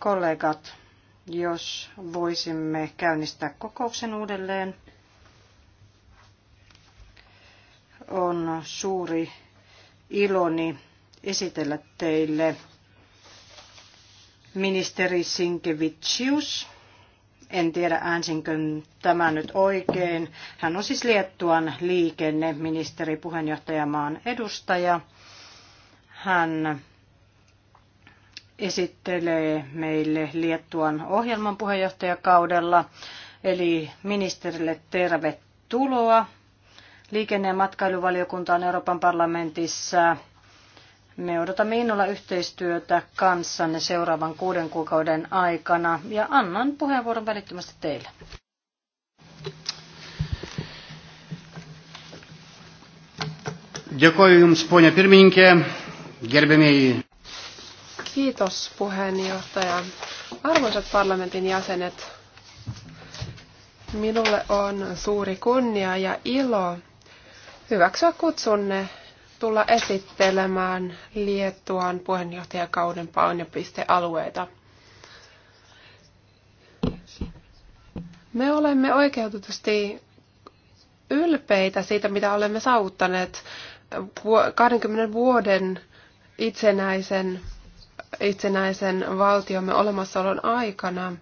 Kollegat, jos voisimme käynnistää kokouksen uudelleen. On suuri iloni esitellä teille ministeri Sinkevicius. En tiedä äänsinkö tämä nyt oikein. Hän on siis Liettuan liikenneministeri, puheenjohtajamaan edustaja. Hän esittelee meille Liettuan ohjelman puheenjohtajakaudella. Eli ministerille tervetuloa. Liikenne- ja matkailuvaliokunta on Euroopan parlamentissa. Me odotamme innolla yhteistyötä kanssanne seuraavan kuuden kuukauden aikana ja annan puheenvuoron välittömästi teille. Dėkoju Jums, ponia Kiitos puheenjohtaja. Arvoisat parlamentin jäsenet, minulle on suuri kunnia ja ilo hyväksyä kutsunne tulla esittelemään Liettuan puheenjohtajakauden painopistealueita. Me olemme oikeutetusti ylpeitä siitä, mitä olemme saavuttaneet 20 vuoden itsenäisen itsenäisen valtiomme olemassaolon aikana.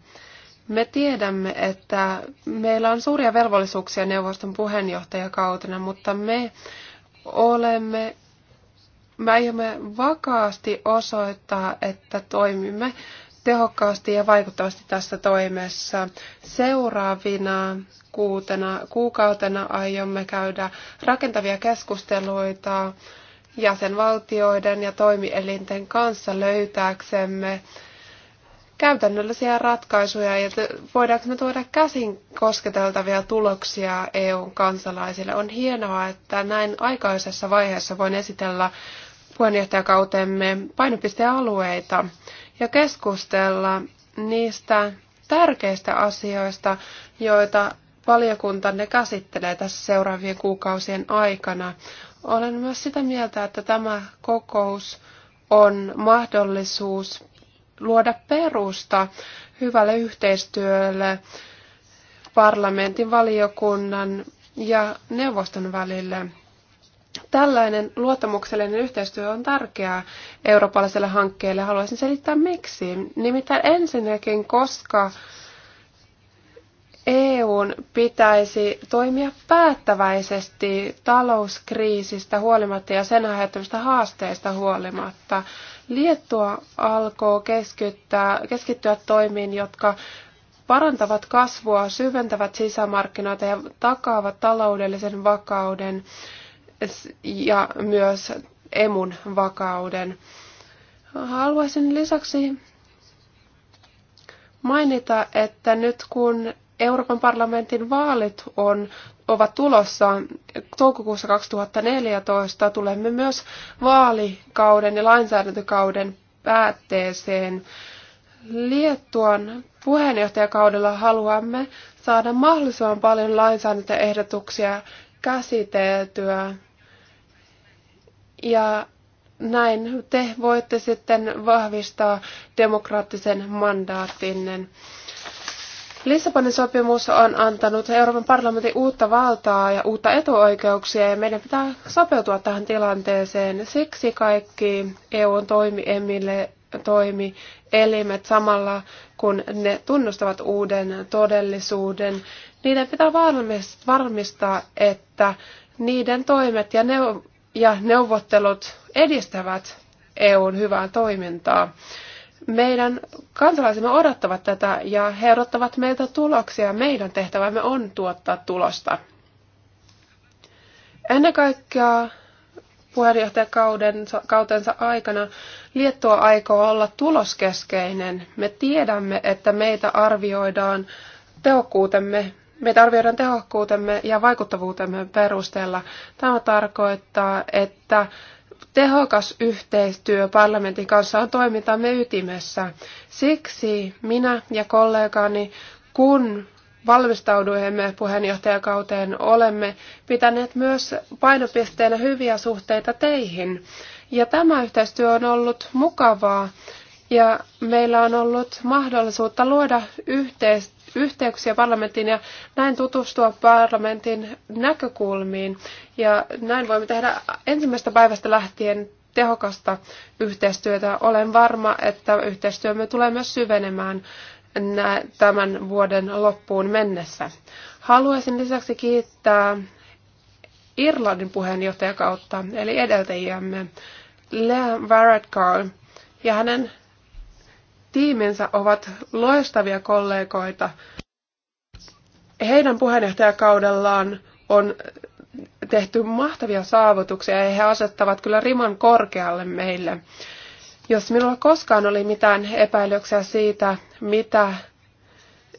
Me tiedämme, että meillä on suuria velvollisuuksia neuvoston puheenjohtajakautena, mutta me olemme, me aiomme vakaasti osoittaa, että toimimme tehokkaasti ja vaikuttavasti tässä toimessa. Seuraavina kuutena, kuukautena aiomme käydä rakentavia keskusteluita jäsenvaltioiden ja toimielinten kanssa löytääksemme käytännöllisiä ratkaisuja ja voidaanko me tuoda käsin kosketeltavia tuloksia EUn kansalaisille. On hienoa, että näin aikaisessa vaiheessa voin esitellä puheenjohtajakautemme painopistealueita ja keskustella niistä tärkeistä asioista, joita valiokuntanne käsittelee tässä seuraavien kuukausien aikana. Olen myös sitä mieltä, että tämä kokous on mahdollisuus luoda perusta hyvälle yhteistyölle parlamentin valiokunnan ja neuvoston välille. Tällainen luottamuksellinen yhteistyö on tärkeää eurooppalaiselle hankkeelle. Haluaisin selittää miksi. Nimittäin ensinnäkin, koska EUn pitäisi toimia päättäväisesti talouskriisistä huolimatta ja sen aiheuttamista haasteista huolimatta. Liettua alkoi keskittyä, keskittyä toimiin, jotka parantavat kasvua, syventävät sisämarkkinoita ja takaavat taloudellisen vakauden ja myös emun vakauden. Haluaisin lisäksi mainita, että nyt kun Euroopan parlamentin vaalit on, ovat tulossa toukokuussa 2014. Tulemme myös vaalikauden ja lainsäädäntökauden päätteeseen. Liettuan puheenjohtajakaudella haluamme saada mahdollisimman paljon lainsäädäntöehdotuksia käsiteltyä. Ja näin te voitte sitten vahvistaa demokraattisen mandaattinne. Lissabonin sopimus on antanut Euroopan parlamentin uutta valtaa ja uutta etuoikeuksia ja meidän pitää sopeutua tähän tilanteeseen. Siksi kaikki EUn toimiemille elimet samalla, kun ne tunnustavat uuden todellisuuden. Niiden pitää varmistaa, että niiden toimet ja, neuv- ja neuvottelut edistävät EUn hyvää toimintaa meidän kansalaisemme odottavat tätä ja he odottavat meiltä tuloksia. Meidän tehtävämme on tuottaa tulosta. Ennen kaikkea puheenjohtajakautensa aikana Liettua aikoo olla tuloskeskeinen. Me tiedämme, että meitä arvioidaan tehokkuutemme Meitä arvioidaan tehokkuutemme ja vaikuttavuutemme perusteella. Tämä tarkoittaa, että Tehokas yhteistyö parlamentin kanssa on toimintamme ytimessä. Siksi minä ja kollegani, kun valmistauduimme puheenjohtajakauteen, olemme pitäneet myös painopisteenä hyviä suhteita teihin. Ja tämä yhteistyö on ollut mukavaa ja meillä on ollut mahdollisuutta luoda yhteistyötä yhteyksiä parlamenttiin ja näin tutustua parlamentin näkökulmiin. Ja näin voimme tehdä ensimmäistä päivästä lähtien tehokasta yhteistyötä. Olen varma, että yhteistyömme tulee myös syvenemään tämän vuoden loppuun mennessä. Haluaisin lisäksi kiittää Irlannin puheenjohtajakautta, eli edeltäjiämme, Lea Varadkar ja hänen tiiminsä ovat loistavia kollegoita. Heidän puheenjohtajakaudellaan on tehty mahtavia saavutuksia ja he asettavat kyllä riman korkealle meille. Jos minulla koskaan oli mitään epäilyksiä siitä, mitä,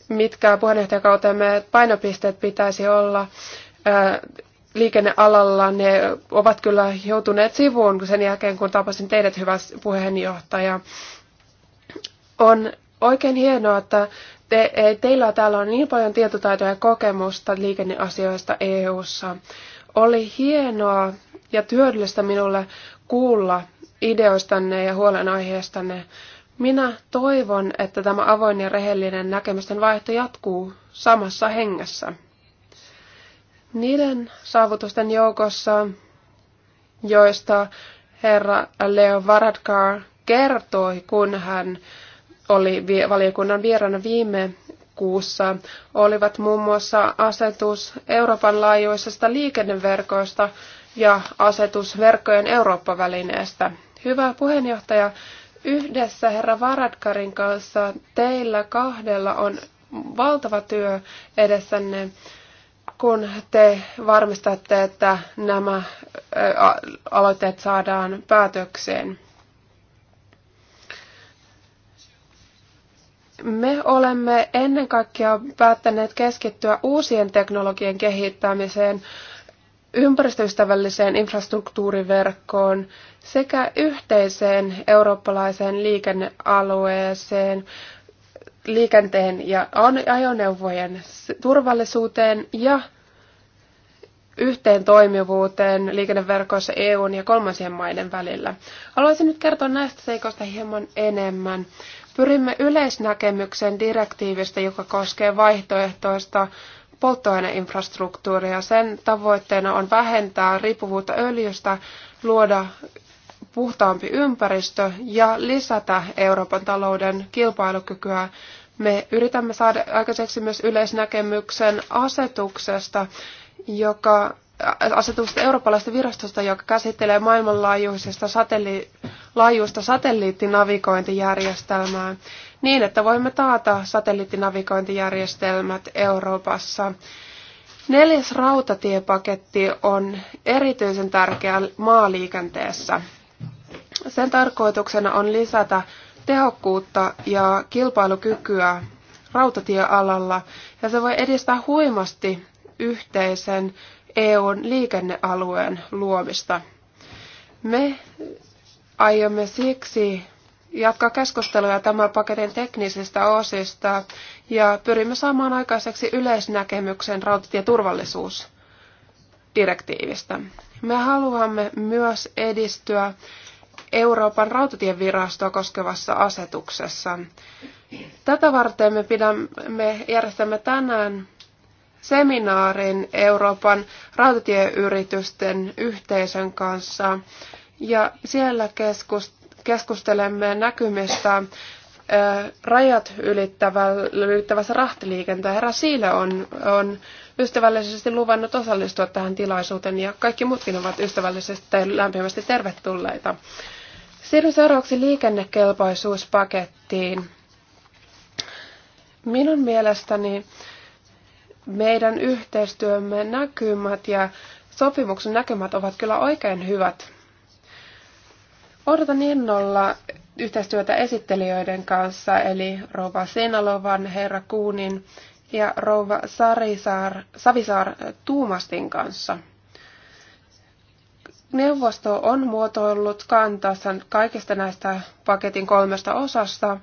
mitkä puheenjohtajakautemme painopisteet pitäisi olla liikennealalla, ne ovat kyllä joutuneet sivuun sen jälkeen, kun tapasin teidät, hyvä puheenjohtaja. On oikein hienoa, että te, e, teillä täällä on niin paljon tietotaitoja ja kokemusta liikenneasioista EU:ssa. Oli hienoa ja työllistä minulle kuulla ideoistanne ja huolenaiheistanne. Minä toivon, että tämä avoin ja rehellinen näkemysten vaihto jatkuu samassa hengessä. Niiden saavutusten joukossa, joista herra Leo Varadkar kertoi, kun hän oli valiokunnan vieraana viime kuussa, olivat muun muassa asetus Euroopan laajuisesta liikenneverkoista ja asetus verkkojen Eurooppa-välineestä. Hyvä puheenjohtaja, yhdessä herra Varadkarin kanssa teillä kahdella on valtava työ edessänne, kun te varmistatte, että nämä aloitteet saadaan päätökseen. Me olemme ennen kaikkea päättäneet keskittyä uusien teknologien kehittämiseen, ympäristöystävälliseen infrastruktuuriverkkoon sekä yhteiseen eurooppalaiseen liikennealueeseen, liikenteen ja ajoneuvojen turvallisuuteen ja yhteen toimivuuteen liikenneverkoissa EUn ja kolmansien maiden välillä. Haluaisin nyt kertoa näistä seikoista hieman enemmän. Pyrimme yleisnäkemyksen direktiivistä, joka koskee vaihtoehtoista polttoaineinfrastruktuuria. Sen tavoitteena on vähentää riippuvuutta öljystä, luoda puhtaampi ympäristö ja lisätä Euroopan talouden kilpailukykyä. Me yritämme saada aikaiseksi myös yleisnäkemyksen asetuksesta, joka asetusta eurooppalaisesta virastosta, joka käsittelee maailmanlaajuisesta satelli- laajuista satelliittinavigointijärjestelmää niin, että voimme taata satelliittinavigointijärjestelmät Euroopassa. Neljäs rautatiepaketti on erityisen tärkeä maaliikenteessä. Sen tarkoituksena on lisätä tehokkuutta ja kilpailukykyä rautatiealalla, ja se voi edistää huimasti yhteisen EUn liikennealueen luomista. Me aiomme siksi jatkaa keskustelua tämän paketin teknisistä osista ja pyrimme saamaan aikaiseksi yleisnäkemyksen rautatieturvallisuusdirektiivistä. Me haluamme myös edistyä Euroopan rautatievirastoa koskevassa asetuksessa. Tätä varten me, pidämme, me järjestämme tänään seminaarin Euroopan rautatieyritysten yhteisön kanssa. Ja siellä keskustelemme näkymistä rajat ylittävässä rahtiliikenteen. Herra Siile on, on ystävällisesti luvannut osallistua tähän tilaisuuteen ja kaikki muutkin ovat ystävällisesti tai lämpimästi tervetulleita. Siirryn seuraavaksi liikennekelpoisuuspakettiin. Minun mielestäni meidän yhteistyömme näkymät ja sopimuksen näkymät ovat kyllä oikein hyvät. Odotan innolla yhteistyötä esittelijöiden kanssa, eli rouva Sinalovan, herra Kuunin ja rouva Sarisaar, Savisaar Tuumastin kanssa. Neuvosto on muotoillut kantansa kaikista näistä paketin kolmesta osasta,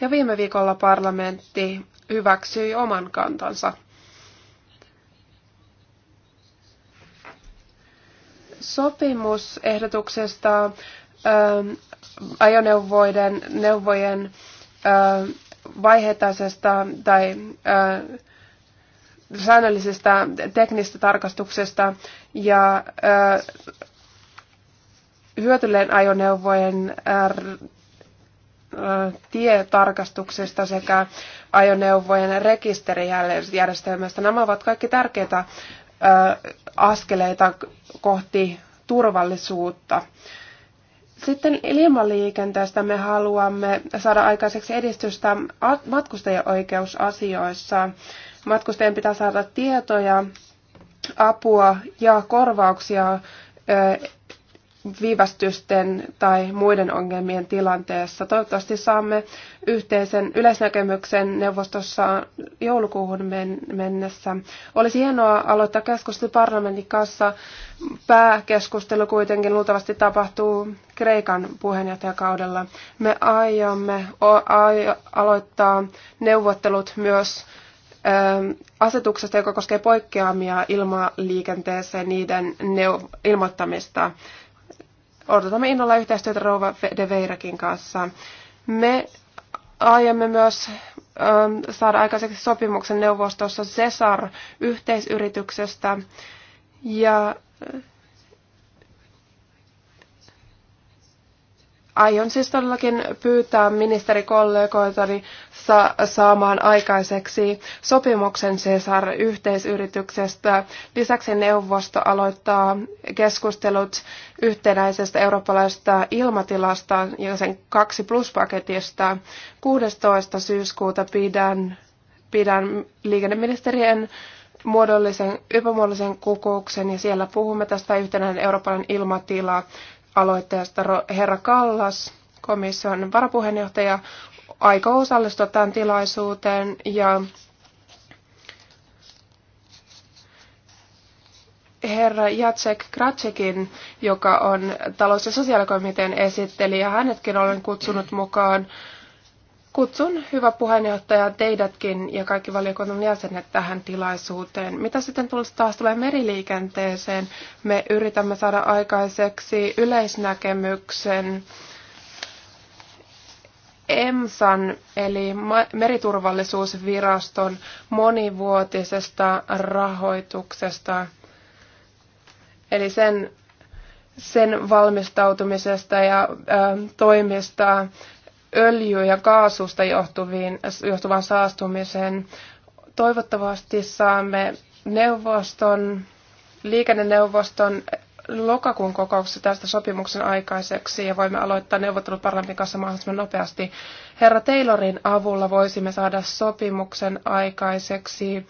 ja viime viikolla parlamentti hyväksyi oman kantansa. sopimusehdotuksesta ähm, ajoneuvoiden neuvojen ähm, vaihetasesta tai äh, säännöllisestä teknistä tarkastuksesta ja äh, hyötyleen ajoneuvojen äh, tietarkastuksesta sekä ajoneuvojen rekisterijärjestelmästä. Nämä ovat kaikki tärkeitä askeleita kohti turvallisuutta. Sitten ilmaliikenteestä me haluamme saada aikaiseksi edistystä matkustajien oikeusasioissa. Matkustajien pitää saada tietoja, apua ja korvauksia viivästysten tai muiden ongelmien tilanteessa. Toivottavasti saamme yhteisen yleisnäkemyksen neuvostossa joulukuuhun mennessä. Olisi hienoa aloittaa keskustelu parlamentin kanssa. Pääkeskustelu kuitenkin luultavasti tapahtuu Kreikan puheenjohtajakaudella. Me aiomme aloittaa neuvottelut myös ähm, asetuksesta, joka koskee poikkeamia ilmaliikenteeseen niiden ilmoittamista odotamme innolla yhteistyötä Rouva de Veirakin kanssa. Me aiomme myös ähm, saada aikaiseksi sopimuksen neuvostossa Cesar-yhteisyrityksestä ja äh, Aion siis todellakin pyytää ministerikollegoitani sa- saamaan aikaiseksi sopimuksen CSR-yhteisyrityksestä. Lisäksi neuvosto aloittaa keskustelut yhtenäisestä eurooppalaisesta ilmatilasta ja sen 2 plus-paketista. 16. syyskuuta pidän, pidän liikenneministerien muodollisen, ypämuodollisen kokouksen ja siellä puhumme tästä yhtenäinen eurooppalainen ilmatila aloitteesta herra Kallas, komission varapuheenjohtaja, aikoo osallistua tämän tilaisuuteen ja herra Jacek Kratsekin, joka on talous- ja sosiaalikomitean esittelijä, hänetkin olen kutsunut mukaan kutsun, hyvä puheenjohtaja, teidätkin ja kaikki valiokunnan jäsenet tähän tilaisuuteen. Mitä sitten taas tulee meriliikenteeseen? Me yritämme saada aikaiseksi yleisnäkemyksen EMSAN eli meriturvallisuusviraston monivuotisesta rahoituksesta, eli sen, sen valmistautumisesta ja ä, toimista öljy- ja kaasusta johtuviin, johtuvan saastumisen. Toivottavasti saamme neuvoston, liikenneneuvoston lokakuun kokouksessa tästä sopimuksen aikaiseksi ja voimme aloittaa neuvottelut parlamentin kanssa mahdollisimman nopeasti. Herra Taylorin avulla voisimme saada sopimuksen aikaiseksi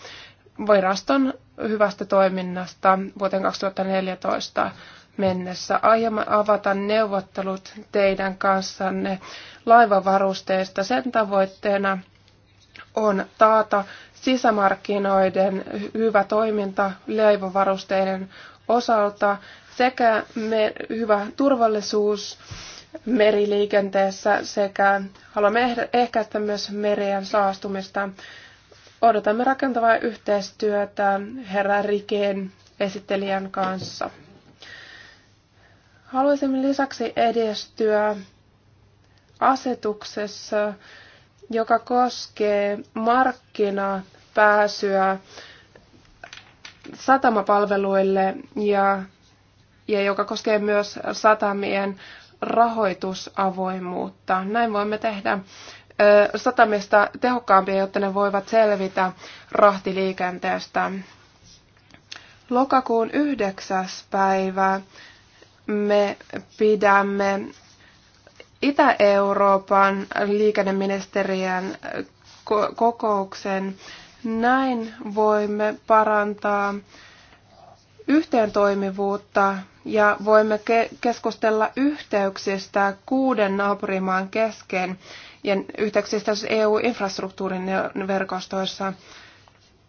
viraston hyvästä toiminnasta vuoteen 2014 mennessä. Aiomme avata neuvottelut teidän kanssanne laivavarusteista. Sen tavoitteena on taata sisämarkkinoiden hyvä toiminta laivavarusteiden osalta sekä me, hyvä turvallisuus meriliikenteessä sekä haluamme ehkäistä myös merien saastumista. Odotamme rakentavaa yhteistyötä herra Rikeen esittelijän kanssa. Haluaisimme lisäksi edistyä asetuksessa, joka koskee markkinapääsyä satamapalveluille ja, ja joka koskee myös satamien rahoitusavoimuutta. Näin voimme tehdä satamista tehokkaampia, jotta ne voivat selvitä rahtiliikenteestä. Lokakuun yhdeksäs päivä me pidämme Itä-Euroopan liikenneministeriön kokouksen. Näin voimme parantaa yhteen toimivuutta ja voimme ke- keskustella yhteyksistä kuuden naapurimaan kesken ja yhteyksistä siis EU-infrastruktuurin verkostoissa.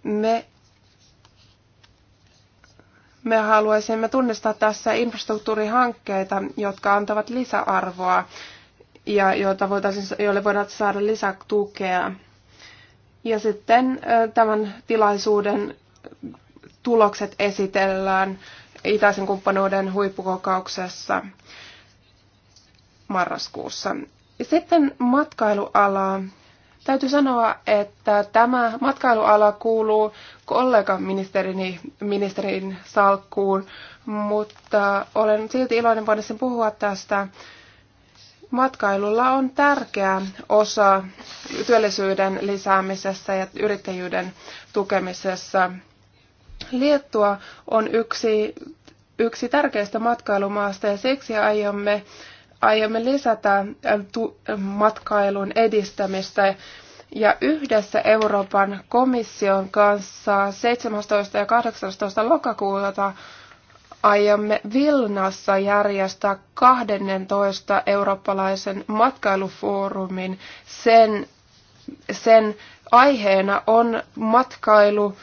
Me, me haluaisimme tunnistaa tässä infrastruktuurihankkeita, jotka antavat lisäarvoa ja joita voitaisiin, joille voidaan saada lisätukea. Ja sitten tämän tilaisuuden tulokset esitellään itäisen kumppanuuden huippukokouksessa marraskuussa. Sitten matkailuala. Täytyy sanoa, että tämä matkailuala kuuluu kollegaministerin ministerin salkkuun, mutta olen silti iloinen sen puhua tästä Matkailulla on tärkeä osa työllisyyden lisäämisessä ja yrittäjyyden tukemisessa. Liettua on yksi, yksi tärkeistä matkailumaasta ja siksi aiomme, aiomme lisätä tu, matkailun edistämistä ja yhdessä Euroopan komission kanssa 17. ja 18. lokakuuta aiomme Vilnassa järjestää 12 eurooppalaisen matkailufoorumin. Sen, sen aiheena on matkailu,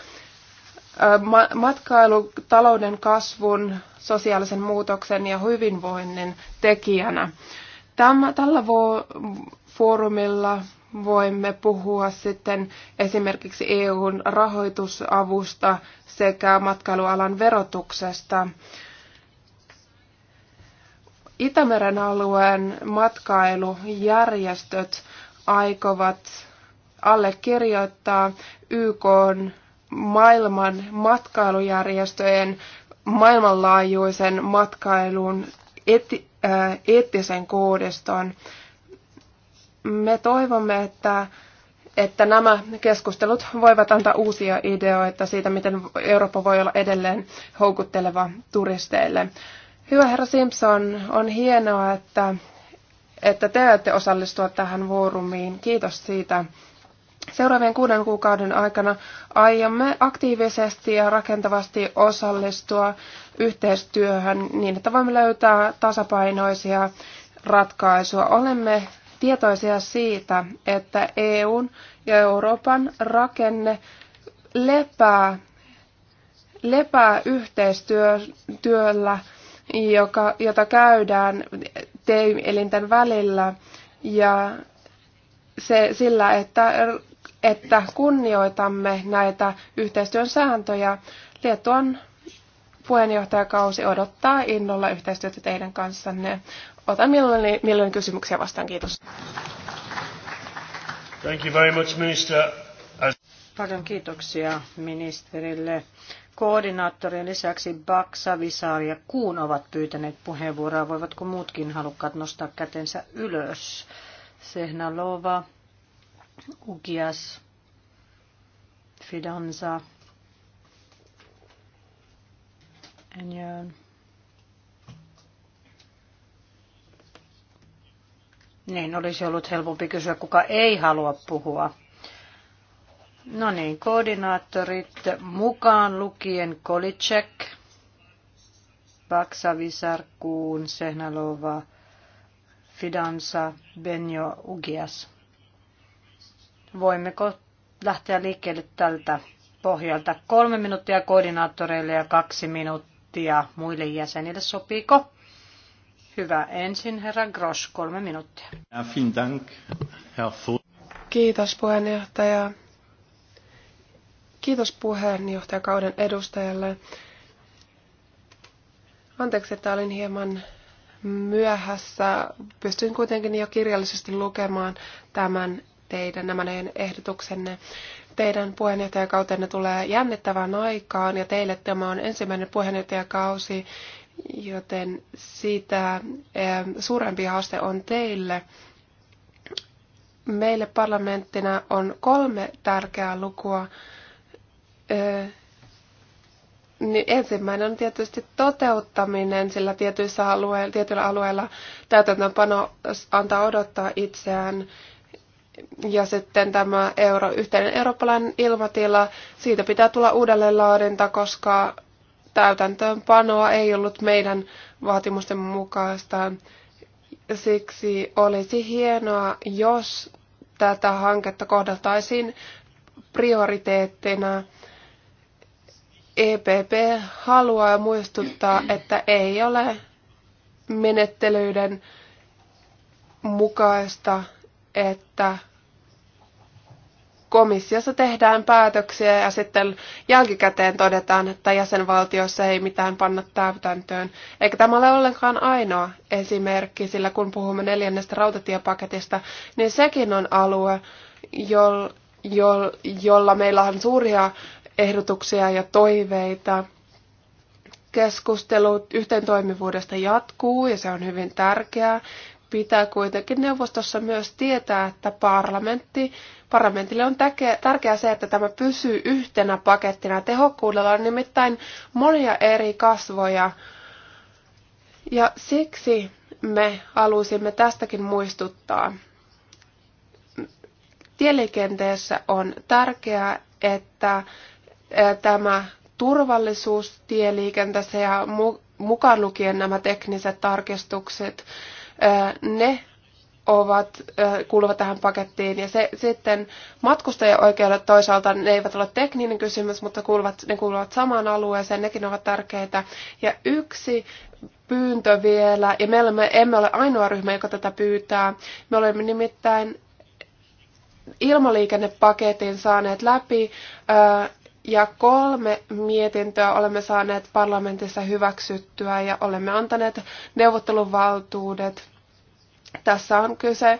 ma, matkailu talouden kasvun, sosiaalisen muutoksen ja hyvinvoinnin tekijänä. Tämä, tällä vo, foorumilla voimme puhua sitten esimerkiksi EUn rahoitusavusta sekä matkailualan verotuksesta. Itämeren alueen matkailujärjestöt aikovat allekirjoittaa YK maailman matkailujärjestöjen maailmanlaajuisen matkailun eti, äh, eettisen koodiston. Me toivomme, että, että nämä keskustelut voivat antaa uusia ideoita siitä, miten Eurooppa voi olla edelleen houkutteleva turisteille. Hyvä herra Simpson, on hienoa, että, että te olette osallistua tähän vuorumiin. Kiitos siitä. Seuraavien kuuden kuukauden aikana aiomme aktiivisesti ja rakentavasti osallistua yhteistyöhön niin, että voimme löytää tasapainoisia ratkaisuja. Olemme tietoisia siitä, että EUn ja Euroopan rakenne lepää, lepää yhteistyöllä, joka, jota käydään elinten välillä ja se, sillä, että, että kunnioitamme näitä yhteistyön sääntöjä. Liettuan puheenjohtajakausi odottaa innolla yhteistyötä teidän kanssanne otan mielelläni, mielelläni kysymyksiä vastaan. Kiitos. Thank you very much, minister. Paljon kiitoksia ministerille. Koordinaattorien lisäksi Baksa, Visaar ja Kuun ovat pyytäneet puheenvuoroa. Voivatko muutkin halukkaat nostaa kätensä ylös? Sehnalova, Ugias, Fidanza, Enjön. Niin, olisi ollut helpompi kysyä, kuka ei halua puhua. No niin, koordinaattorit mukaan lukien Kolicek, Baksavisar, Kuun, Sehnalova, Fidansa, Benjo, Ugias. Voimmeko lähteä liikkeelle tältä pohjalta? Kolme minuuttia koordinaattoreille ja kaksi minuuttia muille jäsenille. Sopiiko? Hyvä. Ensin herra Gross, kolme minuuttia. Kiitos puheenjohtaja. Kiitos puheenjohtajakauden edustajalle. Anteeksi, että olin hieman myöhässä. Pystyin kuitenkin jo kirjallisesti lukemaan tämän teidän, nämä ehdotuksenne. Teidän puheenjohtajakautenne tulee jännittävään aikaan ja teille tämä on ensimmäinen puheenjohtajakausi, joten sitä eh, suurempi haaste on teille. Meille parlamenttina on kolme tärkeää lukua. Eh, niin ensimmäinen on tietysti toteuttaminen, sillä tietyissä alue- tietyillä alueilla täytäntöpano antaa odottaa itseään. Ja sitten tämä euro, yhteinen eurooppalainen ilmatila, siitä pitää tulla uudelleen laadinta, koska täytäntöönpanoa ei ollut meidän vaatimusten mukaista. Siksi olisi hienoa, jos tätä hanketta kohdeltaisiin prioriteettina. EPP haluaa muistuttaa, että ei ole menettelyiden mukaista, että komissiossa tehdään päätöksiä ja sitten jälkikäteen todetaan, että jäsenvaltioissa ei mitään panna täytäntöön. Eikä tämä ole ollenkaan ainoa esimerkki, sillä kun puhumme neljännestä rautatiepaketista, niin sekin on alue, jo, jo, jolla meillä on suuria ehdotuksia ja toiveita. Keskustelu yhteen toimivuudesta jatkuu ja se on hyvin tärkeää. Pitää kuitenkin neuvostossa myös tietää, että parlamentti Parlamentille on tärkeää se, että tämä pysyy yhtenä pakettina. Tehokkuudella on nimittäin monia eri kasvoja. Ja siksi me halusimme tästäkin muistuttaa. Tieliikenteessä on tärkeää, että eh, tämä turvallisuus tieliikenteessä ja mukaan lukien nämä tekniset tarkistukset, eh, ne ovat, kuuluvat tähän pakettiin. Ja se, sitten oikeudet toisaalta, ne eivät ole tekninen kysymys, mutta kuuluvat, ne kuuluvat samaan alueeseen, nekin ovat tärkeitä. Ja yksi pyyntö vielä, ja meillä me emme ole ainoa ryhmä, joka tätä pyytää. Me olemme nimittäin ilmaliikennepaketin saaneet läpi, ja kolme mietintöä olemme saaneet parlamentissa hyväksyttyä, ja olemme antaneet neuvotteluvaltuudet tässä on kyse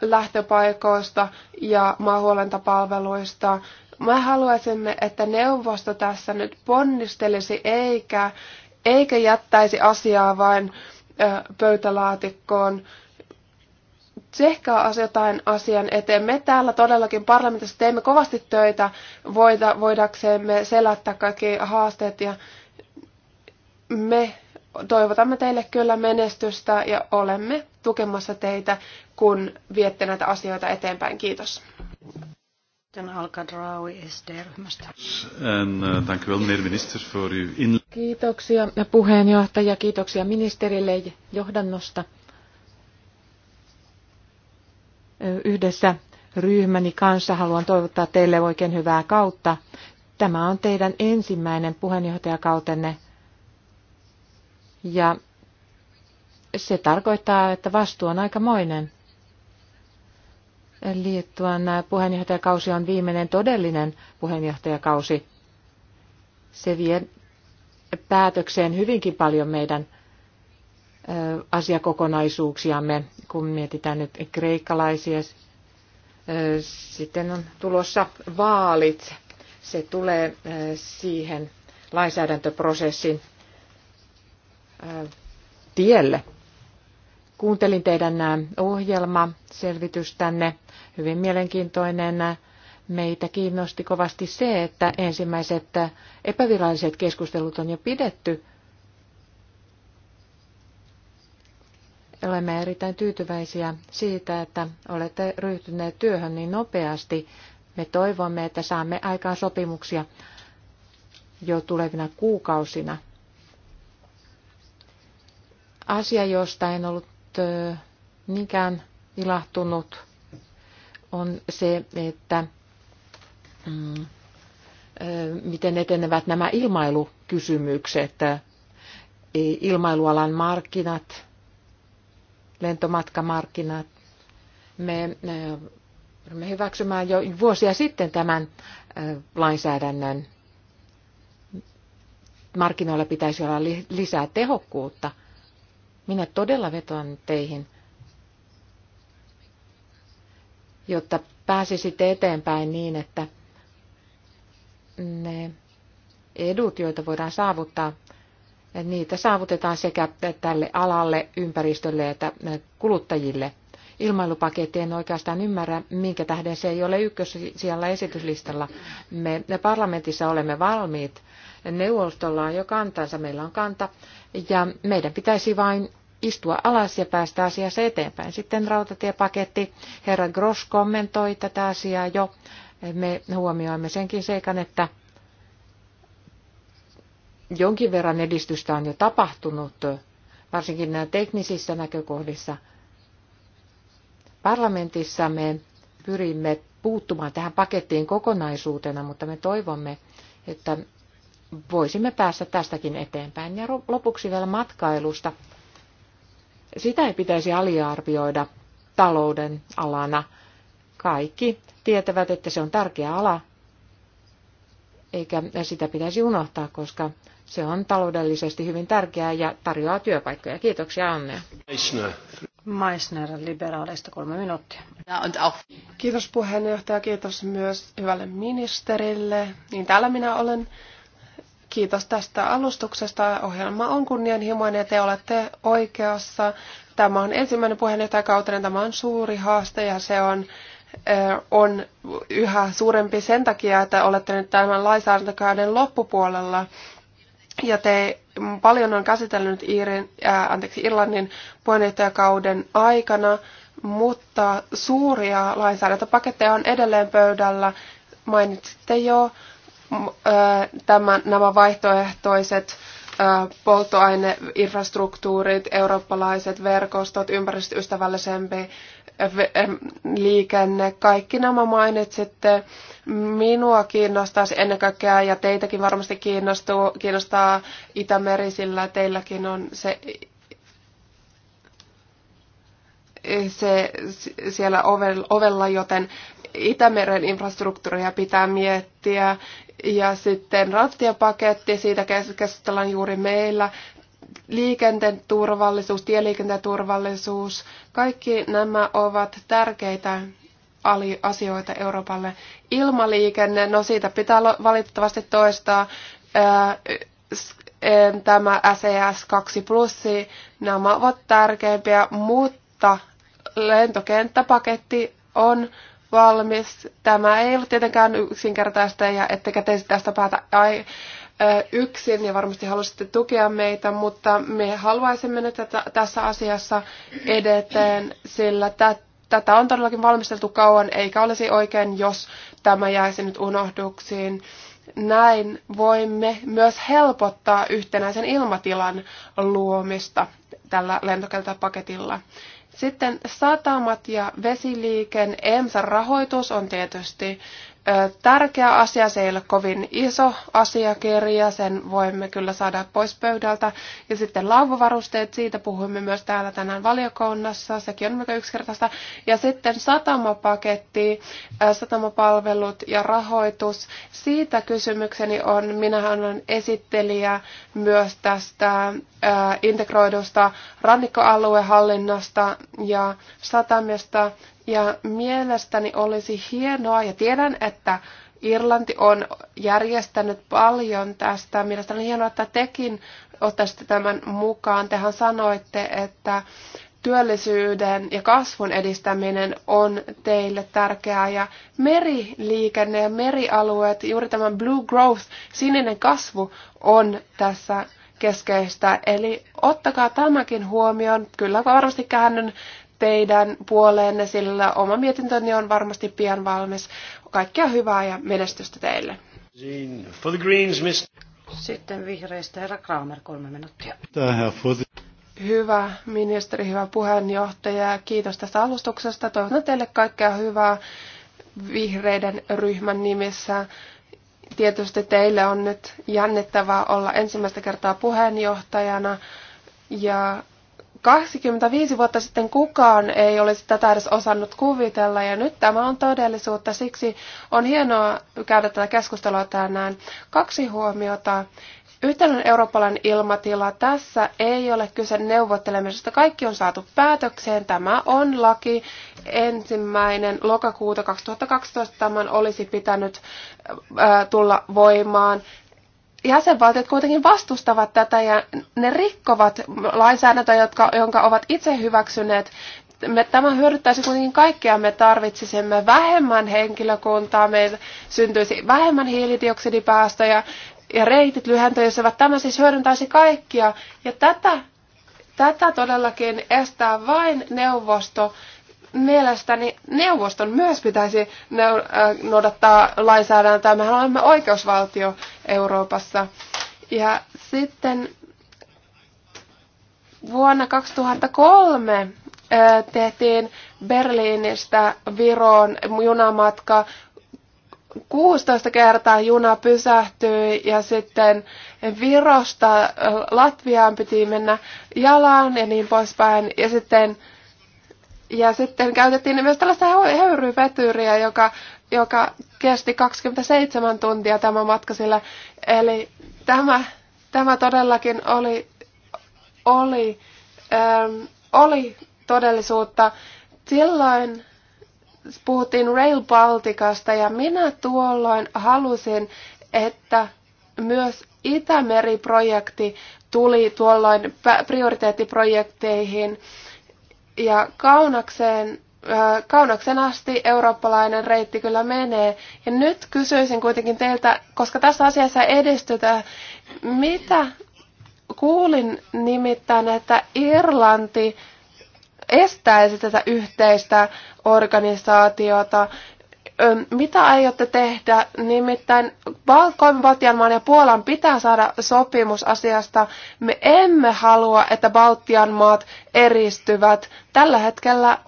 lähtöpaikoista ja maahuolentapalveluista. Me haluaisin, että neuvosto tässä nyt ponnistelisi eikä, eikä jättäisi asiaa vain pöytälaatikkoon. Tsehkaa jotain asian eteen. Me täällä todellakin parlamentissa teemme kovasti töitä voida, voidaksemme selättää kaikki haasteet ja me toivotamme teille kyllä menestystä ja olemme tukemassa teitä, kun viette näitä asioita eteenpäin. Kiitos. Eh, kiitoksia puheenjohtaja, kiitoksia ministerille johdannosta. Eh, yhdessä ryhmäni kanssa haluan toivottaa teille oikein hyvää kautta. Tämä on teidän ensimmäinen puheenjohtajakautenne ja se tarkoittaa, että vastuu on aikamoinen. Liettuan puheenjohtajakausi on viimeinen todellinen puheenjohtajakausi. Se vie päätökseen hyvinkin paljon meidän asiakokonaisuuksiamme, kun mietitään nyt kreikkalaisia. Sitten on tulossa vaalit. Se tulee siihen lainsäädäntöprosessin tielle. Kuuntelin teidän ohjelma selvitystänne, hyvin mielenkiintoinen. Meitä kiinnosti kovasti se, että ensimmäiset epäviralliset keskustelut on jo pidetty. Olemme erittäin tyytyväisiä siitä, että olette ryhtyneet työhön niin nopeasti. Me toivomme, että saamme aikaan sopimuksia jo tulevina kuukausina. Asia, josta en ollut niinkään ilahtunut, on se, että mm, miten etenevät nämä ilmailukysymykset, ilmailualan markkinat, lentomatkamarkkinat. Me me hyväksymään jo vuosia sitten tämän lainsäädännön. Markkinoilla pitäisi olla lisää tehokkuutta minä todella vetoan teihin, jotta pääsisitte eteenpäin niin, että ne edut, joita voidaan saavuttaa, niitä saavutetaan sekä tälle alalle, ympäristölle että kuluttajille. Ilmailupaketti en oikeastaan ymmärrä, minkä tähden se ei ole ykkös siellä esityslistalla. Me parlamentissa olemme valmiit neuvostolla on jo kantansa, meillä on kanta, ja meidän pitäisi vain istua alas ja päästä asiassa eteenpäin. Sitten rautatiepaketti. Herra Gross kommentoi tätä asiaa jo. Me huomioimme senkin seikan, että jonkin verran edistystä on jo tapahtunut, varsinkin nämä teknisissä näkökohdissa. Parlamentissa me pyrimme puuttumaan tähän pakettiin kokonaisuutena, mutta me toivomme, että voisimme päästä tästäkin eteenpäin. Ja lopuksi vielä matkailusta. Sitä ei pitäisi aliarvioida talouden alana. Kaikki tietävät, että se on tärkeä ala, eikä sitä pitäisi unohtaa, koska se on taloudellisesti hyvin tärkeää ja tarjoaa työpaikkoja. Kiitoksia Anne. Meissner liberaaleista kolme minuuttia. Kiitos puheenjohtaja, kiitos myös hyvälle ministerille. Niin täällä minä olen. Kiitos tästä alustuksesta. Ohjelma on kunnianhimoinen ja te olette oikeassa. Tämä on ensimmäinen puheenjohtajakautinen. Tämä on suuri haaste ja se on, on yhä suurempi sen takia, että olette nyt tämän lainsäädäntökauden loppupuolella. Ja te paljon on käsitellyt Iirin, äh, anteeksi, Irlannin puheenjohtajakauden aikana, mutta suuria lainsäädäntöpaketteja on edelleen pöydällä. Mainitsitte jo tämän, nämä vaihtoehtoiset polttoaineinfrastruktuurit, eurooppalaiset verkostot, ympäristöystävällisempi liikenne, kaikki nämä mainitsitte. Minua kiinnostaa ennen kaikkea, ja teitäkin varmasti kiinnostuu, kiinnostaa Itämeri, sillä teilläkin on se se siellä ovella, joten Itämeren infrastruktuuria pitää miettiä. Ja sitten rattiapaketti, siitä keskustellaan juuri meillä. Liikenteen turvallisuus, tieliikenteen turvallisuus, kaikki nämä ovat tärkeitä asioita Euroopalle. Ilmaliikenne, no siitä pitää valitettavasti toistaa äh, tämä SES 2 e nämä ovat tärkeimpiä, mutta mutta lentokenttäpaketti on valmis. Tämä ei ole tietenkään yksinkertaista ja ettekä te tästä päätä ai, yksin ja varmasti halusitte tukea meitä, mutta me haluaisimme nyt tätä, tässä asiassa edeteen, sillä tätä tätä on todellakin valmisteltu kauan, eikä olisi oikein, jos tämä jäisi nyt unohduksiin. Näin voimme myös helpottaa yhtenäisen ilmatilan luomista tällä lentokentäpaketilla. Sitten satamat ja vesiliiken EMSA rahoitus on tietysti tärkeä asia, se ei ole kovin iso asiakirja, sen voimme kyllä saada pois pöydältä. Ja sitten lauvavarusteet, siitä puhuimme myös täällä tänään valiokunnassa, sekin on melko yksinkertaista. Ja sitten satamapaketti, satamapalvelut ja rahoitus, siitä kysymykseni on, minä olen esittelijä myös tästä integroidusta rannikkoaluehallinnasta ja satamista. Ja mielestäni olisi hienoa, ja tiedän, että Irlanti on järjestänyt paljon tästä. Mielestäni on hienoa, että tekin ottaisitte tämän mukaan. Tehän sanoitte, että työllisyyden ja kasvun edistäminen on teille tärkeää ja meriliikenne ja merialueet, juuri tämä blue growth, sininen kasvu on tässä keskeistä. Eli ottakaa tämäkin huomioon. Kyllä varmasti käännyn teidän puoleenne, sillä oma mietintöni on varmasti pian valmis. Kaikkea hyvää ja menestystä teille. Sitten vihreistä herra Kramer, kolme minuuttia. Hyvä ministeri, hyvä puheenjohtaja. Kiitos tästä alustuksesta. Toivotan teille kaikkea hyvää vihreiden ryhmän nimissä. Tietysti teille on nyt jännittävää olla ensimmäistä kertaa puheenjohtajana ja 25 vuotta sitten kukaan ei olisi tätä edes osannut kuvitella ja nyt tämä on todellisuutta. Siksi on hienoa käydä tätä keskustelua tänään. Kaksi huomiota. Yhtenäinen eurooppalainen ilmatila. Tässä ei ole kyse neuvottelemisesta. Kaikki on saatu päätökseen. Tämä on laki. Ensimmäinen lokakuuta 2012 tämän olisi pitänyt tulla voimaan jäsenvaltiot kuitenkin vastustavat tätä ja ne rikkovat lainsäädäntöä, jotka, jonka ovat itse hyväksyneet. Me, tämä hyödyttäisi kuitenkin kaikkea. Me tarvitsisimme vähemmän henkilökuntaa, meillä syntyisi vähemmän hiilidioksidipäästöjä ja reitit lyhentyisivät. Tämä siis hyödyntäisi kaikkia ja tätä, tätä todellakin estää vain neuvosto mielestäni neuvoston myös pitäisi äh, noudattaa lainsäädäntöä. Mehän olemme oikeusvaltio Euroopassa. Ja sitten vuonna 2003 äh, tehtiin Berliinistä Viroon junamatka. 16 kertaa juna pysähtyi ja sitten Virosta äh, Latviaan piti mennä jalan ja niin poispäin. Ja sitten ja sitten käytettiin myös tällaista höyryvetyriä, joka, joka kesti 27 tuntia tämä matka sillä. Eli tämä, tämä todellakin oli, oli, ähm, oli todellisuutta. Silloin puhuttiin Rail Balticasta ja minä tuolloin halusin, että myös Itämeri-projekti tuli tuolloin prioriteettiprojekteihin ja kaunakseen, äh, kaunaksen asti eurooppalainen reitti kyllä menee. Ja nyt kysyisin kuitenkin teiltä, koska tässä asiassa edistytään, mitä kuulin nimittäin, että Irlanti estäisi tätä yhteistä organisaatiota mitä aiotte tehdä? Nimittäin kolme Baltian maan ja Puolan pitää saada sopimus asiasta. Me emme halua, että Baltian maat eristyvät. Tällä hetkellä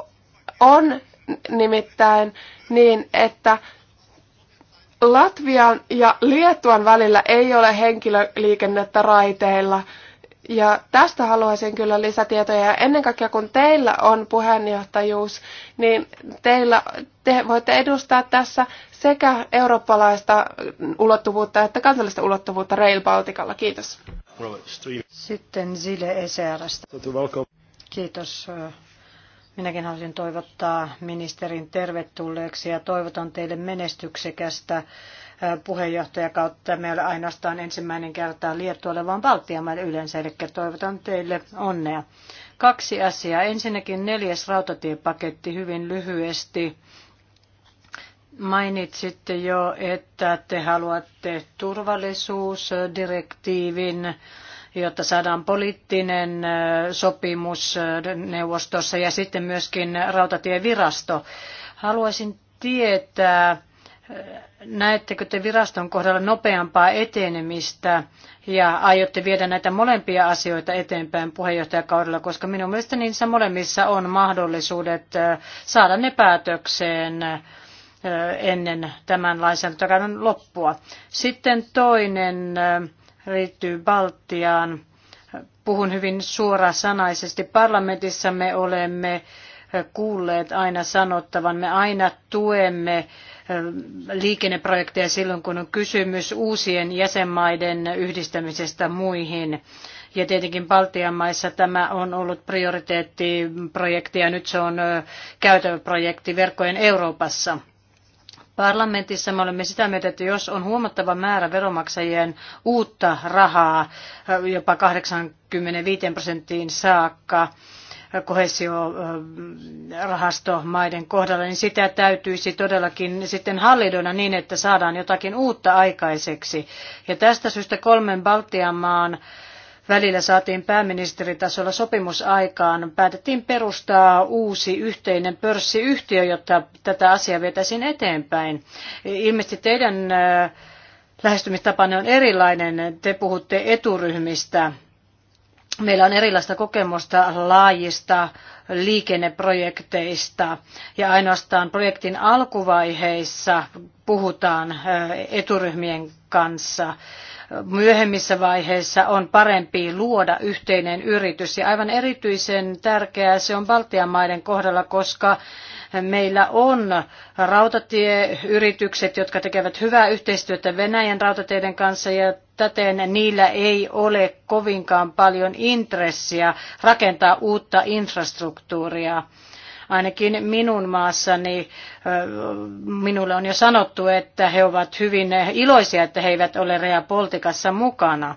on nimittäin niin, että Latvian ja Liettuan välillä ei ole henkilöliikennettä raiteilla. Ja tästä haluaisin kyllä lisätietoja. Ja ennen kaikkea kun teillä on puheenjohtajuus, niin teillä, te voitte edustaa tässä sekä eurooppalaista ulottuvuutta että kansallista ulottuvuutta Rail Balticalla. Kiitos. Sitten Zile ECRstä. Kiitos. Minäkin haluaisin toivottaa ministerin tervetulleeksi ja toivotan teille menestyksekästä puheenjohtajakautta. Me ole ainoastaan ensimmäinen kerta Liettualle, vaan Baltian yleensä, eli toivotan teille onnea. Kaksi asiaa. Ensinnäkin neljäs rautatiepaketti hyvin lyhyesti. Mainitsitte jo, että te haluatte turvallisuusdirektiivin, jotta saadaan poliittinen sopimus neuvostossa ja sitten myöskin rautatievirasto. Haluaisin tietää, näettekö te viraston kohdalla nopeampaa etenemistä ja aiotte viedä näitä molempia asioita eteenpäin puheenjohtajakaudella, koska minun mielestäni niissä molemmissa on mahdollisuudet saada ne päätökseen ennen tämän lainsäädäntökauden loppua. Sitten toinen liittyy Baltiaan. Puhun hyvin suorasanaisesti. Parlamentissa me olemme kuulleet aina sanottavan. Me aina tuemme liikenneprojekteja silloin, kun on kysymys uusien jäsenmaiden yhdistämisestä muihin. Ja tietenkin Baltian maissa tämä on ollut prioriteettiprojekti ja nyt se on käytäväprojekti verkkojen Euroopassa. Parlamentissa me olemme sitä mieltä, että jos on huomattava määrä veromaksajien uutta rahaa, jopa 85 prosenttiin saakka, kohesiorahastomaiden kohdalla, niin sitä täytyisi todellakin sitten hallinnoida niin, että saadaan jotakin uutta aikaiseksi. Ja tästä syystä kolmen Baltian maan välillä saatiin pääministeritasolla sopimus aikaan, päätettiin perustaa uusi yhteinen pörssiyhtiö, jotta tätä asiaa vietäisiin eteenpäin. Ilmeisesti teidän lähestymistapanne on erilainen. Te puhutte eturyhmistä. Meillä on erilaista kokemusta laajista liikenneprojekteista ja ainoastaan projektin alkuvaiheissa puhutaan eturyhmien kanssa myöhemmissä vaiheissa on parempi luoda yhteinen yritys. Ja aivan erityisen tärkeää se on Baltian maiden kohdalla, koska meillä on rautatieyritykset, jotka tekevät hyvää yhteistyötä Venäjän rautateiden kanssa ja täten niillä ei ole kovinkaan paljon intressiä rakentaa uutta infrastruktuuria Ainakin minun maassani minulle on jo sanottu, että he ovat hyvin iloisia, että he eivät ole Rea Poltikassa mukana.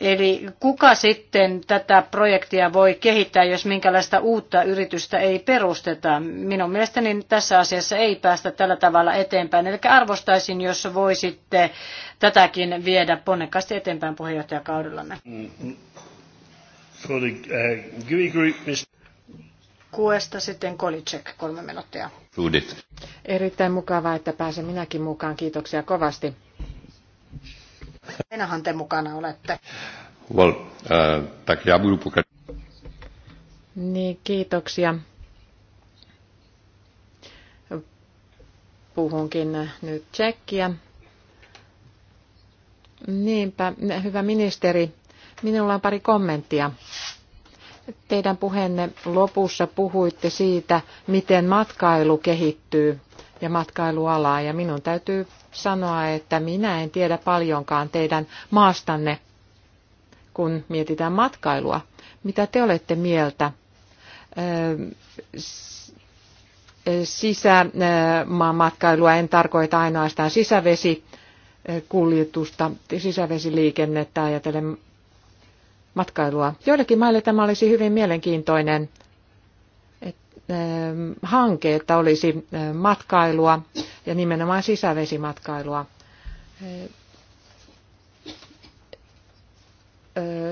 Eli kuka sitten tätä projektia voi kehittää, jos minkälaista uutta yritystä ei perusteta? Minun mielestäni tässä asiassa ei päästä tällä tavalla eteenpäin. Eli arvostaisin, jos voisitte tätäkin viedä ponnekkaasti eteenpäin puheenjohtajakaudellanne. Mm, mm. For the, uh, Kuesta sitten Kolicek, kolme minuuttia. Judith. Erittäin mukavaa, että pääsen minäkin mukaan. Kiitoksia kovasti. Enähän te mukana olette. Well, uh, tak ja budu Niin, kiitoksia. Puhunkin nyt tsekkiä. Niinpä, hyvä ministeri, minulla on pari kommenttia Teidän puheenne lopussa puhuitte siitä, miten matkailu kehittyy ja matkailualaa. Ja minun täytyy sanoa, että minä en tiedä paljonkaan teidän maastanne, kun mietitään matkailua. Mitä te olette mieltä? Sisämaan matkailua en tarkoita ainoastaan sisävesi kuljetusta, sisävesiliikennettä ajatellen matkailua. Joillekin maille tämä olisi hyvin mielenkiintoinen et, äh, hanke, että olisi äh, matkailua ja nimenomaan sisävesimatkailua. Äh, äh,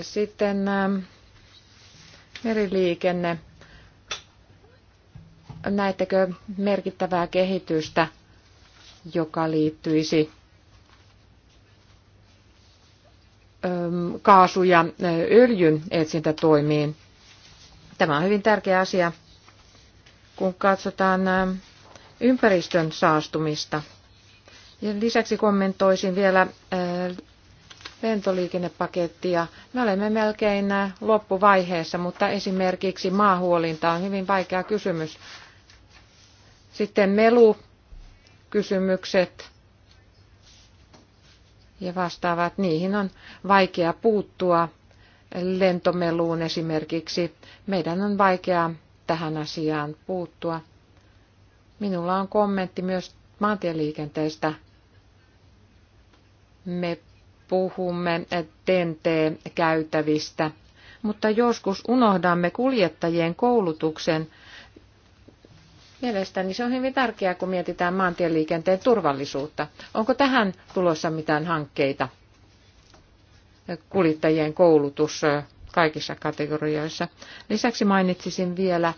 sitten ähm, meriliikenne. Näettekö merkittävää kehitystä, joka liittyisi kaasu- ja öljyn etsintätoimiin. Tämä on hyvin tärkeä asia, kun katsotaan ympäristön saastumista. Ja lisäksi kommentoisin vielä lentoliikennepakettia. Me olemme melkein loppuvaiheessa, mutta esimerkiksi maahuolinta on hyvin vaikea kysymys. Sitten melu kysymykset ja vastaavat, niihin on vaikea puuttua lentomeluun esimerkiksi. Meidän on vaikea tähän asiaan puuttua. Minulla on kommentti myös maantieliikenteestä. Me puhumme TNT-käytävistä, mutta joskus unohdamme kuljettajien koulutuksen – Mielestäni se on hyvin tärkeää, kun mietitään maantieliikenteen turvallisuutta. Onko tähän tulossa mitään hankkeita? Kuljettajien koulutus kaikissa kategorioissa. Lisäksi mainitsisin vielä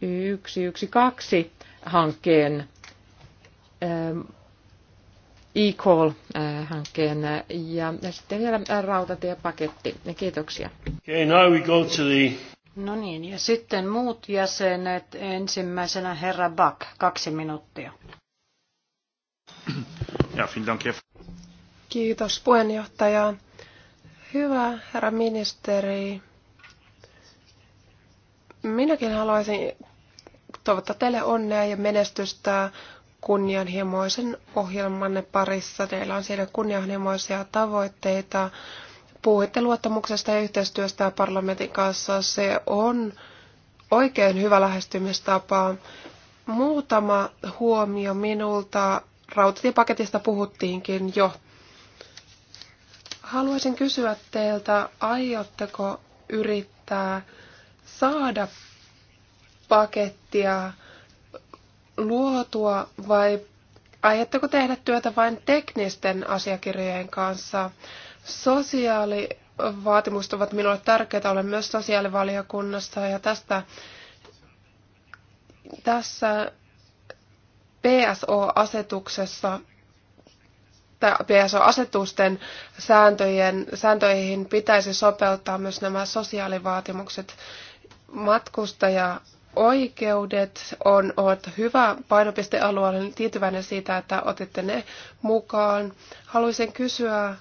112 hankkeen e-call-hankkeen ja sitten vielä rautatiepaketti. Kiitoksia. Okay, now we go to the No niin, ja sitten muut jäsenet. Ensimmäisenä herra Back, kaksi minuuttia. Ja, Kiitos puheenjohtaja. Hyvä herra ministeri. Minäkin haluaisin toivottaa teille onnea ja menestystä kunnianhimoisen ohjelmanne parissa. Teillä on siellä kunnianhimoisia tavoitteita Puhuitte luottamuksesta ja yhteistyöstä parlamentin kanssa. Se on oikein hyvä lähestymistapa. Muutama huomio minulta. Rautatiepaketista puhuttiinkin jo. Haluaisin kysyä teiltä, aiotteko yrittää saada pakettia luotua vai aiotteko tehdä työtä vain teknisten asiakirjojen kanssa? Sosiaalivaatimukset ovat minulle tärkeitä. Olen myös sosiaalivaliokunnassa ja tästä tässä PSO-asetuksessa tai PSO-asetusten sääntöjen, sääntöihin pitäisi sopeuttaa myös nämä sosiaalivaatimukset. Matkustajaoikeudet on, on hyvä painopistealue. Olen tyytyväinen siitä, että otitte ne mukaan. Haluaisin kysyä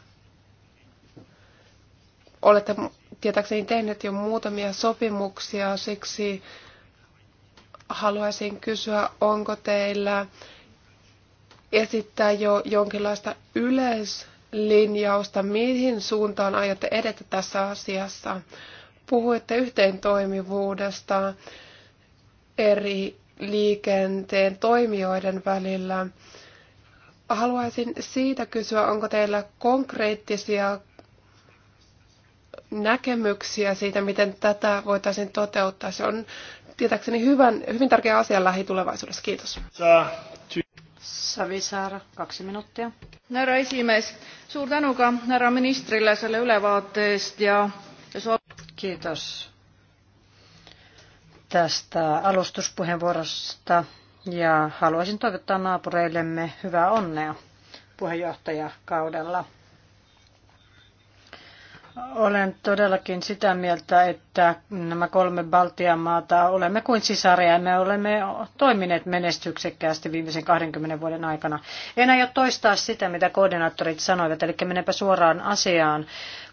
olette tietääkseni tehneet jo muutamia sopimuksia, siksi haluaisin kysyä, onko teillä esittää jo jonkinlaista yleislinjausta, mihin suuntaan aiotte edetä tässä asiassa. Puhuitte yhteentoimivuudesta eri liikenteen toimijoiden välillä. Haluaisin siitä kysyä, onko teillä konkreettisia näkemyksiä siitä, miten tätä voitaisiin toteuttaa. Se on tietääkseni hyvän, hyvin tärkeä asia lähitulevaisuudessa. Kiitos. Savisaara, kaksi minuuttia. Härra esimies, suur tänu ka härra selle ülevaate ja Kiitos tästä alustuspuheenvuorosta ja haluaisin toivottaa naapureillemme hyvää onnea puheenjohtajakaudella. Olen todellakin sitä mieltä, että nämä kolme Baltian maata olemme kuin sisaria. Me olemme toimineet menestyksekkäästi viimeisen 20 vuoden aikana. En aio toistaa sitä, mitä koordinaattorit sanoivat, eli menenpä suoraan asiaan.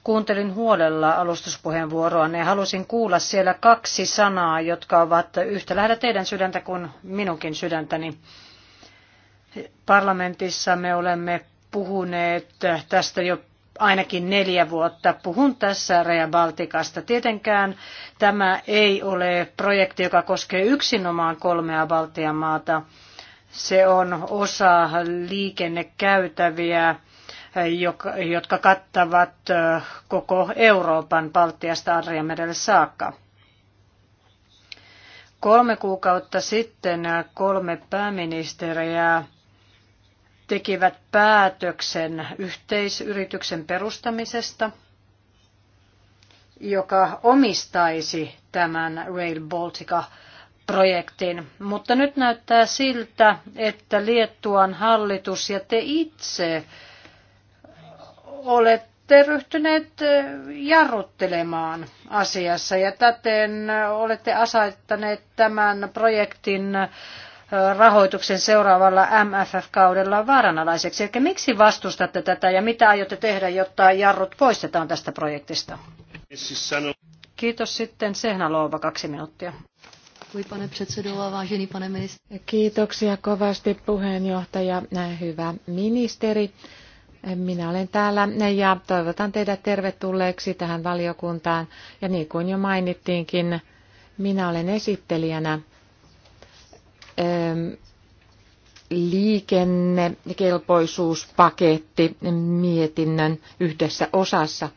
Kuuntelin huolella alustuspuheenvuoroa ja halusin kuulla siellä kaksi sanaa, jotka ovat yhtä lähellä teidän sydäntä kuin minunkin sydäntäni. Parlamentissa me olemme puhuneet tästä jo ainakin neljä vuotta. Puhun tässä Raja Baltikasta. Tietenkään tämä ei ole projekti, joka koskee yksinomaan kolmea Baltian maata. Se on osa liikennekäytäviä, jotka kattavat koko Euroopan Baltiasta Adriamerelle saakka. Kolme kuukautta sitten kolme pääministeriä tekivät päätöksen yhteisyrityksen perustamisesta, joka omistaisi tämän Rail Baltica projektin. Mutta nyt näyttää siltä, että Liettuan hallitus ja te itse olette ryhtyneet jarruttelemaan asiassa ja täten olette asettaneet tämän projektin rahoituksen seuraavalla MFF-kaudella vaaranalaiseksi. Eli miksi vastustatte tätä ja mitä aiotte tehdä, jotta jarrut poistetaan tästä projektista? Kiitos sitten loova kaksi minuuttia. Kiitoksia kovasti puheenjohtaja, hyvä ministeri. Minä olen täällä ja toivotan teidät tervetulleeksi tähän valiokuntaan. Ja niin kuin jo mainittiinkin, minä olen esittelijänä liikennekelpoisuuspaketti mietinnön yhdessä osassa.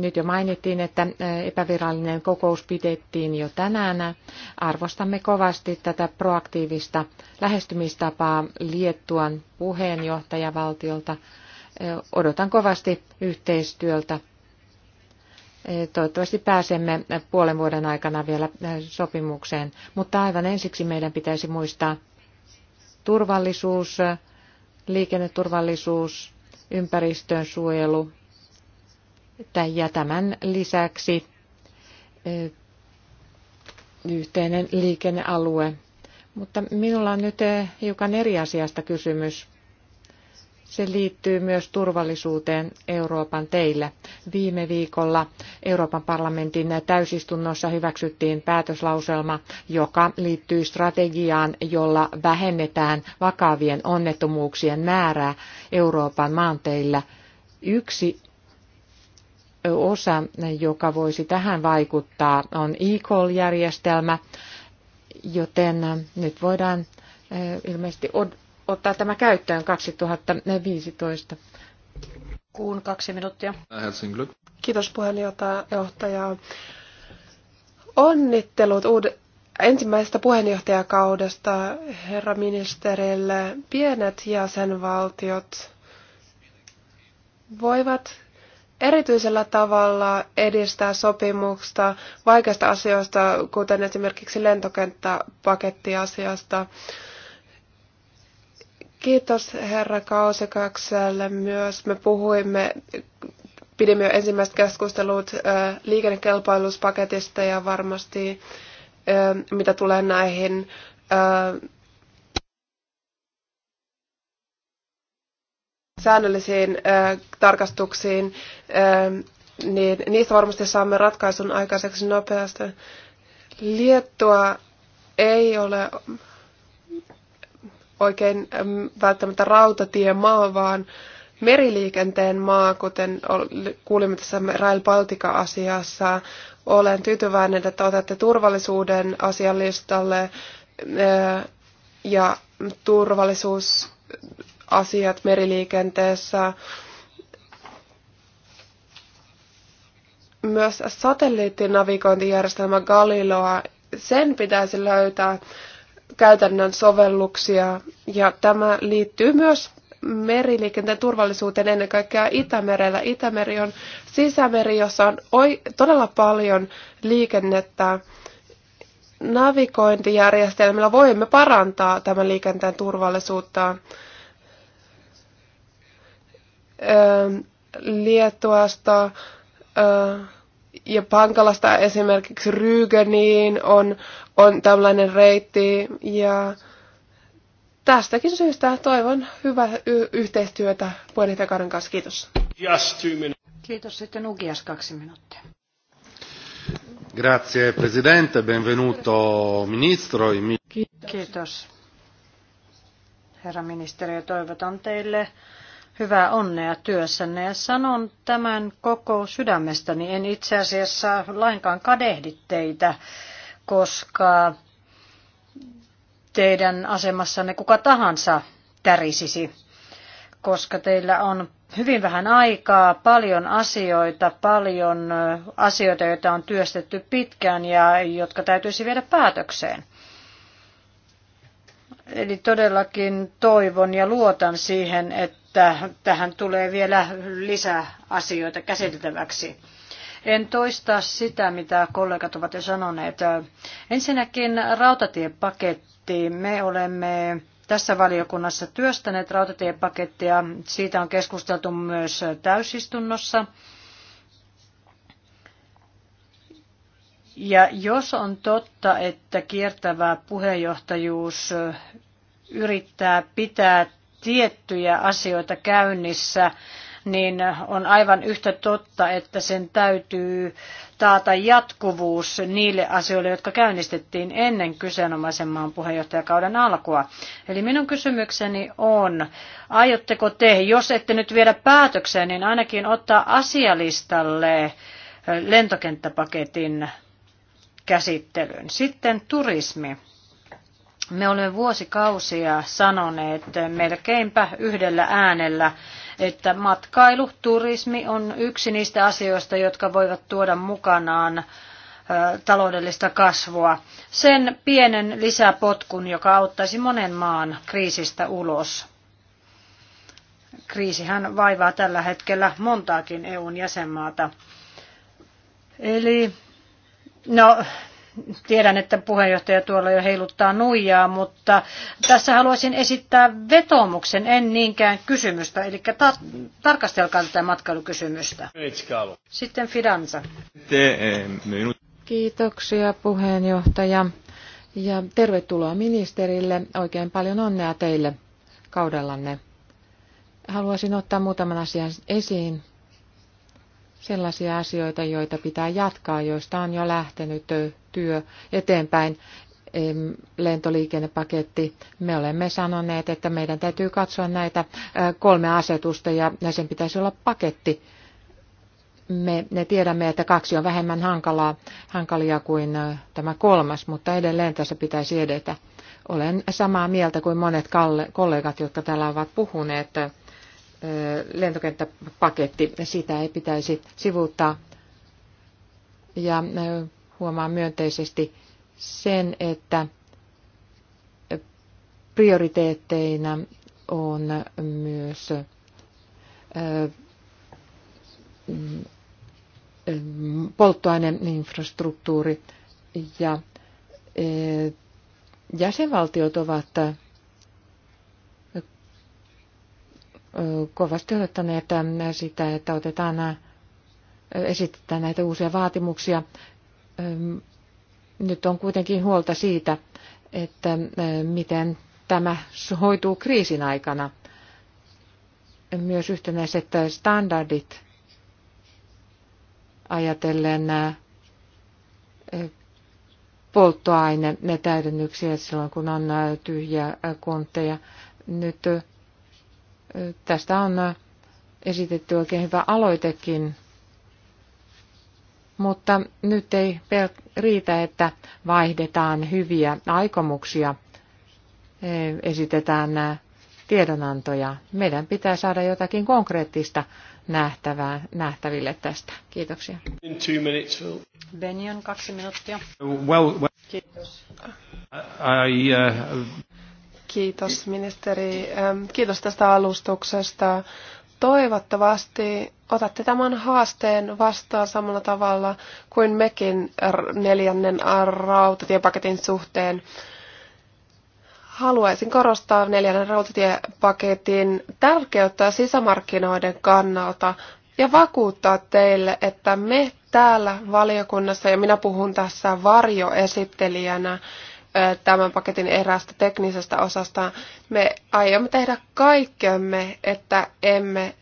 Nyt jo mainittiin, että epävirallinen kokous pidettiin jo tänään. Arvostamme kovasti tätä proaktiivista lähestymistapaa Liettuan puheenjohtajavaltiolta. Odotan kovasti yhteistyöltä Toivottavasti pääsemme puolen vuoden aikana vielä sopimukseen, mutta aivan ensiksi meidän pitäisi muistaa turvallisuus, liikenneturvallisuus, ympäristön suojelu ja tämän lisäksi e, yhteinen liikennealue. Mutta minulla on nyt e, hiukan eri asiasta kysymys. Se liittyy myös turvallisuuteen Euroopan teillä. Viime viikolla Euroopan parlamentin täysistunnossa hyväksyttiin päätöslauselma, joka liittyy strategiaan, jolla vähennetään vakavien onnettomuuksien määrää Euroopan maanteillä. Yksi osa, joka voisi tähän vaikuttaa, on e-call-järjestelmä, joten nyt voidaan eh, ilmeisesti ottaa tämä käyttöön 2015? Kuun kaksi minuuttia. Kiitos puheenjohtaja. Onnittelut uud- ensimmäisestä puheenjohtajakaudesta herra ministerille. Pienet jäsenvaltiot voivat erityisellä tavalla edistää sopimusta vaikeista asioista, kuten esimerkiksi lentokenttäpakettiasiasta. Kiitos herra Kausikakselle myös. Me puhuimme, pidimme jo ensimmäiset keskustelut liikennekelpailuspaketista ja varmasti mitä tulee näihin säännöllisiin tarkastuksiin, niin niistä varmasti saamme ratkaisun aikaiseksi nopeasti. Liettua ei ole oikein välttämättä maa, vaan meriliikenteen maa, kuten kuulimme tässä Rail Baltica-asiassa. Olen tyytyväinen, että otatte turvallisuuden asialistalle ja turvallisuusasiat meriliikenteessä. Myös satelliittinavigointijärjestelmä Galiloa, sen pitäisi löytää käytännön sovelluksia ja tämä liittyy myös meriliikenteen turvallisuuteen ennen kaikkea Itämerellä. Itämeri on sisämeri, jossa on todella paljon liikennettä. Navigointijärjestelmillä voimme parantaa tämän liikenteen turvallisuutta. Öö, Lietuasta öö, ja Pankalasta esimerkiksi Rygeniin on, on tällainen reitti ja tästäkin syystä toivon hyvää y- yhteistyötä puheenjohtajakauden kanssa. Kiitos. Kiitos. Sitten Ugias kaksi minuuttia. Grazie Presidente, benvenuto Ministro. Kiitos. Herra ministeri, toivotan teille hyvää onnea työssänne ja sanon tämän koko sydämestäni. En itse asiassa lainkaan kadehdi teitä, koska teidän asemassanne kuka tahansa tärisisi, koska teillä on hyvin vähän aikaa, paljon asioita, paljon asioita, joita on työstetty pitkään ja jotka täytyisi viedä päätökseen. Eli todellakin toivon ja luotan siihen, että että tähän tulee vielä lisää asioita käsiteltäväksi. En toista sitä, mitä kollegat ovat jo sanoneet. Ensinnäkin rautatiepaketti. Me olemme tässä valiokunnassa työstäneet rautatiepakettia. Siitä on keskusteltu myös täysistunnossa. Ja jos on totta, että kiertävä puheenjohtajuus yrittää pitää tiettyjä asioita käynnissä, niin on aivan yhtä totta, että sen täytyy taata jatkuvuus niille asioille, jotka käynnistettiin ennen kyseenomaisen maan puheenjohtajakauden alkua. Eli minun kysymykseni on, aiotteko te, jos ette nyt viedä päätökseen, niin ainakin ottaa asialistalle lentokenttäpaketin käsittelyyn. Sitten turismi. Me olemme vuosikausia sanoneet melkeinpä yhdellä äänellä, että matkailu, turismi on yksi niistä asioista, jotka voivat tuoda mukanaan taloudellista kasvua. Sen pienen lisäpotkun, joka auttaisi monen maan kriisistä ulos. Kriisihän vaivaa tällä hetkellä montaakin EUn jäsenmaata. Eli no, Tiedän, että puheenjohtaja tuolla jo heiluttaa nuijaa, mutta tässä haluaisin esittää vetomuksen, en niinkään kysymystä. Eli ta- tarkastelkaa tätä matkailukysymystä. Sitten Fidanza. Kiitoksia puheenjohtaja ja tervetuloa ministerille. Oikein paljon onnea teille kaudellanne. Haluaisin ottaa muutaman asian esiin sellaisia asioita, joita pitää jatkaa, joista on jo lähtenyt työ eteenpäin lentoliikennepaketti. Me olemme sanoneet, että meidän täytyy katsoa näitä kolme asetusta ja sen pitäisi olla paketti. Me, ne tiedämme, että kaksi on vähemmän hankalaa, hankalia kuin tämä kolmas, mutta edelleen tässä pitäisi edetä. Olen samaa mieltä kuin monet kollegat, jotka täällä ovat puhuneet. Lentokenttäpaketti, sitä ei pitäisi sivuuttaa. Ja huomaan myönteisesti sen, että prioriteetteina on myös polttoaineinfrastruktuuri ja jäsenvaltiot ovat kovasti odottaneet sitä, että otetaan esitetään näitä uusia vaatimuksia nyt on kuitenkin huolta siitä, että miten tämä hoituu kriisin aikana. Myös yhtenäiset standardit ajatellen polttoaine ne täydennyksiä silloin, kun on tyhjiä kontteja. Nyt tästä on esitetty oikein hyvä aloitekin mutta nyt ei riitä, että vaihdetaan hyviä aikomuksia, e, esitetään tiedonantoja. Meidän pitää saada jotakin konkreettista nähtävää, nähtäville tästä. Kiitoksia. Benjon, kaksi minuuttia. Well, well. Kiitos. I, uh... Kiitos ministeri. Kiitos tästä alustuksesta. Toivottavasti otatte tämän haasteen vastaan samalla tavalla kuin mekin neljännen rautatiepaketin suhteen. Haluaisin korostaa neljännen rautatiepaketin tärkeyttä sisämarkkinoiden kannalta ja vakuuttaa teille, että me täällä valiokunnassa, ja minä puhun tässä varjoesittelijänä, tämän paketin eräästä teknisestä osasta. Me aiomme tehdä kaikkemme, että emme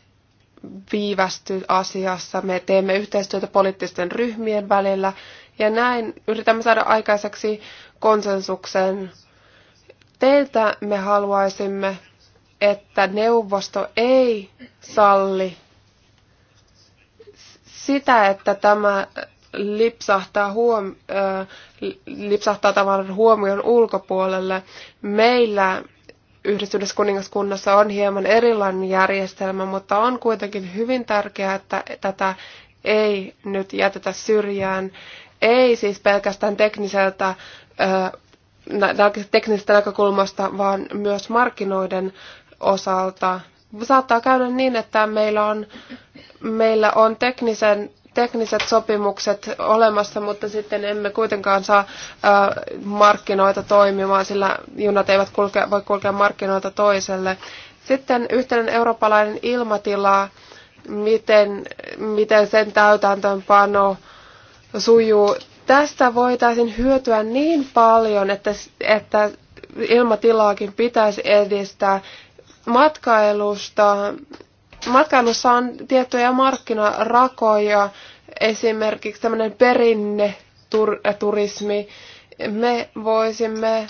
viivästy asiassa. Me teemme yhteistyötä poliittisten ryhmien välillä ja näin yritämme saada aikaiseksi konsensuksen. Teiltä me haluaisimme, että neuvosto ei salli sitä, että tämä lipsahtaa, huom, äh, lipsahtaa tavallaan huomion ulkopuolelle. Meillä Yhdistyneessä kuningaskunnassa on hieman erilainen järjestelmä, mutta on kuitenkin hyvin tärkeää, että tätä ei nyt jätetä syrjään. Ei siis pelkästään tekniseltä, äh, teknisestä näkökulmasta, vaan myös markkinoiden osalta. Saattaa käydä niin, että meillä on, meillä on teknisen tekniset sopimukset olemassa, mutta sitten emme kuitenkaan saa markkinoita toimimaan, sillä junat eivät kulke, voi kulkea markkinoita toiselle. Sitten yhteinen eurooppalainen ilmatila, miten, miten sen täytäntöönpano sujuu. Tästä voitaisiin hyötyä niin paljon, että, että ilmatilaakin pitäisi edistää matkailusta matkailussa on tiettyjä markkinarakoja, esimerkiksi tämmöinen perinneturismi. Äh, Me voisimme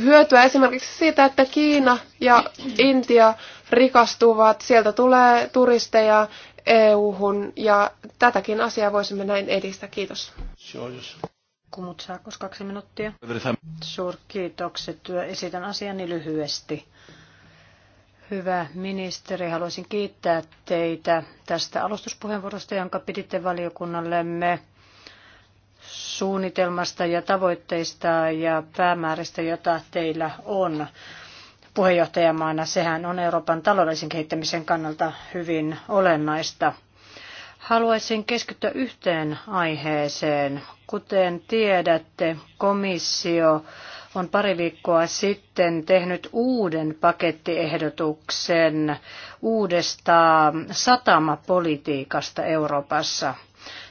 hyötyä esimerkiksi siitä, että Kiina ja Intia rikastuvat, sieltä tulee turisteja EU-hun ja tätäkin asiaa voisimme näin edistää. Kiitos. Kumut saakos kaksi minuuttia. Suurkiitokset. Esitän asiani lyhyesti. Hyvä ministeri, haluaisin kiittää teitä tästä alustuspuheenvuorosta, jonka piditte valiokunnallemme suunnitelmasta ja tavoitteista ja päämääristä, jota teillä on puheenjohtajamaana. Sehän on Euroopan taloudellisen kehittämisen kannalta hyvin olennaista. Haluaisin keskittyä yhteen aiheeseen. Kuten tiedätte, komissio on pari viikkoa sitten tehnyt uuden pakettiehdotuksen uudesta satamapolitiikasta Euroopassa.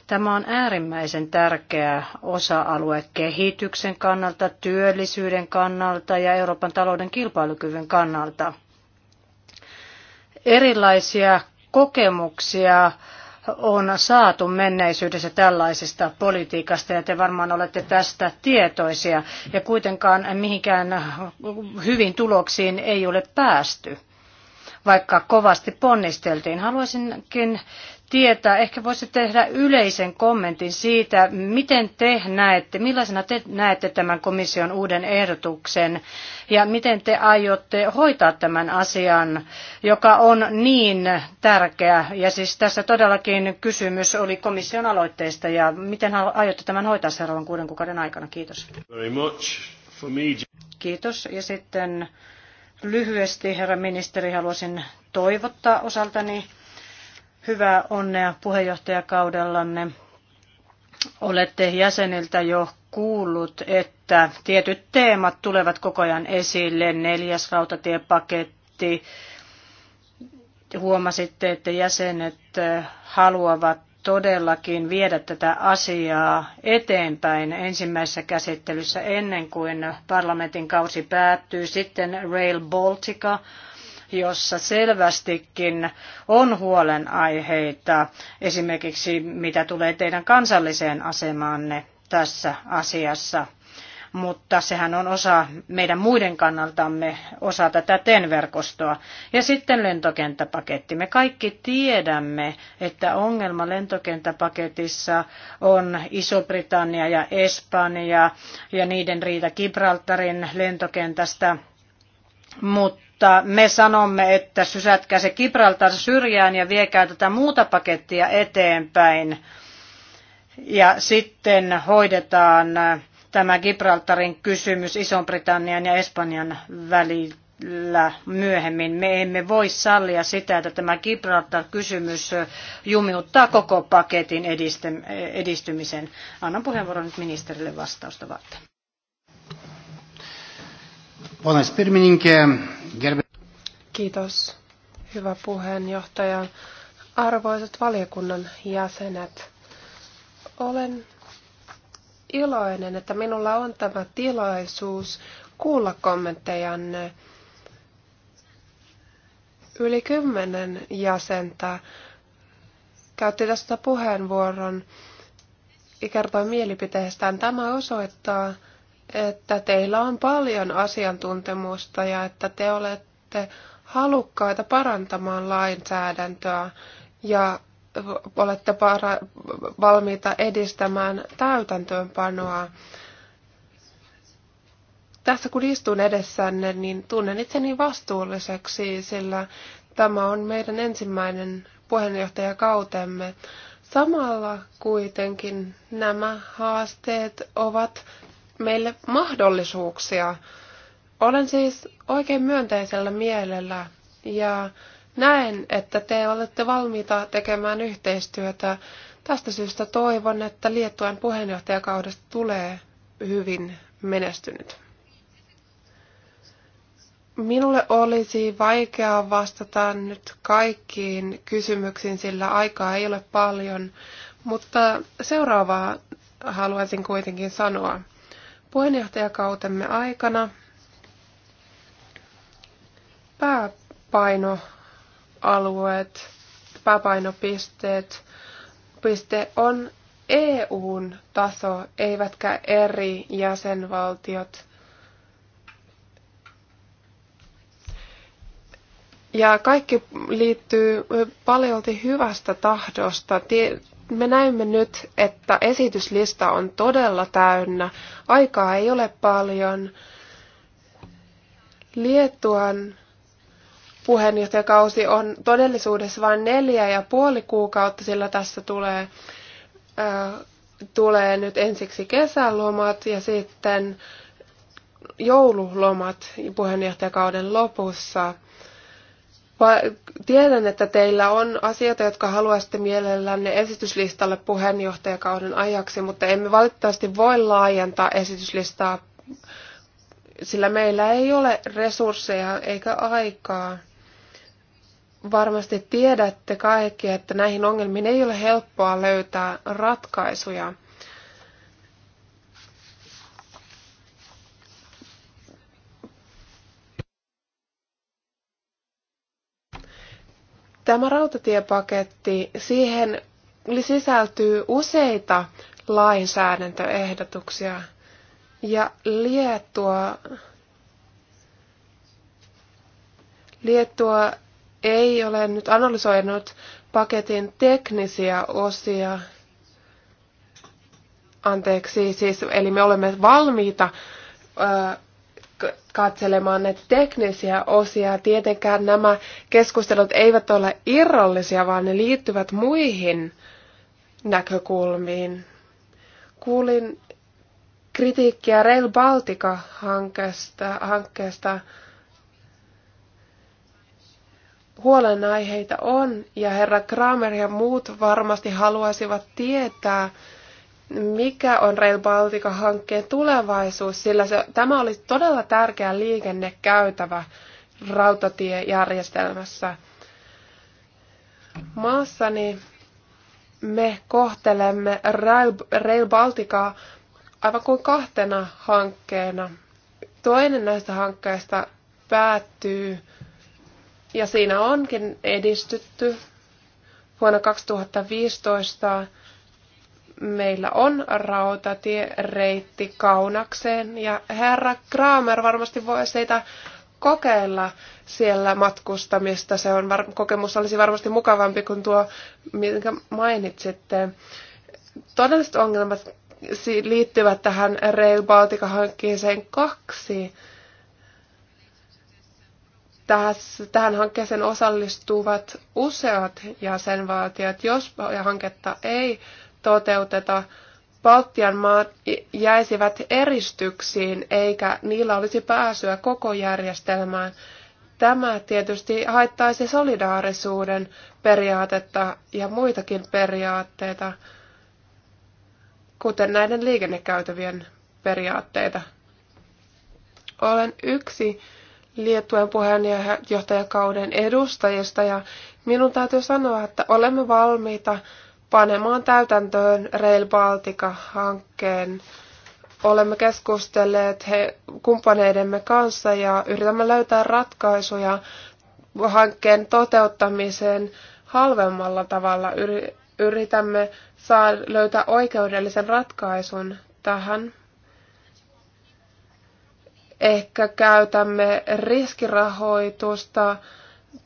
Tämä on äärimmäisen tärkeä osa-alue kehityksen kannalta, työllisyyden kannalta ja Euroopan talouden kilpailukyvyn kannalta. Erilaisia kokemuksia on saatu menneisyydessä tällaisesta politiikasta ja te varmaan olette tästä tietoisia ja kuitenkaan mihinkään hyvin tuloksiin ei ole päästy vaikka kovasti ponnisteltiin. Haluaisinkin tietää, ehkä voisi tehdä yleisen kommentin siitä, miten te näette, millaisena te näette tämän komission uuden ehdotuksen ja miten te aiotte hoitaa tämän asian, joka on niin tärkeä. Ja siis tässä todellakin kysymys oli komission aloitteesta ja miten aiotte tämän hoitaa seuraavan kuuden kuukauden aikana. Kiitos. Kiitos. Ja sitten lyhyesti, herra ministeri, haluaisin toivottaa osaltani hyvää onnea puheenjohtajakaudellanne. Olette jäseniltä jo kuullut, että tietyt teemat tulevat koko ajan esille. Neljäs rautatiepaketti. Huomasitte, että jäsenet äh, haluavat todellakin viedä tätä asiaa eteenpäin ensimmäisessä käsittelyssä ennen kuin parlamentin kausi päättyy. Sitten Rail Baltica jossa selvästikin on huolenaiheita, esimerkiksi mitä tulee teidän kansalliseen asemaanne tässä asiassa. Mutta sehän on osa meidän muiden kannaltamme, osa tätä TEN-verkostoa. Ja sitten lentokenttäpaketti. Me kaikki tiedämme, että ongelma lentokenttäpaketissa on Iso-Britannia ja Espanja ja niiden riita Gibraltarin lentokentästä – mutta me sanomme, että sysätkää se Gibraltar syrjään ja viekää tätä muuta pakettia eteenpäin. Ja sitten hoidetaan tämä Gibraltarin kysymys iso britannian ja Espanjan välillä myöhemmin. Me emme voi sallia sitä, että tämä Gibraltar-kysymys jumiuttaa koko paketin edistymisen. Annan puheenvuoron nyt ministerille vastausta varten. Ponas pirmininkė, Kiitos, hyvä puheenjohtaja. Arvoisat valiokunnan jäsenet, olen iloinen, että minulla on tämä tilaisuus kuulla kommenttejanne. Yli kymmenen jäsentä käytti tästä puheenvuoron ja kertoi mielipiteestään. Tämä osoittaa, että teillä on paljon asiantuntemusta ja että te olette halukkaita parantamaan lainsäädäntöä ja olette para- valmiita edistämään täytäntöönpanoa. Tässä kun istun edessänne, niin tunnen itseni vastuulliseksi, sillä tämä on meidän ensimmäinen puheenjohtajakautemme. Samalla kuitenkin nämä haasteet ovat meille mahdollisuuksia. Olen siis oikein myönteisellä mielellä ja näen, että te olette valmiita tekemään yhteistyötä. Tästä syystä toivon, että Liettuan puheenjohtajakaudesta tulee hyvin menestynyt. Minulle olisi vaikeaa vastata nyt kaikkiin kysymyksiin, sillä aikaa ei ole paljon, mutta seuraavaa haluaisin kuitenkin sanoa. Puheenjohtajakautemme aikana pääpainoalueet, pääpainopisteet, piste on EUn taso, eivätkä eri jäsenvaltiot. Ja kaikki liittyy paljolti hyvästä tahdosta me näemme nyt, että esityslista on todella täynnä. Aikaa ei ole paljon. Liettuan puheenjohtajakausi on todellisuudessa vain neljä ja puoli kuukautta, sillä tässä tulee, äh, tulee nyt ensiksi kesälomat ja sitten joululomat puheenjohtajakauden lopussa tiedän, että teillä on asioita, jotka haluaisitte mielellänne esityslistalle puheenjohtajakauden ajaksi, mutta emme valitettavasti voi laajentaa esityslistaa, sillä meillä ei ole resursseja eikä aikaa. Varmasti tiedätte kaikki, että näihin ongelmiin ei ole helppoa löytää ratkaisuja. Tämä rautatiepaketti, siihen sisältyy useita lainsäädäntöehdotuksia ja Liettua, Liettua ei ole nyt analysoinut paketin teknisiä osia. Anteeksi, siis eli me olemme valmiita ö, katselemaan näitä teknisiä osia. Tietenkään nämä keskustelut eivät ole irrallisia, vaan ne liittyvät muihin näkökulmiin. Kuulin kritiikkiä Rail Baltica-hankkeesta. Hankkeesta. Huolenaiheita on, ja herra Kramer ja muut varmasti haluaisivat tietää, mikä on Rail Baltica-hankkeen tulevaisuus, sillä se, tämä oli todella tärkeä liikennekäytävä rautatiejärjestelmässä. Maassani me kohtelemme Rail Balticaa aivan kuin kahtena hankkeena. Toinen näistä hankkeista päättyy ja siinä onkin edistytty vuonna 2015 meillä on rautatiereitti Kaunakseen ja herra Kramer varmasti voi sitä kokeilla siellä matkustamista. Se on var- kokemus olisi varmasti mukavampi kuin tuo, minkä mainitsitte. Todelliset ongelmat liittyvät tähän Rail Baltica-hankkeeseen kaksi. Tähän hankkeeseen osallistuvat useat jäsenvaltiot. Jos hanketta ei toteuteta, Baltian maat jäisivät eristyksiin eikä niillä olisi pääsyä koko järjestelmään. Tämä tietysti haittaisi solidaarisuuden periaatetta ja muitakin periaatteita, kuten näiden liikennekäytävien periaatteita. Olen yksi Liettuen puheenjohtajakauden edustajista ja minun täytyy sanoa, että olemme valmiita panemaan täytäntöön Rail Baltica-hankkeen. Olemme keskustelleet he, kumppaneidemme kanssa ja yritämme löytää ratkaisuja hankkeen toteuttamiseen halvemmalla tavalla. Yritämme saa löytää oikeudellisen ratkaisun tähän. Ehkä käytämme riskirahoitusta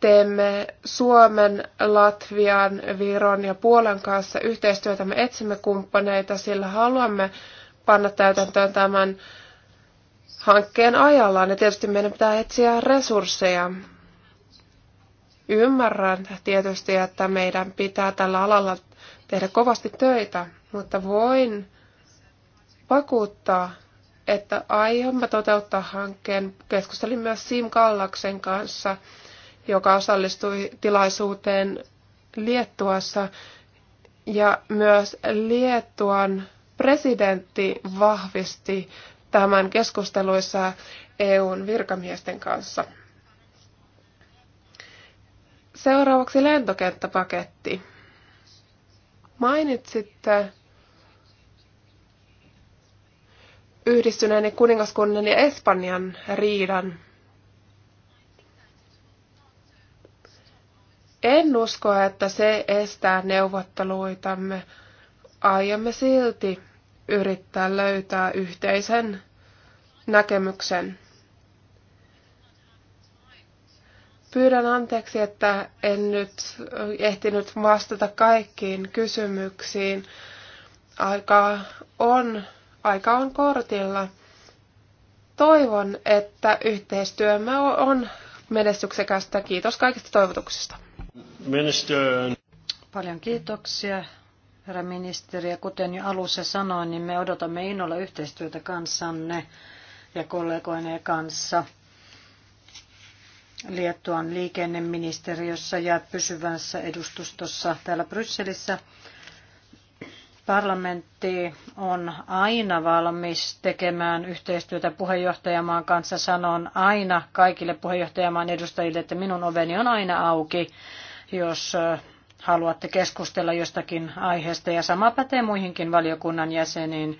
teemme Suomen, Latvian, Viron ja Puolan kanssa yhteistyötä. Me etsimme kumppaneita, sillä haluamme panna täytäntöön tämän hankkeen ajallaan. Ja tietysti meidän pitää etsiä resursseja. Ymmärrän tietysti, että meidän pitää tällä alalla tehdä kovasti töitä, mutta voin vakuuttaa, että aiomme toteuttaa hankkeen. Keskustelin myös Sim Kallaksen kanssa – joka osallistui tilaisuuteen Liettuassa. Ja myös Liettuan presidentti vahvisti tämän keskusteluissa EUn virkamiesten kanssa. Seuraavaksi lentokenttäpaketti. Mainitsitte yhdistyneen kuningaskunnan ja Espanjan riidan. En usko, että se estää neuvotteluitamme. Aiomme silti yrittää löytää yhteisen näkemyksen. Pyydän anteeksi, että en nyt ehtinyt vastata kaikkiin kysymyksiin. Aika on, aika on kortilla. Toivon, että yhteistyömme on menestyksekästä. Kiitos kaikista toivotuksista. Minister. Paljon kiitoksia, herra ministeri. Ja kuten jo alussa sanoin, niin me odotamme innolla yhteistyötä kanssanne ja kollegoineen kanssa. Liettuan liikenneministeriössä ja pysyvässä edustustossa täällä Brysselissä. Parlamentti on aina valmis tekemään yhteistyötä puheenjohtajamaan kanssa. Sanon aina kaikille puheenjohtajamaan edustajille, että minun oveni on aina auki jos haluatte keskustella jostakin aiheesta ja sama pätee muihinkin valiokunnan jäseniin.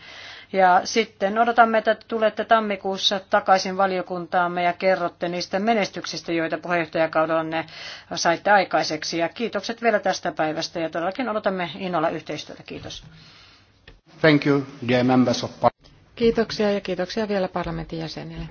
Ja sitten odotamme, että tulette tammikuussa takaisin valiokuntaamme ja kerrotte niistä menestyksistä, joita puheenjohtajakaudellanne saitte aikaiseksi. Ja kiitokset vielä tästä päivästä ja todellakin odotamme innolla yhteistyötä. Kiitos. Thank you, dear members of Kiitoksia ja kiitoksia vielä parlamentin jäsenille.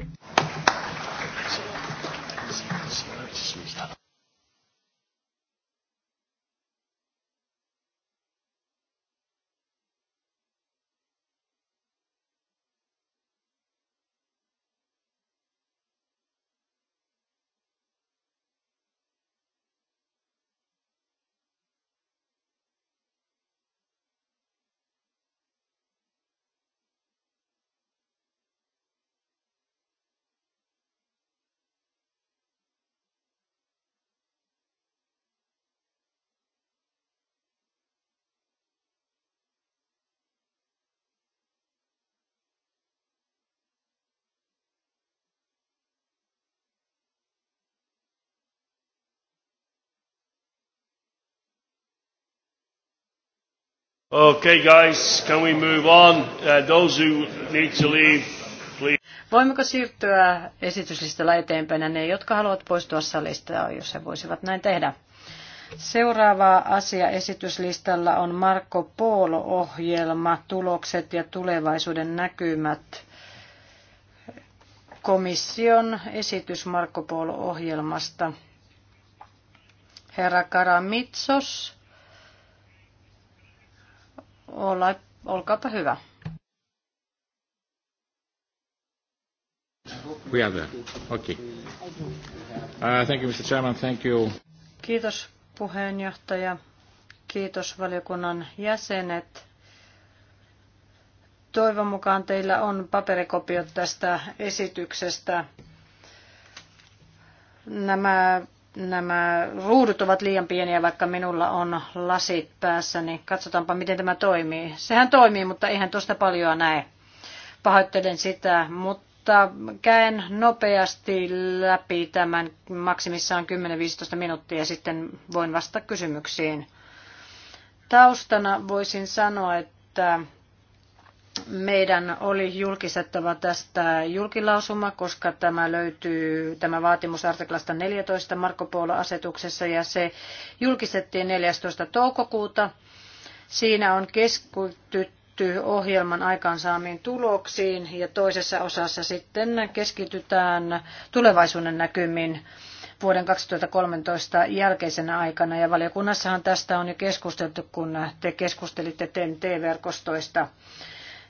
Okay guys, can we move on? Uh, those who need to leave, please. Voimmeko siirtyä esityslistalla eteenpäin ne, jotka haluavat poistua salista, jos he voisivat näin tehdä? Seuraava asia esityslistalla on Marko Poolo-ohjelma, tulokset ja tulevaisuuden näkymät. Komission esitys Marko Poolo-ohjelmasta. Herra Karamitsos olla, olkaapa hyvä. We are there. Okay. Uh, thank you, Mr. Chairman. Thank you. Kiitos puheenjohtaja. Kiitos valiokunnan jäsenet. Toivon mukaan teillä on paperikopiot tästä esityksestä. Nämä nämä ruudut ovat liian pieniä, vaikka minulla on lasit päässä, niin katsotaanpa miten tämä toimii. Sehän toimii, mutta eihän tuosta paljon näe. Pahoittelen sitä, mutta käyn nopeasti läpi tämän maksimissaan 10-15 minuuttia ja sitten voin vastata kysymyksiin. Taustana voisin sanoa, että meidän oli julkistettava tästä julkilausuma, koska tämä löytyy, tämä vaatimus artiklasta 14 Marko Polo-asetuksessa ja se julkistettiin 14. toukokuuta. Siinä on keskitytty ohjelman aikaansaamiin tuloksiin ja toisessa osassa sitten keskitytään tulevaisuuden näkymiin vuoden 2013 jälkeisenä aikana. Ja valiokunnassahan tästä on jo keskusteltu, kun te keskustelitte TEN-T-verkostoista.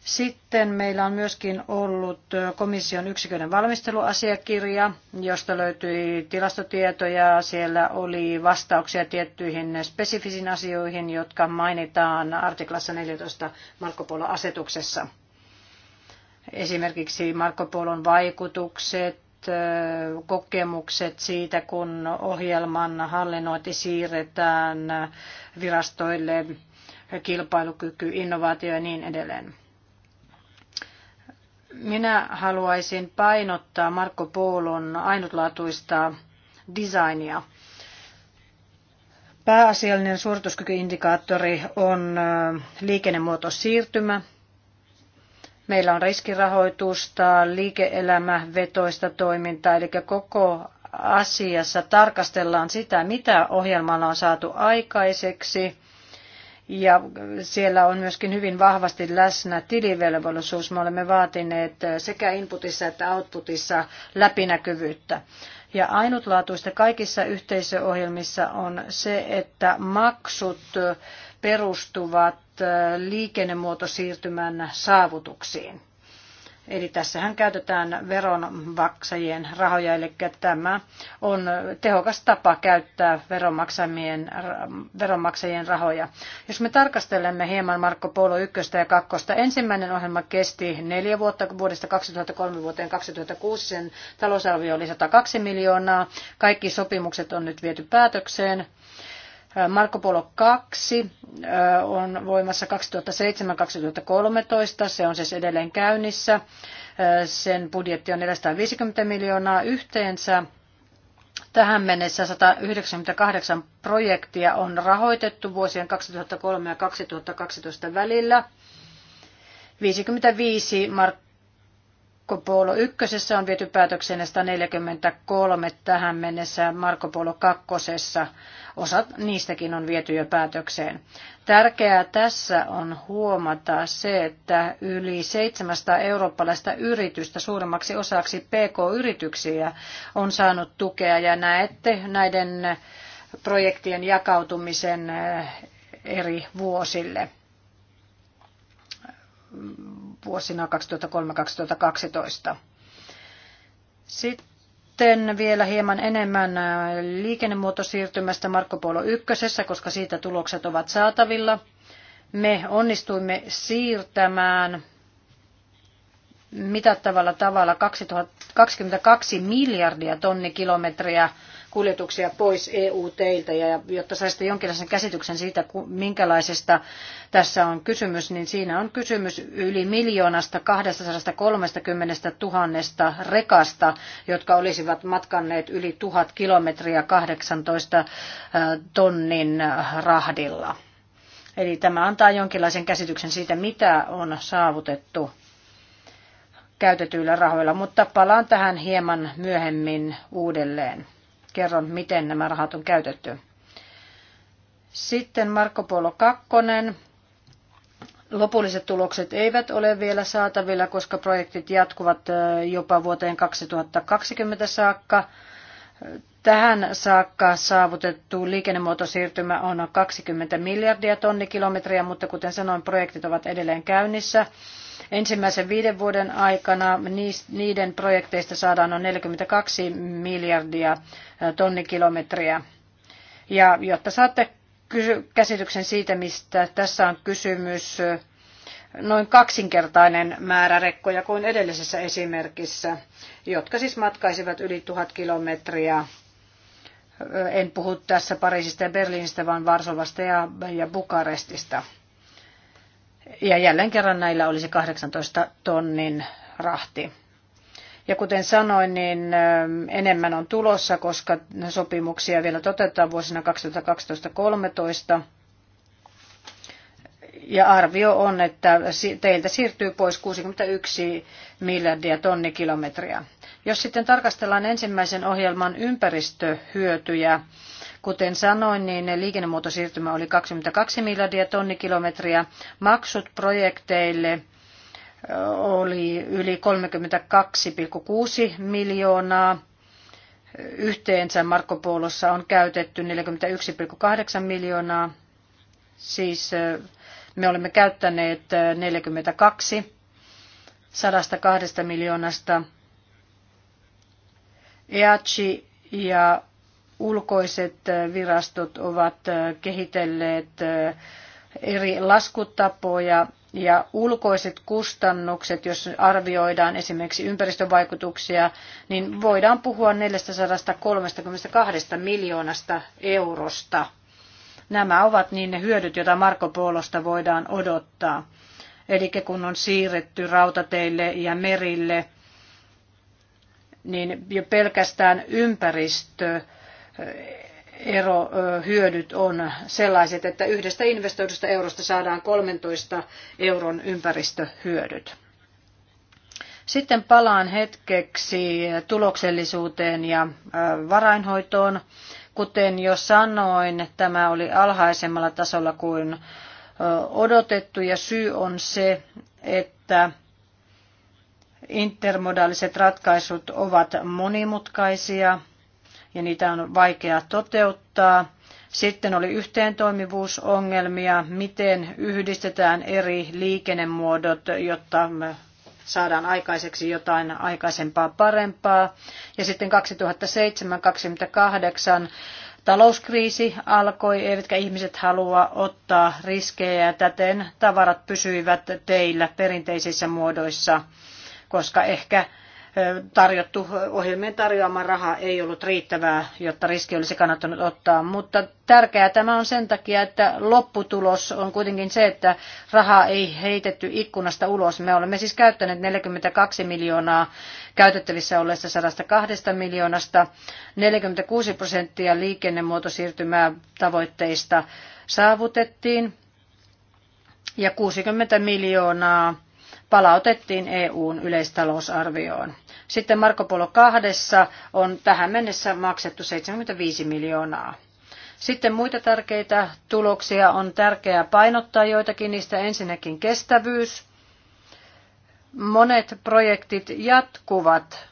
Sitten meillä on myöskin ollut komission yksiköiden valmisteluasiakirja, josta löytyi tilastotietoja. Siellä oli vastauksia tiettyihin spesifisiin asioihin, jotka mainitaan artiklassa 14 Marko Polo-asetuksessa. Esimerkiksi Marko Polon vaikutukset, kokemukset siitä, kun ohjelman hallinnointi siirretään virastoille, kilpailukyky, innovaatio ja niin edelleen. Minä haluaisin painottaa Marco Polon ainutlaatuista designia. Pääasiallinen suorituskykyindikaattori on liikennemuoto siirtymä. Meillä on riskirahoitusta, liike-elämävetoista toimintaa, eli koko asiassa tarkastellaan sitä, mitä ohjelmalla on saatu aikaiseksi ja siellä on myöskin hyvin vahvasti läsnä tilivelvollisuus. Me olemme vaatineet sekä inputissa että outputissa läpinäkyvyyttä. Ja ainutlaatuista kaikissa yhteisöohjelmissa on se, että maksut perustuvat liikennemuotosiirtymän saavutuksiin. Eli tässähän käytetään veronmaksajien rahoja, eli tämä on tehokas tapa käyttää veronmaksajien, veronmaksajien rahoja. Jos me tarkastelemme hieman Marko Polo 1 ja 2, ensimmäinen ohjelma kesti neljä vuotta vuodesta 2003 vuoteen 2006, sen talousarvio oli 102 miljoonaa. Kaikki sopimukset on nyt viety päätökseen Marko Polo 2 on voimassa 2007-2013. Se on siis edelleen käynnissä. Sen budjetti on 450 miljoonaa yhteensä. Tähän mennessä 198 projektia on rahoitettu vuosien 2003 ja 2012 välillä. 55 Mart Marko Polo ykkösessä on viety päätökseen 143 tähän mennessä, Marko Polo kakkosessa. osa niistäkin on viety jo päätökseen. Tärkeää tässä on huomata se, että yli 700 eurooppalaista yritystä suurimmaksi osaksi PK-yrityksiä on saanut tukea ja näette näiden projektien jakautumisen eri vuosille vuosina 2003-2012. Sitten vielä hieman enemmän liikennemuotosiirtymästä Marko Polo ykkösessä, koska siitä tulokset ovat saatavilla. Me onnistuimme siirtämään mitattavalla tavalla 22 miljardia tonnikilometriä kuljetuksia pois EU-teiltä ja jotta saisitte jonkinlaisen käsityksen siitä, minkälaisesta tässä on kysymys, niin siinä on kysymys yli miljoonasta 230 000 rekasta, jotka olisivat matkanneet yli tuhat kilometriä 18 tonnin rahdilla. Eli tämä antaa jonkinlaisen käsityksen siitä, mitä on saavutettu käytetyillä rahoilla, mutta palaan tähän hieman myöhemmin uudelleen kerron, miten nämä rahat on käytetty. Sitten Marko Polo 2. Lopulliset tulokset eivät ole vielä saatavilla, koska projektit jatkuvat jopa vuoteen 2020 saakka. Tähän saakka saavutettu liikennemuotosiirtymä on 20 miljardia tonnikilometriä, mutta kuten sanoin, projektit ovat edelleen käynnissä. Ensimmäisen viiden vuoden aikana niiden projekteista saadaan noin 42 miljardia tonnikilometriä. Ja jotta saatte käsityksen siitä, mistä tässä on kysymys, noin kaksinkertainen määrä rekkoja kuin edellisessä esimerkissä, jotka siis matkaisivat yli tuhat kilometriä. En puhu tässä Pariisista ja Berliinistä, vaan Varsovasta ja, ja Bukarestista. Ja jälleen kerran näillä olisi 18 tonnin rahti. Ja kuten sanoin, niin enemmän on tulossa, koska sopimuksia vielä toteutetaan vuosina 2012 ja arvio on, että teiltä siirtyy pois 61 miljardia tonnikilometriä. Jos sitten tarkastellaan ensimmäisen ohjelman ympäristöhyötyjä, kuten sanoin, niin liikennemuotosiirtymä oli 22 miljardia tonnikilometriä, maksut projekteille oli yli 32,6 miljoonaa, yhteensä Marko Poolossa on käytetty 41,8 miljoonaa, siis me olemme käyttäneet 42 102 miljoonasta. EACI ja ulkoiset virastot ovat kehitelleet eri laskutapoja ja ulkoiset kustannukset, jos arvioidaan esimerkiksi ympäristövaikutuksia, niin voidaan puhua 432 miljoonasta eurosta Nämä ovat niin ne hyödyt, joita Marko Polosta voidaan odottaa. Eli kun on siirretty rautateille ja merille, niin jo pelkästään ympäristö eh, ero, eh, hyödyt on sellaiset, että yhdestä investoidusta eurosta saadaan 13 euron ympäristöhyödyt. Sitten palaan hetkeksi tuloksellisuuteen ja eh, varainhoitoon. Kuten jo sanoin, tämä oli alhaisemmalla tasolla kuin odotettu ja syy on se, että intermodaaliset ratkaisut ovat monimutkaisia ja niitä on vaikea toteuttaa. Sitten oli yhteentoimivuusongelmia, miten yhdistetään eri liikennemuodot, jotta saadaan aikaiseksi jotain aikaisempaa parempaa. Ja sitten 2007-2008 talouskriisi alkoi, eivätkä ihmiset halua ottaa riskejä ja täten tavarat pysyivät teillä perinteisissä muodoissa, koska ehkä tarjottu, ohjelmien tarjoama raha ei ollut riittävää, jotta riski olisi kannattanut ottaa. Mutta tärkeää tämä on sen takia, että lopputulos on kuitenkin se, että rahaa ei heitetty ikkunasta ulos. Me olemme siis käyttäneet 42 miljoonaa käytettävissä olleesta 102 miljoonasta. 46 prosenttia liikennemuotosiirtymää tavoitteista saavutettiin ja 60 miljoonaa palautettiin EUn yleistalousarvioon. Sitten Marco Polo kahdessa on tähän mennessä maksettu 75 miljoonaa. Sitten muita tärkeitä tuloksia on tärkeää painottaa joitakin niistä ensinnäkin kestävyys. Monet projektit jatkuvat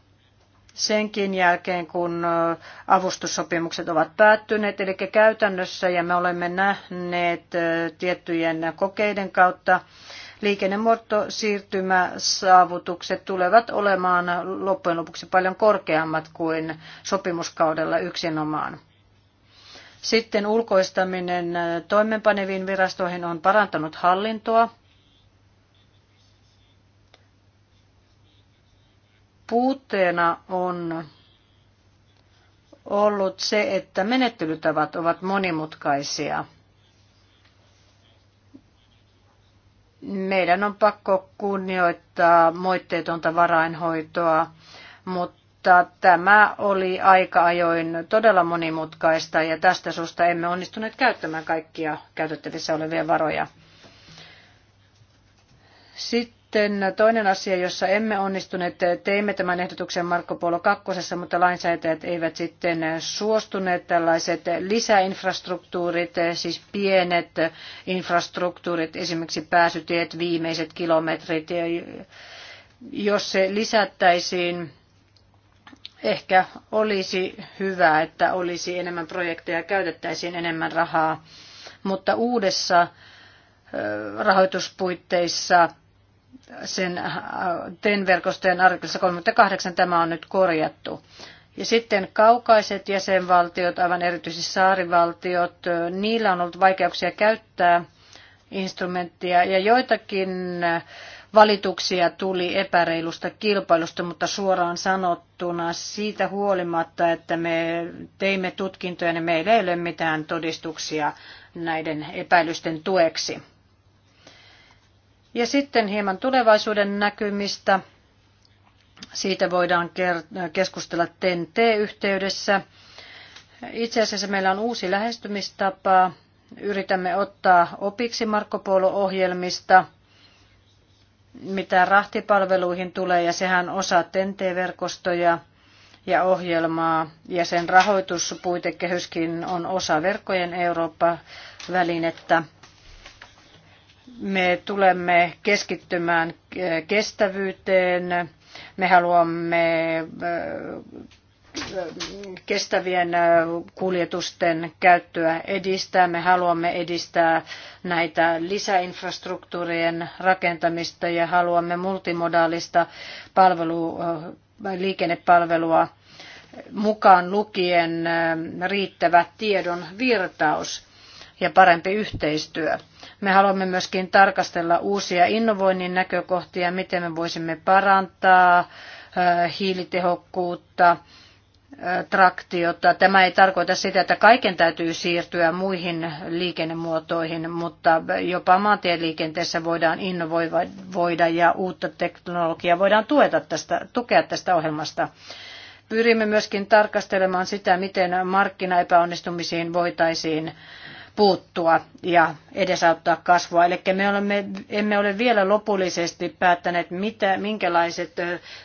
senkin jälkeen, kun avustussopimukset ovat päättyneet. Eli käytännössä, ja me olemme nähneet tiettyjen kokeiden kautta, Liikennemuotosiirtymäsaavutukset tulevat olemaan loppujen lopuksi paljon korkeammat kuin sopimuskaudella yksinomaan. Sitten ulkoistaminen toimenpaneviin virastoihin on parantanut hallintoa. Puutteena on ollut se, että menettelytavat ovat monimutkaisia. meidän on pakko kunnioittaa moitteetonta varainhoitoa, mutta tämä oli aika ajoin todella monimutkaista ja tästä suusta emme onnistuneet käyttämään kaikkia käytettävissä olevia varoja. Sitten sitten toinen asia, jossa emme onnistuneet, teimme tämän ehdotuksen Marko Polo kakkosessa, mutta lainsäätäjät eivät sitten suostuneet tällaiset lisäinfrastruktuurit, siis pienet infrastruktuurit, esimerkiksi pääsytiet, viimeiset kilometrit, jos se lisättäisiin ehkä olisi hyvä, että olisi enemmän projekteja, käytettäisiin enemmän rahaa, mutta uudessa rahoituspuitteissa sen äh, TEN-verkostojen artiklassa 38 tämä on nyt korjattu. Ja sitten kaukaiset jäsenvaltiot, aivan erityisesti saarivaltiot, äh, niillä on ollut vaikeuksia käyttää instrumenttia ja joitakin äh, valituksia tuli epäreilusta kilpailusta, mutta suoraan sanottuna siitä huolimatta, että me teimme tutkintoja, niin meillä ei ole mitään todistuksia näiden epäilysten tueksi. Ja sitten hieman tulevaisuuden näkymistä. Siitä voidaan keskustella TNT-yhteydessä. Itse asiassa meillä on uusi lähestymistapa. Yritämme ottaa opiksi Marko Polo-ohjelmista, mitä rahtipalveluihin tulee, ja sehän osa TNT-verkostoja ja ohjelmaa, ja sen rahoituspuitekehyskin on osa verkkojen Eurooppa-välinettä. Me tulemme keskittymään eh, kestävyyteen. Me haluamme eh, eh, kestävien kuljetusten käyttöä edistää. Me haluamme edistää näitä lisäinfrastruktuurien rakentamista ja haluamme multimodaalista palvelu, liikennepalvelua mukaan lukien riittävä tiedon virtaus ja parempi yhteistyö. Me haluamme myöskin tarkastella uusia innovoinnin näkökohtia, miten me voisimme parantaa hiilitehokkuutta, traktiota. Tämä ei tarkoita sitä, että kaiken täytyy siirtyä muihin liikennemuotoihin, mutta jopa maantieliikenteessä voidaan innovoida ja uutta teknologiaa voidaan tueta tästä, tukea tästä ohjelmasta. Pyrimme myöskin tarkastelemaan sitä, miten markkinaepäonnistumisiin voitaisiin puuttua ja edesauttaa kasvua. Eli me olemme, emme ole vielä lopullisesti päättäneet, mitä, minkälaiset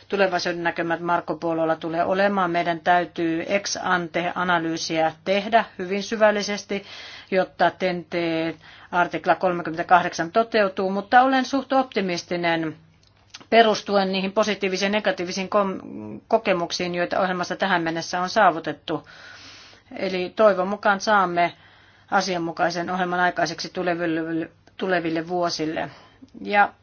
tulevaisuuden näkymät Marko Puololla tulee olemaan. Meidän täytyy ex ante analyysiä tehdä hyvin syvällisesti, jotta TNT artikla 38 toteutuu, mutta olen suht optimistinen perustuen niihin positiivisiin ja negatiivisiin kokemuksiin, joita ohjelmassa tähän mennessä on saavutettu. Eli toivon mukaan saamme asianmukaisen ohjelman aikaiseksi tuleville, tuleville vuosille. Ja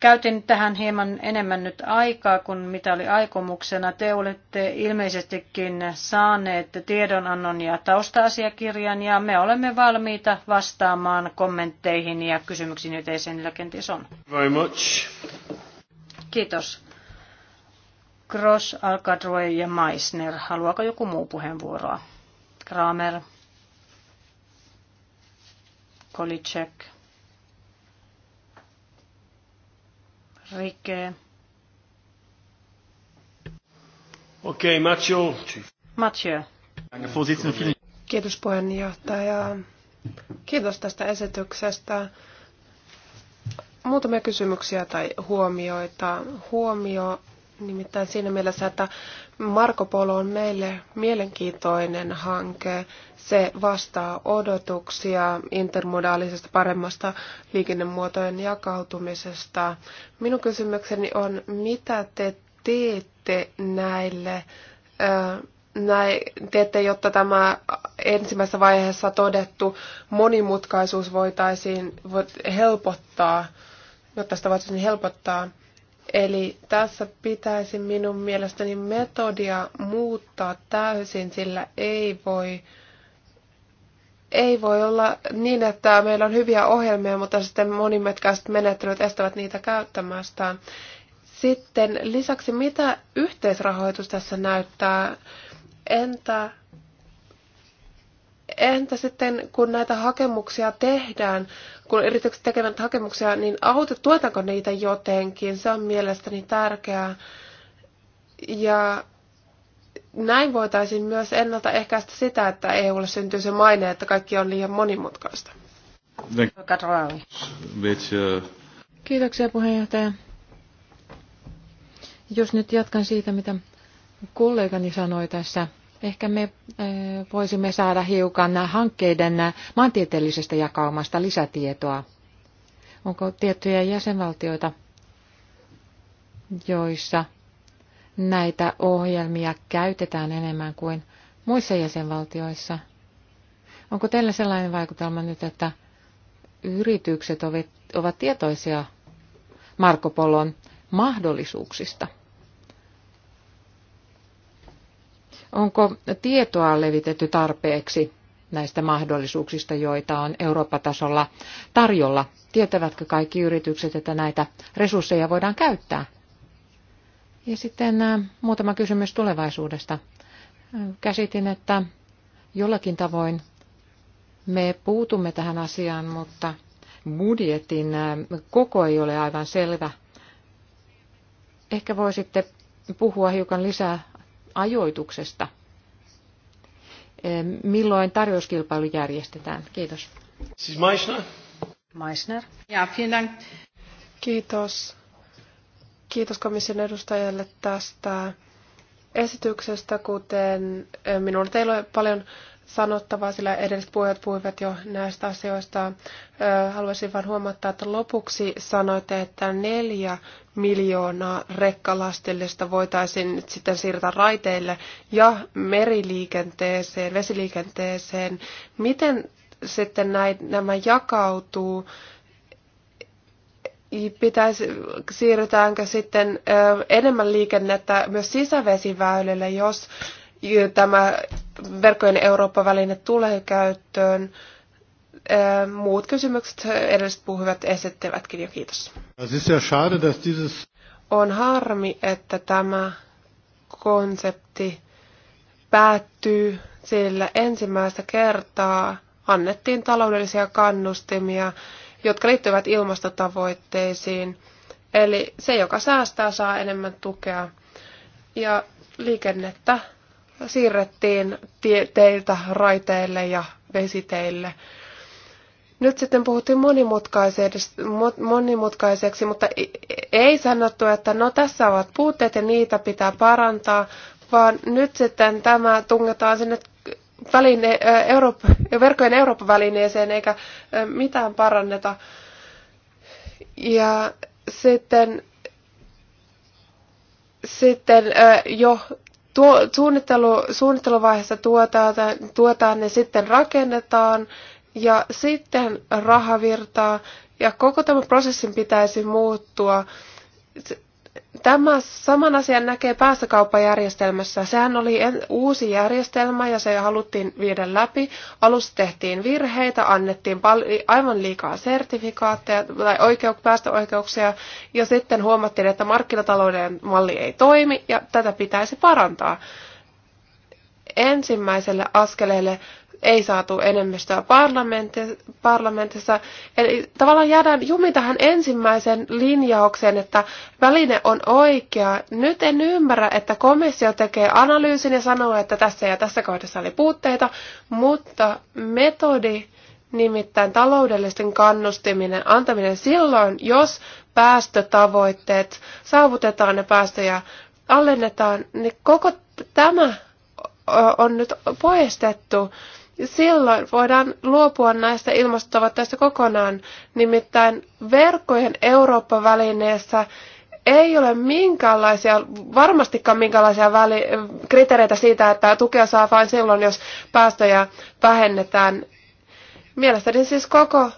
käytin tähän hieman enemmän nyt aikaa kuin mitä oli aikomuksena. Te olette ilmeisestikin saaneet tiedonannon ja tausta-asiakirjan ja me olemme valmiita vastaamaan kommentteihin ja kysymyksiin, joita niillä kenties on. Very much. Kiitos. Gross, Alcadroy ja Meissner. Haluaako joku muu puheenvuoroa? Kramer. Kolicek, Rike. Okei, okay, Mathieu. Mathieu. Kiitos puheenjohtaja. Kiitos tästä esityksestä. Muutamia kysymyksiä tai huomioita. Huomio Nimittäin siinä mielessä, että Marko Polo on meille mielenkiintoinen hanke. Se vastaa odotuksia intermodaalisesta paremmasta liikennemuotojen jakautumisesta. Minun kysymykseni on, mitä te teette näille, näin, teette, jotta tämä ensimmäisessä vaiheessa todettu monimutkaisuus voitaisiin helpottaa, jotta sitä voitaisiin helpottaa – Eli tässä pitäisi minun mielestäni metodia muuttaa täysin, sillä ei voi, ei voi olla niin, että meillä on hyviä ohjelmia, mutta sitten monimetkaiset menettelyt estävät niitä käyttämästään. Sitten lisäksi, mitä yhteisrahoitus tässä näyttää? Entä entä sitten, kun näitä hakemuksia tehdään, kun yritykset tekevät hakemuksia, niin auta, tuetaanko niitä jotenkin? Se on mielestäni tärkeää. Ja näin voitaisiin myös ennaltaehkäistä sitä, että EUlle syntyy se maine, että kaikki on liian monimutkaista. Kiitoksia puheenjohtaja. Jos nyt jatkan siitä, mitä kollegani sanoi tässä Ehkä me voisimme saada hiukan hankkeiden maantieteellisestä jakaumasta lisätietoa. Onko tiettyjä jäsenvaltioita, joissa näitä ohjelmia käytetään enemmän kuin muissa jäsenvaltioissa? Onko teillä sellainen vaikutelma nyt, että yritykset ovat tietoisia Marko Polon mahdollisuuksista? Onko tietoa levitetty tarpeeksi näistä mahdollisuuksista, joita on Eurooppa-tasolla tarjolla? Tietävätkö kaikki yritykset, että näitä resursseja voidaan käyttää? Ja sitten äh, muutama kysymys tulevaisuudesta. Käsitin, että jollakin tavoin me puutumme tähän asiaan, mutta budjetin äh, koko ei ole aivan selvä. Ehkä voisitte puhua hiukan lisää ajoituksesta, milloin tarjouskilpailu järjestetään. Kiitos. Siis Meissner. Meissner. Ja, vielen Kiitos. Kiitos komission edustajalle tästä esityksestä, kuten minulla teillä on paljon sanottavaa, sillä edelliset puhujat puhuivat jo näistä asioista. Haluaisin vain huomauttaa, että lopuksi sanoitte, että neljä miljoonaa rekkalastillista voitaisiin nyt sitten siirtää raiteille ja meriliikenteeseen, vesiliikenteeseen. Miten sitten näin, nämä jakautuu? pitäisi, siirrytäänkö sitten enemmän liikennettä myös sisävesiväylille, jos tämä verkkojen Eurooppa-väline tulee käyttöön. Muut kysymykset edelliset puhuvat esittevätkin jo. Kiitos. On harmi, että tämä konsepti päättyy, sillä ensimmäistä kertaa annettiin taloudellisia kannustimia, jotka liittyvät ilmastotavoitteisiin. Eli se, joka säästää, saa enemmän tukea. Ja liikennettä siirrettiin tie- teiltä raiteille ja vesiteille. Nyt sitten puhuttiin monimutkaiseksi, mutta ei sanottu, että no tässä ovat puutteet ja niitä pitää parantaa, vaan nyt sitten tämä tungetaan sinne väline, Eurooppa, verkkojen Euroopan välineeseen eikä mitään paranneta. Ja sitten, sitten jo tuo, suunnittelu, suunnitteluvaiheessa tuotaan, tuotaan ne sitten rakennetaan ja sitten rahavirtaa ja koko tämän prosessin pitäisi muuttua Tämä saman asian näkee päästökauppajärjestelmässä. Sehän oli uusi järjestelmä ja se haluttiin viedä läpi. Alussa tehtiin virheitä, annettiin aivan liikaa sertifikaatteja tai päästöoikeuksia ja sitten huomattiin, että markkinatalouden malli ei toimi ja tätä pitäisi parantaa. Ensimmäiselle askeleelle ei saatu enemmistöä parlamentissa. Eli tavallaan jäädään jumi tähän ensimmäiseen linjaukseen, että väline on oikea. Nyt en ymmärrä, että komissio tekee analyysin ja sanoo, että tässä ja tässä kohdassa oli puutteita, mutta metodi, nimittäin taloudellisten kannustiminen antaminen silloin, jos päästötavoitteet saavutetaan ja päästöjä alennetaan, niin koko tämä on nyt poistettu silloin voidaan luopua näistä ilmastotavoitteista kokonaan. Nimittäin verkkojen Eurooppa-välineessä ei ole minkäänlaisia, varmastikaan minkäänlaisia väli, kriteereitä siitä, että tukea saa vain silloin, jos päästöjä vähennetään. Mielestäni siis koko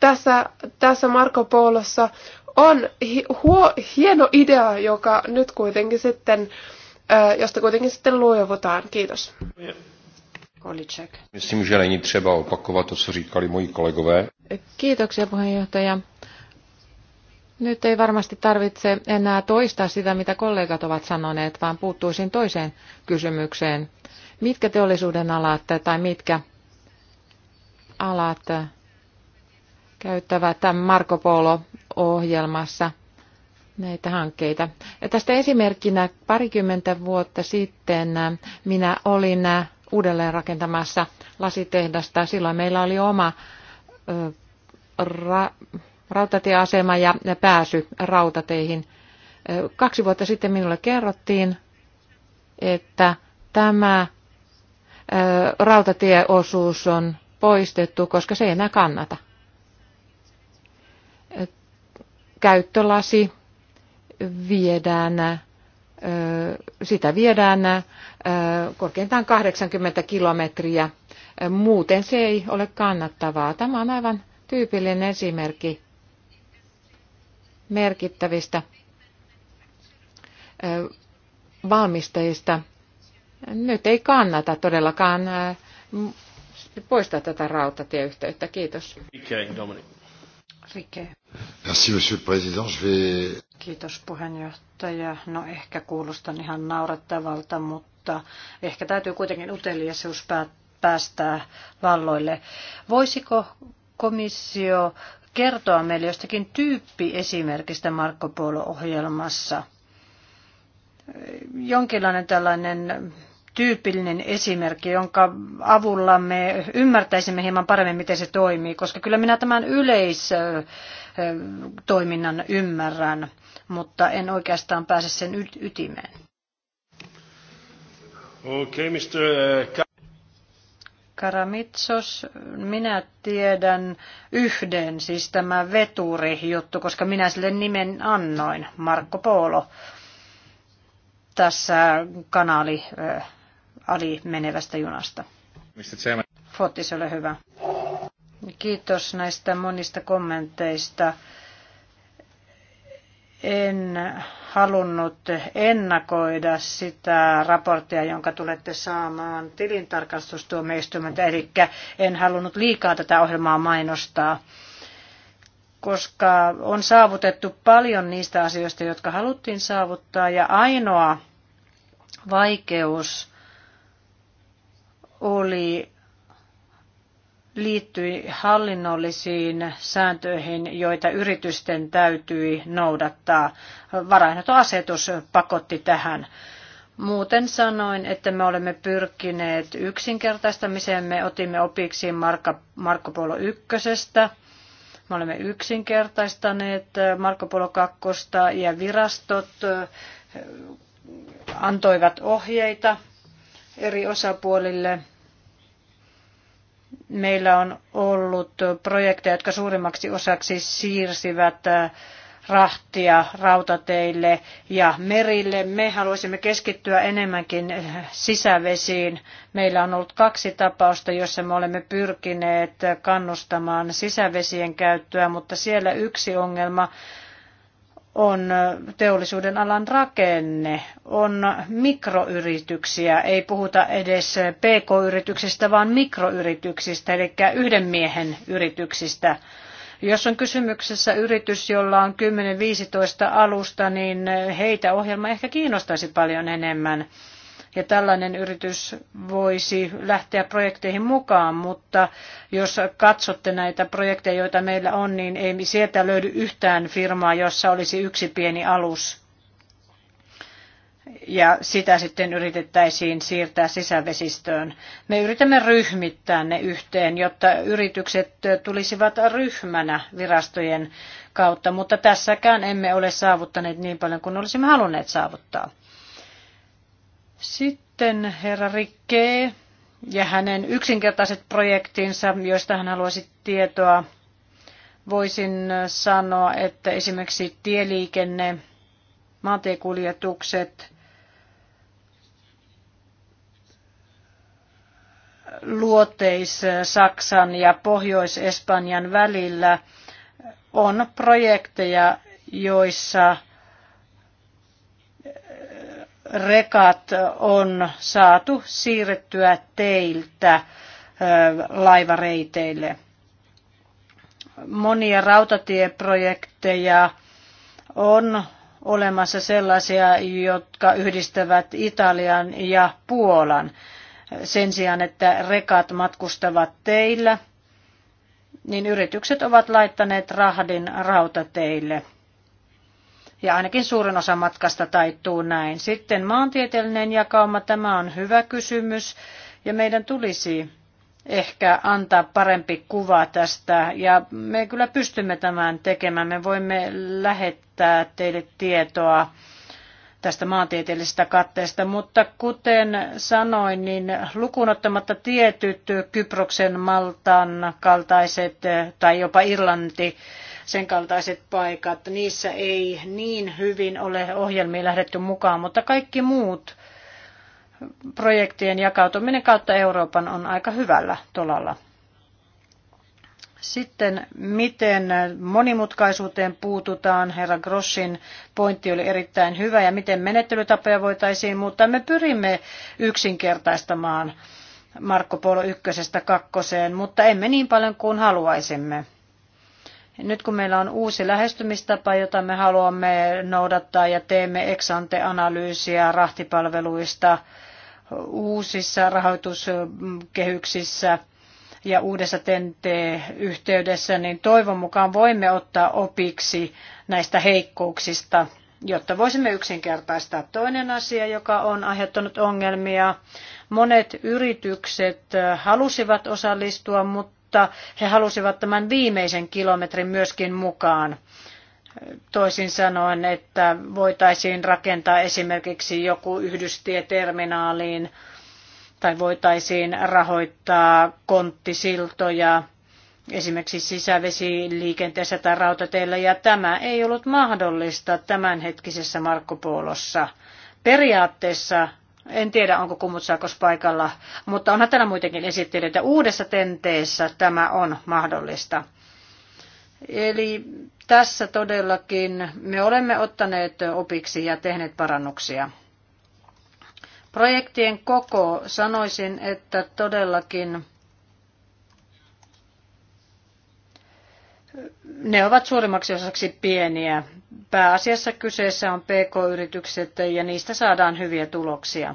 tässä, tässä Marko Polossa on hi, huo, hieno idea, joka nyt kuitenkin sitten, josta kuitenkin sitten luovutaan. Kiitos. Količek. Myslím, že není třeba opakovat to, co říkali moji kolegové. Kiitoksia puheenjohtaja. Nyt ei varmasti tarvitse enää toistaa sitä, mitä kollegat ovat sanoneet, vaan puuttuisin toiseen kysymykseen. Mitkä teollisuuden alat tai mitkä alat käyttävät Marco Polo-ohjelmassa näitä hankkeita. Ja tästä esimerkkinä parikymmentä vuotta sitten minä olin uudelleen rakentamassa lasitehdasta. Silloin meillä oli oma ra- rautatieasema ja pääsy rautateihin. Kaksi vuotta sitten minulle kerrottiin, että tämä rautatieosuus on poistettu, koska se ei enää kannata. Käyttölasi viedään sitä viedään korkeintaan 80 kilometriä. Muuten se ei ole kannattavaa. Tämä on aivan tyypillinen esimerkki merkittävistä valmisteista. Nyt ei kannata todellakaan poistaa tätä rautatieyhteyttä. Kiitos. Merci, monsieur le président. Je vais... Kiitos puheenjohtaja. No ehkä kuulostan ihan naurettavalta, mutta ehkä täytyy kuitenkin uteliaisuus päästää valloille. Voisiko komissio kertoa meille jostakin tyyppiesimerkistä Marko Polo-ohjelmassa? Jonkinlainen tällainen tyypillinen esimerkki, jonka avulla me ymmärtäisimme hieman paremmin, miten se toimii, koska kyllä minä tämän yleis toiminnan ymmärrän, mutta en oikeastaan pääse sen ytimeen. Okay, Mr. Eh, Karamitsos, minä tiedän yhden, siis tämä veturi-juttu, koska minä sille nimen annoin, Marko Polo tässä kanali äh, ali menevästä junasta. Mr. Chairman. Fotis, ole hyvä. Kiitos näistä monista kommenteista. En halunnut ennakoida sitä raporttia, jonka tulette saamaan tilintarkastustuomioistuimelta, eli en halunnut liikaa tätä ohjelmaa mainostaa koska on saavutettu paljon niistä asioista, jotka haluttiin saavuttaa, ja ainoa vaikeus oli liittyi hallinnollisiin sääntöihin, joita yritysten täytyi noudattaa. Varainhoitoasetus pakotti tähän. Muuten sanoin, että me olemme pyrkineet yksinkertaistamiseen. Me otimme opiksi Marka, Marko Polo ykkösestä. Me olemme yksinkertaistaneet Marko Polo kakkosta ja virastot antoivat ohjeita eri osapuolille meillä on ollut projekteja, jotka suurimmaksi osaksi siirsivät äh, rahtia rautateille ja merille. Me haluaisimme keskittyä enemmänkin äh, sisävesiin. Meillä on ollut kaksi tapausta, jossa me olemme pyrkineet kannustamaan sisävesien käyttöä, mutta siellä yksi ongelma on teollisuuden alan rakenne, on mikroyrityksiä, ei puhuta edes pk-yrityksistä, vaan mikroyrityksistä, eli yhden miehen yrityksistä. Jos on kysymyksessä yritys, jolla on 10-15 alusta, niin heitä ohjelma ehkä kiinnostaisi paljon enemmän ja tällainen yritys voisi lähteä projekteihin mukaan, mutta jos katsotte näitä projekteja, joita meillä on, niin ei sieltä löydy yhtään firmaa, jossa olisi yksi pieni alus. Ja sitä sitten yritettäisiin siirtää sisävesistöön. Me yritämme ryhmittää ne yhteen, jotta yritykset tulisivat ryhmänä virastojen kautta, mutta tässäkään emme ole saavuttaneet niin paljon kuin olisimme halunneet saavuttaa. Sitten herra Rikkee ja hänen yksinkertaiset projektinsa, joista hän haluaisi tietoa. Voisin sanoa, että esimerkiksi tieliikenne, maantiekuljetukset, luoteis Saksan ja Pohjois-Espanjan välillä on projekteja, joissa rekat on saatu siirrettyä teiltä laivareiteille. Monia rautatieprojekteja on olemassa sellaisia, jotka yhdistävät Italian ja Puolan sen sijaan, että rekat matkustavat teillä, niin yritykset ovat laittaneet rahdin rautateille ja ainakin suurin osa matkasta taittuu näin. Sitten maantieteellinen jakauma, tämä on hyvä kysymys ja meidän tulisi ehkä antaa parempi kuva tästä. Ja me kyllä pystymme tämän tekemään. Me voimme lähettää teille tietoa tästä maantieteellisestä katteesta, mutta kuten sanoin, niin lukunottamatta tietyt Kyproksen, Maltan kaltaiset tai jopa Irlanti sen kaltaiset paikat, niissä ei niin hyvin ole ohjelmiin lähdetty mukaan, mutta kaikki muut projektien jakautuminen kautta Euroopan on aika hyvällä tolalla. Sitten miten monimutkaisuuteen puututaan, herra Grossin pointti oli erittäin hyvä, ja miten menettelytapoja voitaisiin muuttaa. Me pyrimme yksinkertaistamaan Marko Polo ykkösestä kakkoseen, mutta emme niin paljon kuin haluaisimme. Nyt kun meillä on uusi lähestymistapa, jota me haluamme noudattaa ja teemme ante analyysiä rahtipalveluista uusissa rahoituskehyksissä ja uudessa TNT-yhteydessä, niin toivon mukaan voimme ottaa opiksi näistä heikkouksista, jotta voisimme yksinkertaistaa. Toinen asia, joka on aiheuttanut ongelmia, monet yritykset halusivat osallistua, mutta mutta he halusivat tämän viimeisen kilometrin myöskin mukaan. Toisin sanoen, että voitaisiin rakentaa esimerkiksi joku yhdystieterminaaliin tai voitaisiin rahoittaa konttisiltoja esimerkiksi sisävesiliikenteessä tai rautateillä, ja tämä ei ollut mahdollista tämänhetkisessä Marko Periaatteessa en tiedä, onko Kumut paikalla, mutta onhan täällä muitakin esittelijöitä. Uudessa tenteessä tämä on mahdollista. Eli tässä todellakin me olemme ottaneet opiksi ja tehneet parannuksia. Projektien koko sanoisin, että todellakin ne ovat suurimmaksi osaksi pieniä Pääasiassa kyseessä on pk-yritykset ja niistä saadaan hyviä tuloksia.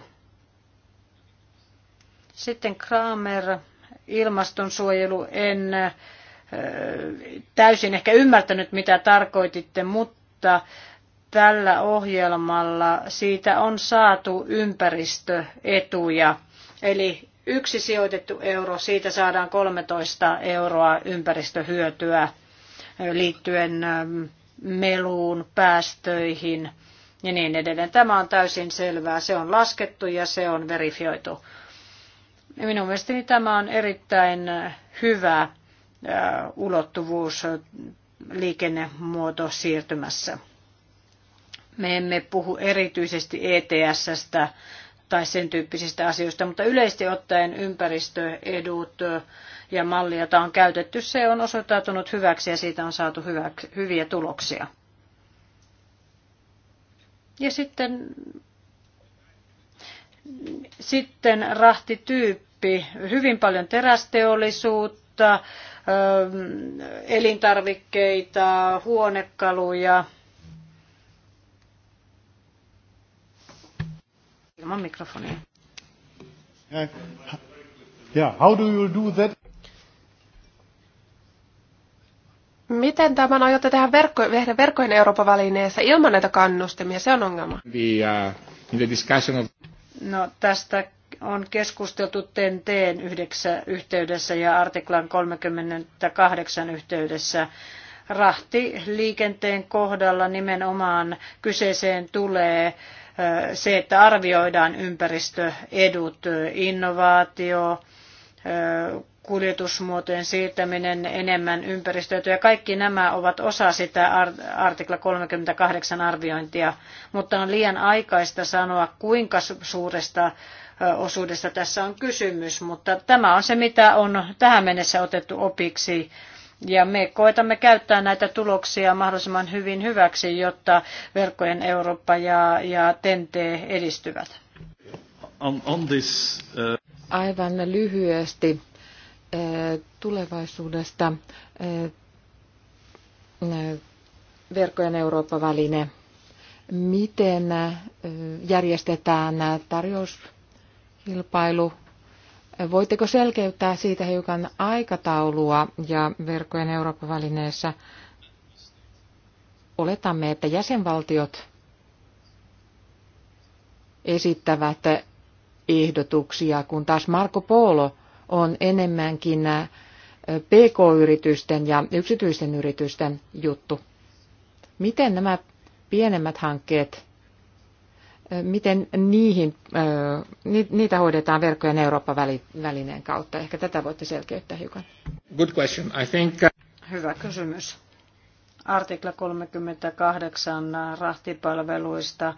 Sitten Kramer, ilmastonsuojelu, en täysin ehkä ymmärtänyt, mitä tarkoititte, mutta tällä ohjelmalla siitä on saatu ympäristöetuja. Eli yksi sijoitettu euro, siitä saadaan 13 euroa ympäristöhyötyä liittyen meluun, päästöihin ja niin edelleen. Tämä on täysin selvää. Se on laskettu ja se on verifioitu. Minun mielestäni tämä on erittäin äh, hyvä äh, ulottuvuus äh, liikennemuoto siirtymässä. Me emme puhu erityisesti ETSstä tai sen tyyppisistä asioista, mutta yleisesti ottaen ympäristöedut, ja malli, jota on käytetty, se on osoittautunut hyväksi ja siitä on saatu hyviä tuloksia. Ja sitten, sitten rahtityyppi. Hyvin paljon terästeollisuutta, elintarvikkeita, huonekaluja. Ilman mikrofonia. Yeah, how do you do that? Miten tämän aiotte tehdä verkko, verkkojen Euroopan välineessä ilman näitä kannustimia? Se on ongelma. Uh, no tästä on keskusteltu TEN-teen yhteydessä ja artiklan 38 yhteydessä Rahti liikenteen kohdalla nimenomaan kyseeseen tulee uh, se, että arvioidaan ympäristöedut, uh, innovaatio, kuljetusmuotojen siirtäminen enemmän ja Kaikki nämä ovat osa sitä artikla 38 arviointia, mutta on liian aikaista sanoa, kuinka suuresta osuudesta tässä on kysymys, mutta tämä on se, mitä on tähän mennessä otettu opiksi. Ja me koetamme käyttää näitä tuloksia mahdollisimman hyvin hyväksi, jotta verkkojen Eurooppa ja, ja TNT edistyvät. On, on this, uh... Aivan lyhyesti tulevaisuudesta. Eh, verkkojen Eurooppa-väline. Miten eh, järjestetään tarjouskilpailu? Voitteko selkeyttää siitä hiukan aikataulua ja verkkojen Eurooppa-välineessä oletamme, että jäsenvaltiot esittävät ehdotuksia, kun taas Marko Polo on enemmänkin äh, PK-yritysten ja yksityisten yritysten juttu. Miten nämä pienemmät hankkeet, äh, miten niihin, äh, niitä hoidetaan verkkojen Eurooppa-välineen kautta? Ehkä tätä voitte selkeyttää hiukan. Good question. I think... Uh, Hyvä kysymys. Artikla 38 rahtipalveluista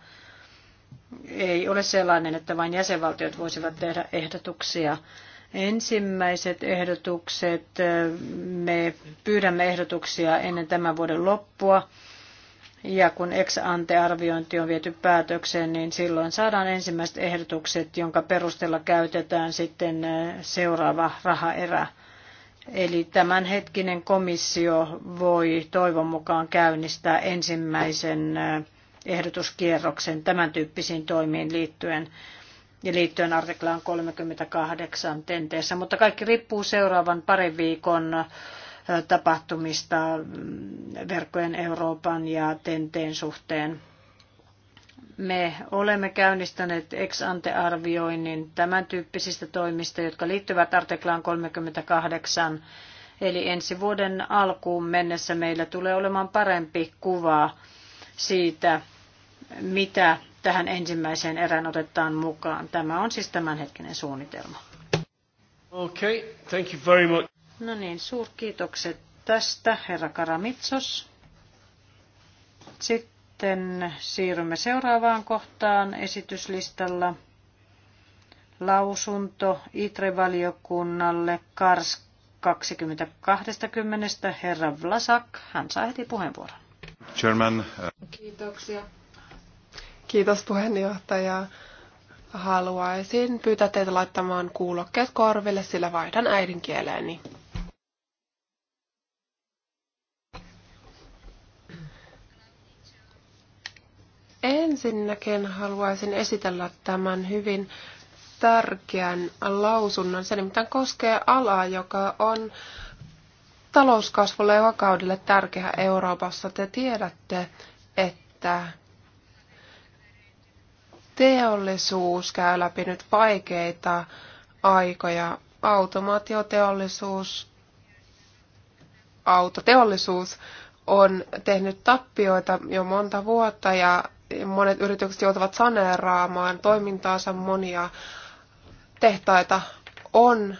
ei ole sellainen, että vain jäsenvaltiot voisivat tehdä ehdotuksia Ensimmäiset ehdotukset, me pyydämme ehdotuksia ennen tämän vuoden loppua. Ja kun ex-ante-arviointi on viety päätökseen, niin silloin saadaan ensimmäiset ehdotukset, jonka perusteella käytetään sitten seuraava rahaerä. Eli tämänhetkinen komissio voi toivon mukaan käynnistää ensimmäisen ehdotuskierroksen tämän tyyppisiin toimiin liittyen ja liittyen artiklaan 38 tenteessä, mutta kaikki riippuu seuraavan parin viikon tapahtumista verkkojen Euroopan ja tenteen suhteen. Me olemme käynnistäneet ex ante arvioinnin tämän tyyppisistä toimista, jotka liittyvät artiklaan 38. Eli ensi vuoden alkuun mennessä meillä tulee olemaan parempi kuva siitä, mitä tähän ensimmäiseen erään otetaan mukaan. Tämä on siis tämänhetkinen suunnitelma. Okay, thank you very much. No niin, suurkiitokset tästä, herra Karamitsos. Sitten siirrymme seuraavaan kohtaan esityslistalla. Lausunto ITRE-valiokunnalle KARS 2020 herra Vlasak. Hän saa heti puheenvuoron. Chairman. Uh, Kiitoksia Kiitos puheenjohtaja. Haluaisin pyytää teitä laittamaan kuulokkeet korville, sillä vaihdan äidinkieleeni. Ensinnäkin haluaisin esitellä tämän hyvin tärkeän lausunnon. Se nimittäin koskee alaa, joka on talouskasvulle ja vakaudelle tärkeä Euroopassa. Te tiedätte, että teollisuus käy läpi nyt vaikeita aikoja. Automaatioteollisuus, autoteollisuus on tehnyt tappioita jo monta vuotta ja monet yritykset joutuvat saneeraamaan toimintaansa monia tehtaita on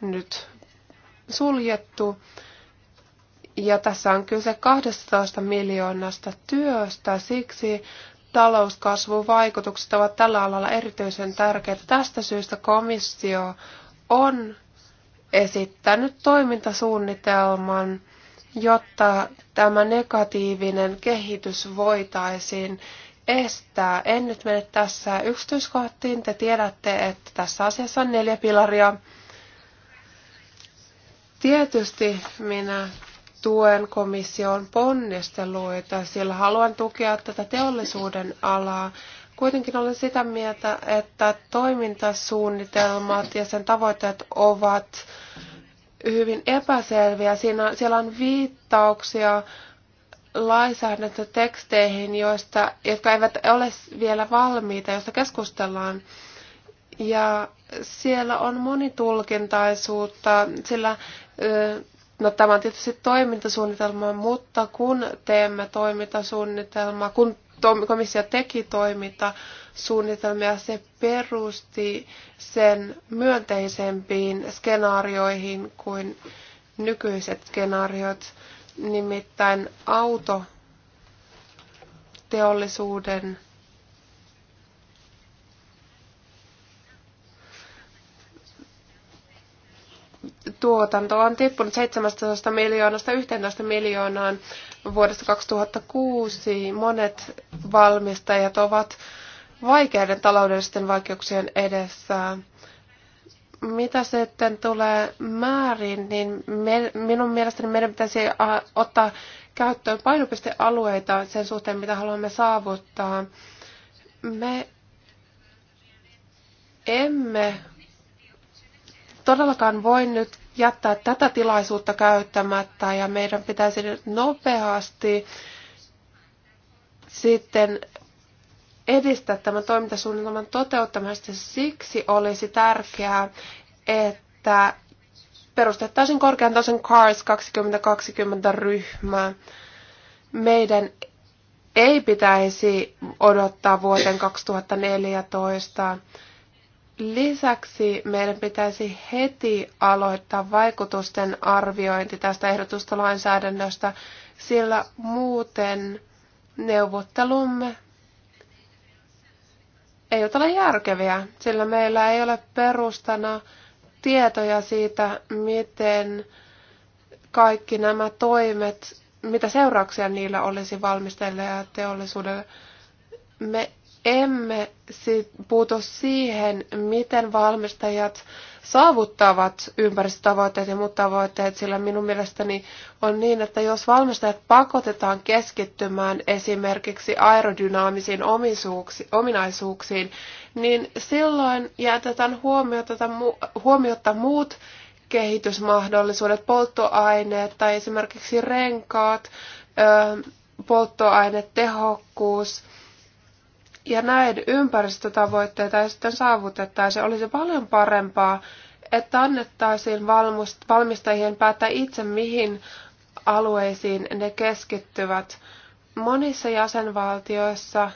nyt suljettu. Ja tässä on kyse 12 miljoonasta työstä, siksi vaikutukset ovat tällä alalla erityisen tärkeitä. Tästä syystä komissio on esittänyt toimintasuunnitelman, jotta tämä negatiivinen kehitys voitaisiin estää. En nyt mene tässä yksityiskohtiin. Te tiedätte, että tässä asiassa on neljä pilaria. Tietysti minä tuen komission ponnisteluita, sillä haluan tukea tätä teollisuuden alaa. Kuitenkin olen sitä mieltä, että toimintasuunnitelmat ja sen tavoitteet ovat hyvin epäselviä. Siinä, siellä on viittauksia lainsäädäntöteksteihin, joista, jotka eivät ole vielä valmiita, joista keskustellaan. Ja siellä on monitulkintaisuutta, sillä No tämä on tietysti toimintasuunnitelma, mutta kun teemme toimintasuunnitelmaa, kun komissio teki toimintasuunnitelmia, se perusti sen myönteisempiin skenaarioihin kuin nykyiset skenaariot, nimittäin teollisuuden tuotanto on tippunut 17 miljoonasta 11 miljoonaan vuodesta 2006. Monet valmistajat ovat vaikeiden taloudellisten vaikeuksien edessä. Mitä sitten tulee määrin, niin me, minun mielestäni meidän pitäisi ottaa käyttöön painopistealueita sen suhteen, mitä haluamme saavuttaa. Me emme todellakaan voi nyt jättää tätä tilaisuutta käyttämättä ja meidän pitäisi nopeasti sitten edistää tämän toimintasuunnitelman toteuttamista. Siksi olisi tärkeää, että perustettaisiin korkean tason CARS 2020 ryhmää. Meidän ei pitäisi odottaa vuoteen 2014 Lisäksi meidän pitäisi heti aloittaa vaikutusten arviointi tästä ehdotusta lainsäädännöstä, sillä muuten neuvottelumme ei ole järkeviä, sillä meillä ei ole perustana tietoja siitä, miten kaikki nämä toimet, mitä seurauksia niillä olisi valmistajille ja teollisuudelle. Me emme sit puutu siihen, miten valmistajat saavuttavat ympäristötavoitteet ja muut tavoitteet, sillä minun mielestäni on niin, että jos valmistajat pakotetaan keskittymään esimerkiksi aerodynaamisiin ominaisuuksiin, niin silloin jätetään huomiota muut kehitysmahdollisuudet, polttoaineet tai esimerkiksi renkaat, polttoainetehokkuus – ja näin ympäristötavoitteita ja sitten saavutettaisiin. Olisi paljon parempaa, että annettaisiin valmistajien päättää itse, mihin alueisiin ne keskittyvät. Monissa jäsenvaltioissa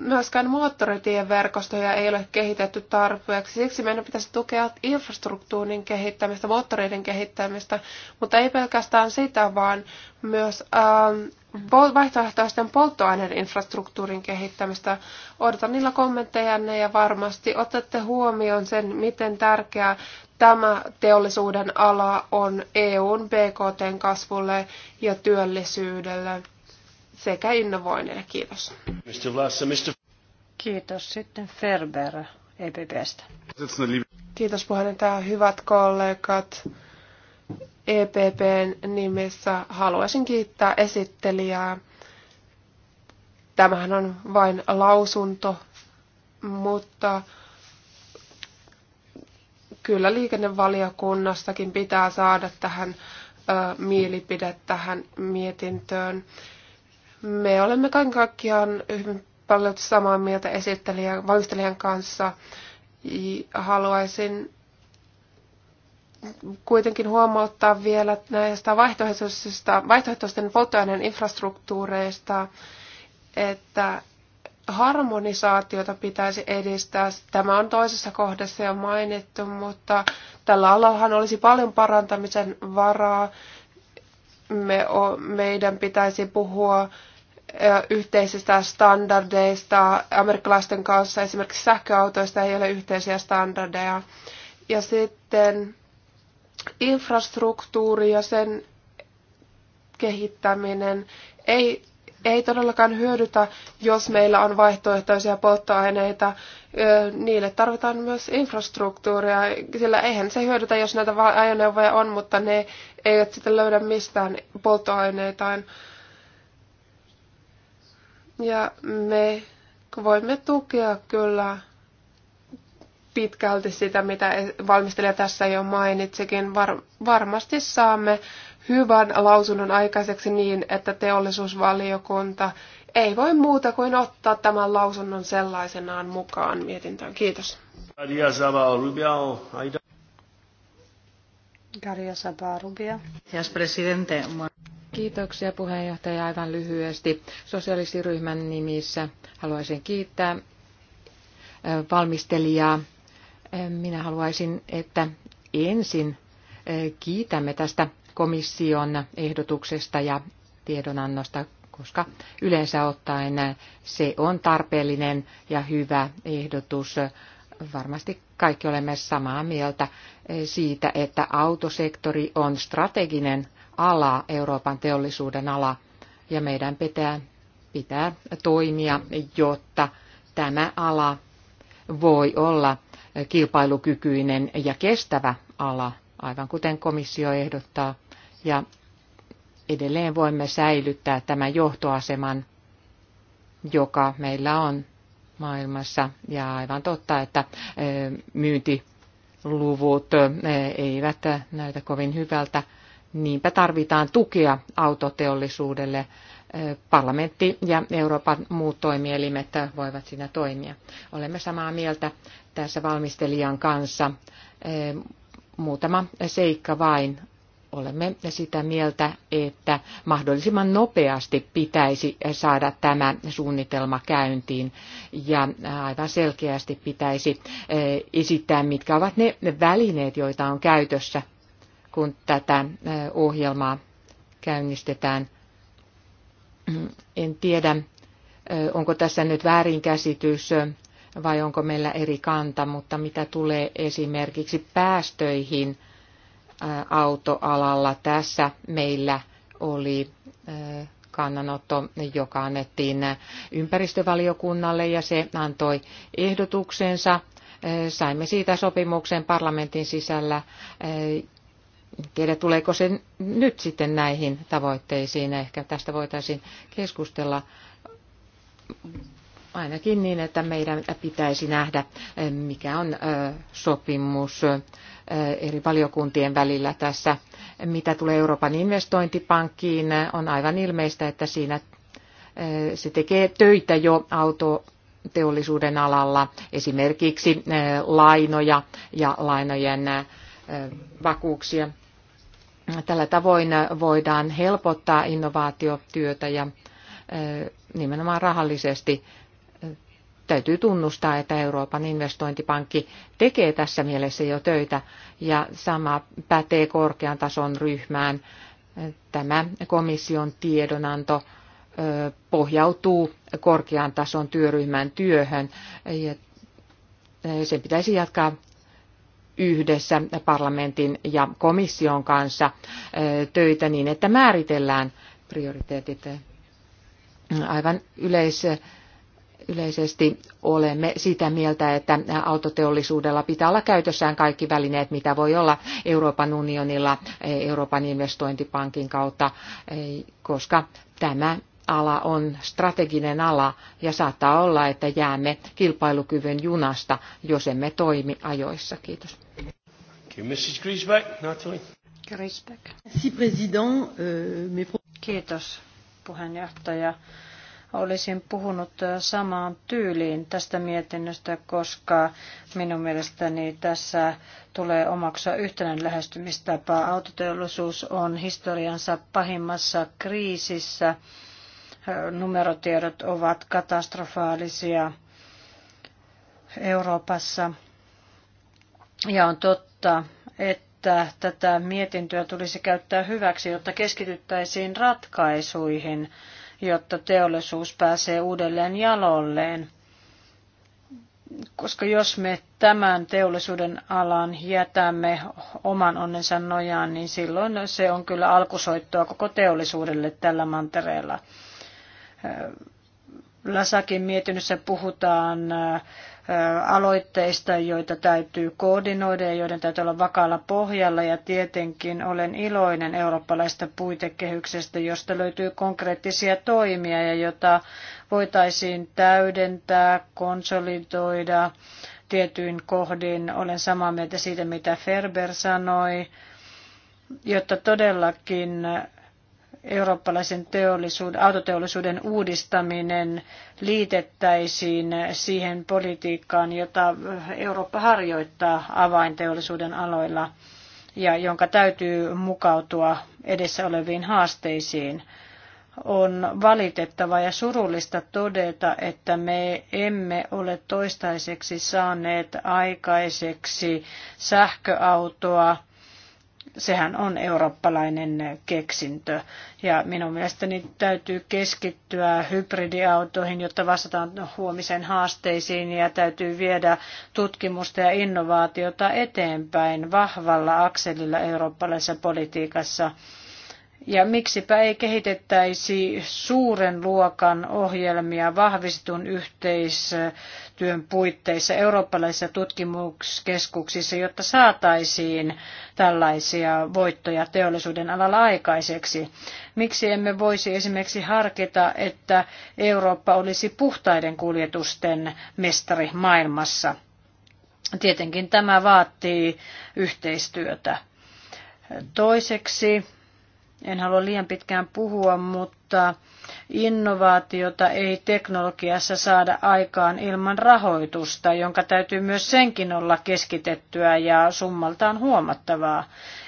myöskään moottoritien verkostoja ei ole kehitetty tarpeeksi. Siksi meidän pitäisi tukea infrastruktuurin kehittämistä, moottoreiden kehittämistä, mutta ei pelkästään sitä, vaan myös ähm, vaihtoehtoisten polttoaineiden infrastruktuurin kehittämistä. Odotan niillä kommenttejanne ja varmasti otatte huomioon sen, miten tärkeää tämä teollisuuden ala on EUn BKTn kasvulle ja työllisyydelle sekä innovoinnille. Kiitos. Kiitos. Sitten Ferber EPPstä. Kiitos puheenjohtaja. Hyvät kollegat. EPPn nimissä haluaisin kiittää esittelijää. Tämähän on vain lausunto, mutta kyllä liikennevaliokunnastakin pitää saada tähän ö, mielipide tähän mietintöön. Me olemme kaiken kaikkiaan hyvin paljon samaa mieltä esittelijän, valmistelijan kanssa. Haluaisin kuitenkin huomauttaa vielä näistä vaihtoehtoisista, vaihtoehtoisten polttoaineen infrastruktuureista, että harmonisaatiota pitäisi edistää. Tämä on toisessa kohdassa jo mainittu, mutta tällä alallahan olisi paljon parantamisen varaa. Me, meidän pitäisi puhua yhteisistä standardeista. Amerikkalaisten kanssa esimerkiksi sähköautoista ei ole yhteisiä standardeja. Ja sitten infrastruktuuri ja sen kehittäminen ei, ei todellakaan hyödytä, jos meillä on vaihtoehtoisia polttoaineita. Niille tarvitaan myös infrastruktuuria, sillä eihän se hyödytä, jos näitä ajoneuvoja on, mutta ne eivät sitten löydä mistään polttoaineitaan. Ja me voimme tukea kyllä pitkälti sitä, mitä valmistelija tässä jo mainitsikin. Var- varmasti saamme hyvän lausunnon aikaiseksi niin, että teollisuusvaliokunta ei voi muuta kuin ottaa tämän lausunnon sellaisenaan mukaan mietintöön. Kiitos. Garia Sabarubia. Gracias, presidente. Kiitoksia puheenjohtaja aivan lyhyesti. Sosialistiryhmän nimissä haluaisin kiittää valmistelijaa. Minä haluaisin, että ensin kiitämme tästä komission ehdotuksesta ja tiedonannosta, koska yleensä ottaen se on tarpeellinen ja hyvä ehdotus. Varmasti kaikki olemme samaa mieltä siitä, että autosektori on strateginen ala, Euroopan teollisuuden ala, ja meidän pitää, pitää toimia, jotta tämä ala voi olla kilpailukykyinen ja kestävä ala, aivan kuten komissio ehdottaa. Ja edelleen voimme säilyttää tämän johtoaseman, joka meillä on maailmassa. Ja aivan totta, että myyntiluvut eivät näytä kovin hyvältä Niinpä tarvitaan tukea autoteollisuudelle. Parlamentti ja Euroopan muut toimielimet voivat siinä toimia. Olemme samaa mieltä tässä valmistelijan kanssa. Muutama seikka vain. Olemme sitä mieltä, että mahdollisimman nopeasti pitäisi saada tämä suunnitelma käyntiin ja aivan selkeästi pitäisi esittää, mitkä ovat ne välineet, joita on käytössä kun tätä ohjelmaa käynnistetään. En tiedä, onko tässä nyt väärinkäsitys vai onko meillä eri kanta, mutta mitä tulee esimerkiksi päästöihin autoalalla, tässä meillä oli kannanotto, joka annettiin ympäristövaliokunnalle ja se antoi ehdotuksensa. Saimme siitä sopimuksen parlamentin sisällä en tiedä, tuleeko se nyt sitten näihin tavoitteisiin. Ehkä tästä voitaisiin keskustella ainakin niin, että meidän pitäisi nähdä, mikä on sopimus eri valiokuntien välillä tässä. Mitä tulee Euroopan investointipankkiin, on aivan ilmeistä, että siinä se tekee töitä jo auto teollisuuden alalla, esimerkiksi lainoja ja lainojen vakuuksia Tällä tavoin voidaan helpottaa innovaatiotyötä ja nimenomaan rahallisesti täytyy tunnustaa, että Euroopan investointipankki tekee tässä mielessä jo töitä ja sama pätee korkean tason ryhmään. Tämä komission tiedonanto pohjautuu korkean tason työryhmän työhön ja sen pitäisi jatkaa yhdessä parlamentin ja komission kanssa töitä niin, että määritellään prioriteetit aivan yleis, yleisesti olemme sitä mieltä, että autoteollisuudella pitää olla käytössään kaikki välineet, mitä voi olla Euroopan unionilla, Euroopan investointipankin kautta, e, koska tämä ala on strateginen ala ja saattaa olla, että jäämme kilpailukyvyn junasta, jos emme toimi ajoissa. Kiitos. Griesbeck, Natalie. Griesbeck. Merci, président. Euh, Kiitos, puheenjohtaja. Olisin puhunut samaan tyyliin tästä mietinnöstä, koska minun mielestäni tässä tulee omaksua yhtenäinen lähestymistapa. Autoteollisuus on historiansa pahimmassa kriisissä. Numerotiedot ovat katastrofaalisia Euroopassa ja on totta, että tätä mietintöä tulisi käyttää hyväksi, jotta keskityttäisiin ratkaisuihin, jotta teollisuus pääsee uudelleen jalolleen. Koska jos me tämän teollisuuden alan jätämme oman onnensa nojaan, niin silloin se on kyllä alkusoittoa koko teollisuudelle tällä mantereella. Lasakin mietinnössä puhutaan aloitteista, joita täytyy koordinoida ja joiden täytyy olla vakaalla pohjalla. Ja tietenkin olen iloinen eurooppalaista puitekehyksestä, josta löytyy konkreettisia toimia ja jota voitaisiin täydentää, konsolidoida tietyin kohdin. Olen samaa mieltä siitä, mitä Ferber sanoi, jotta todellakin eurooppalaisen teollisuuden, autoteollisuuden uudistaminen liitettäisiin siihen politiikkaan, jota Eurooppa harjoittaa avainteollisuuden aloilla ja jonka täytyy mukautua edessä oleviin haasteisiin. On valitettava ja surullista todeta, että me emme ole toistaiseksi saaneet aikaiseksi sähköautoa, Sehän on eurooppalainen keksintö. Ja minun mielestäni täytyy keskittyä hybridiautoihin, jotta vastataan huomisen haasteisiin ja täytyy viedä tutkimusta ja innovaatiota eteenpäin vahvalla akselilla eurooppalaisessa politiikassa. Ja miksipä ei kehitettäisi suuren luokan ohjelmia vahvistun yhteistyön puitteissa eurooppalaisissa tutkimuskeskuksissa, jotta saataisiin tällaisia voittoja teollisuuden alalla aikaiseksi? Miksi emme voisi esimerkiksi harkita, että Eurooppa olisi puhtaiden kuljetusten mestari maailmassa? Tietenkin tämä vaatii yhteistyötä. Toiseksi en halua liian pitkään puhua, mutta innovaatiota ei teknologiassa saada aikaan ilman rahoitusta, jonka täytyy myös senkin olla keskitettyä ja summaltaan huomattavaa.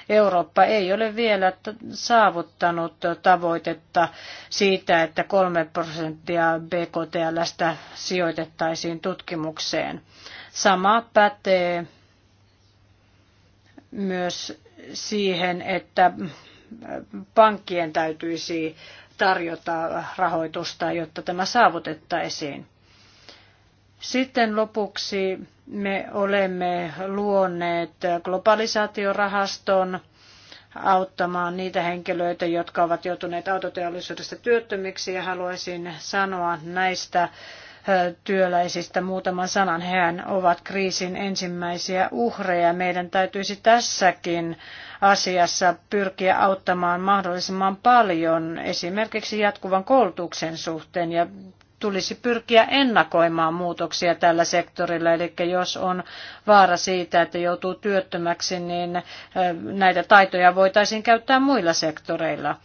Eurooppa ei ole vielä saavuttanut tavoitetta siitä, että 3 prosenttia BKTLstä sijoitettaisiin tutkimukseen. Sama pätee myös siihen, että pankkien täytyisi tarjota rahoitusta, jotta tämä saavutettaisiin. Sitten lopuksi me olemme luoneet globalisaatiorahaston auttamaan niitä henkilöitä, jotka ovat joutuneet autoteollisuudesta työttömiksi ja haluaisin sanoa näistä työläisistä muutaman sanan. Hehän ovat kriisin ensimmäisiä uhreja. Meidän täytyisi tässäkin asiassa pyrkiä auttamaan mahdollisimman paljon esimerkiksi jatkuvan koulutuksen suhteen ja tulisi pyrkiä ennakoimaan muutoksia tällä sektorilla. Eli jos on vaara siitä, että joutuu työttömäksi, niin näitä taitoja voitaisiin käyttää muilla sektoreilla.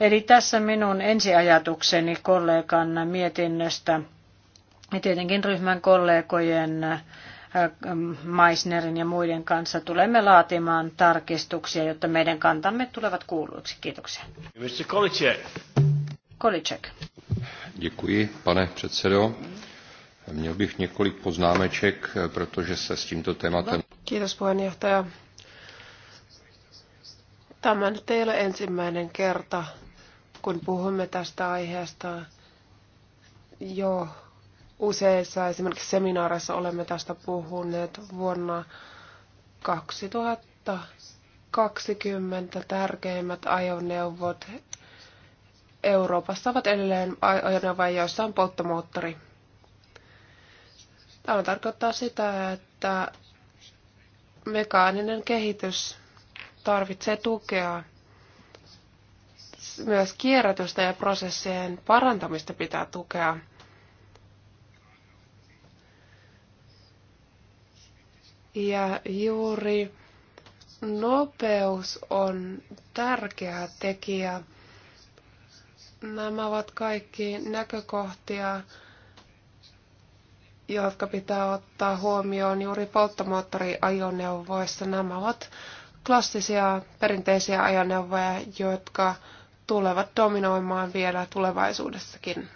Eli tässä minun ensiajatukseni kollegan mietinnöstä ja tietenkin ryhmän kollegojen Meissnerin ja muiden kanssa tulemme laatimaan tarkistuksia, jotta meidän kantamme tulevat kuulluiksi. Kiitoksia. Mr. Kolicek. Kolicek. Děkuji, pane předsedo. Měl bych několik poznámeček, protože se s tímto tématem... Kiitos puheenjohtaja. Tämä nyt ei ole ensimmäinen kerta, kun puhumme tästä aiheesta jo useissa esimerkiksi seminaareissa olemme tästä puhuneet vuonna 2020 tärkeimmät ajoneuvot Euroopassa ovat edelleen ajoneuvoja, joissa on polttomoottori. Tämä tarkoittaa sitä, että mekaaninen kehitys tarvitsee tukea. Myös kierrätystä ja prosessien parantamista pitää tukea. Ja juuri nopeus on tärkeä tekijä. Nämä ovat kaikki näkökohtia, jotka pitää ottaa huomioon juuri polttomoottoriajoneuvoissa. Nämä ovat klassisia perinteisiä ajoneuvoja, jotka tulevat dominoimaan vielä tulevaisuudessakin.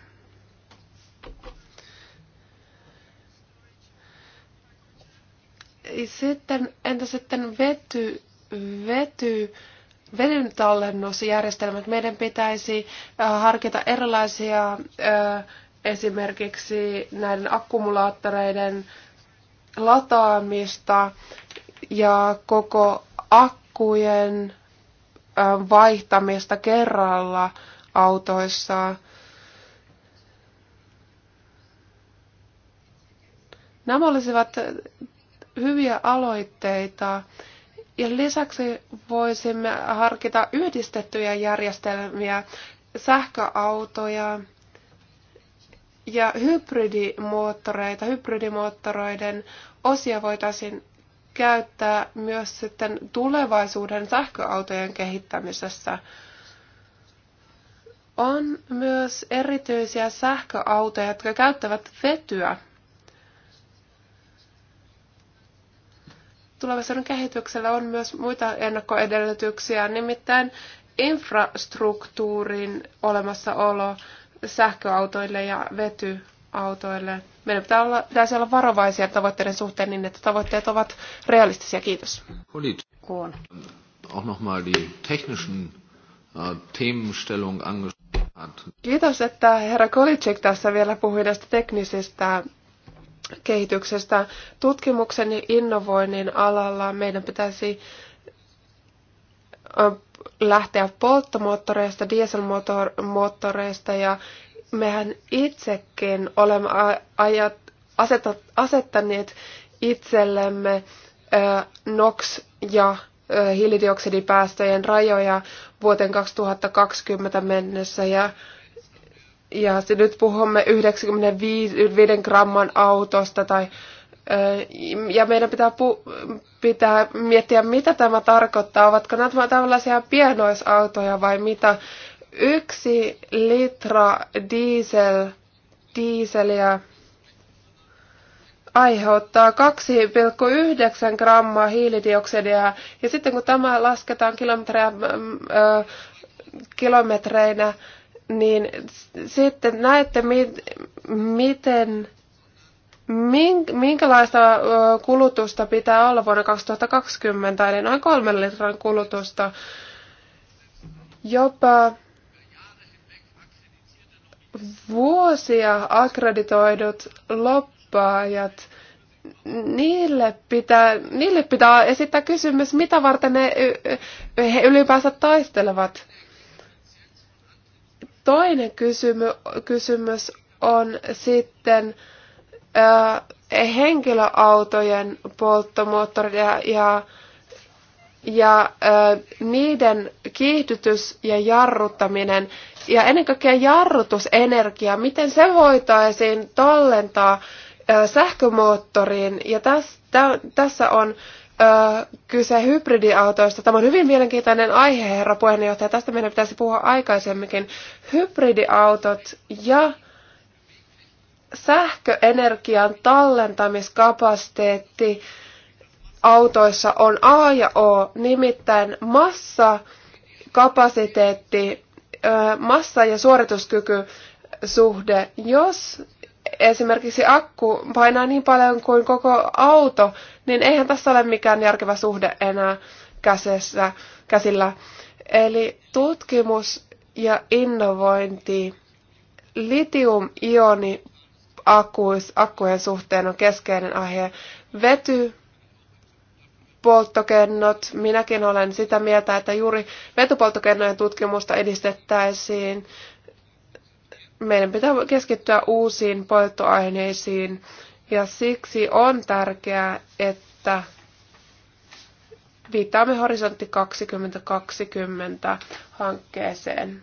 Sitten, entä sitten vety, vety, vedyn tallennusjärjestelmät? Meidän pitäisi äh, harkita erilaisia äh, esimerkiksi näiden akkumulaattoreiden lataamista ja koko akkujen äh, vaihtamista kerralla autoissa. Nämä olisivat hyviä aloitteita. Ja lisäksi voisimme harkita yhdistettyjä järjestelmiä, sähköautoja ja hybridimoottoreita. Hybridimoottoreiden osia voitaisiin käyttää myös sitten tulevaisuuden sähköautojen kehittämisessä. On myös erityisiä sähköautoja, jotka käyttävät vetyä tulevaisuuden kehityksellä on myös muita ennakkoedellytyksiä, nimittäin infrastruktuurin olemassaolo sähköautoille ja vetyautoille. Meidän pitää olla, pitäisi olla varovaisia tavoitteiden suhteen niin, että tavoitteet ovat realistisia. Kiitos. Äh, Kiitos, että herra Kolitsik tässä vielä puhui näistä teknisistä kehityksestä. Tutkimuksen ja innovoinnin alalla meidän pitäisi lähteä polttomoottoreista, dieselmoottoreista ja mehän itsekin olemme ajat, asetat, asettaneet itsellemme NOx ja hiilidioksidipäästöjen rajoja vuoteen 2020 mennessä ja ja se nyt puhumme 95 gramman autosta tai ja meidän pitää, pu- pitää miettiä, mitä tämä tarkoittaa. Ovatko nämä tällaisia pienoisautoja vai mitä? Yksi litra diesel, dieseliä aiheuttaa 2,9 grammaa hiilidioksidia. Ja sitten kun tämä lasketaan kilometreinä, kilometreinä niin sitten näette, miten, minkälaista kulutusta pitää olla vuonna 2020, eli noin kolmen litran kulutusta. Jopa vuosia akkreditoidut loppaajat, niille pitää, niille pitää esittää kysymys, mitä varten ne, he ylipäänsä taistelevat. Toinen kysymy, kysymys on sitten ö, henkilöautojen polttomoottorit ja, ja, ja ö, niiden kiihdytys ja jarruttaminen ja ennen kaikkea jarrutusenergia, miten se voitaisiin tallentaa sähkömoottoriin. Ja täs, tä, tässä on kyse hybridiautoista. Tämä on hyvin mielenkiintoinen aihe, herra puheenjohtaja. Tästä meidän pitäisi puhua aikaisemminkin. Hybridiautot ja sähköenergian tallentamiskapasiteetti autoissa on A ja O, nimittäin massa, kapasiteetti, massa ja suorituskyky suhde. Jos esimerkiksi akku painaa niin paljon kuin koko auto, niin eihän tässä ole mikään järkevä suhde enää käsessä, käsillä. Eli tutkimus ja innovointi litium-ioni akkujen suhteen on keskeinen aihe. Vety, polttokennot, minäkin olen sitä mieltä, että juuri vetypolttokennojen tutkimusta edistettäisiin meidän pitää keskittyä uusiin polttoaineisiin ja siksi on tärkeää, että viittaamme Horisontti 2020 hankkeeseen.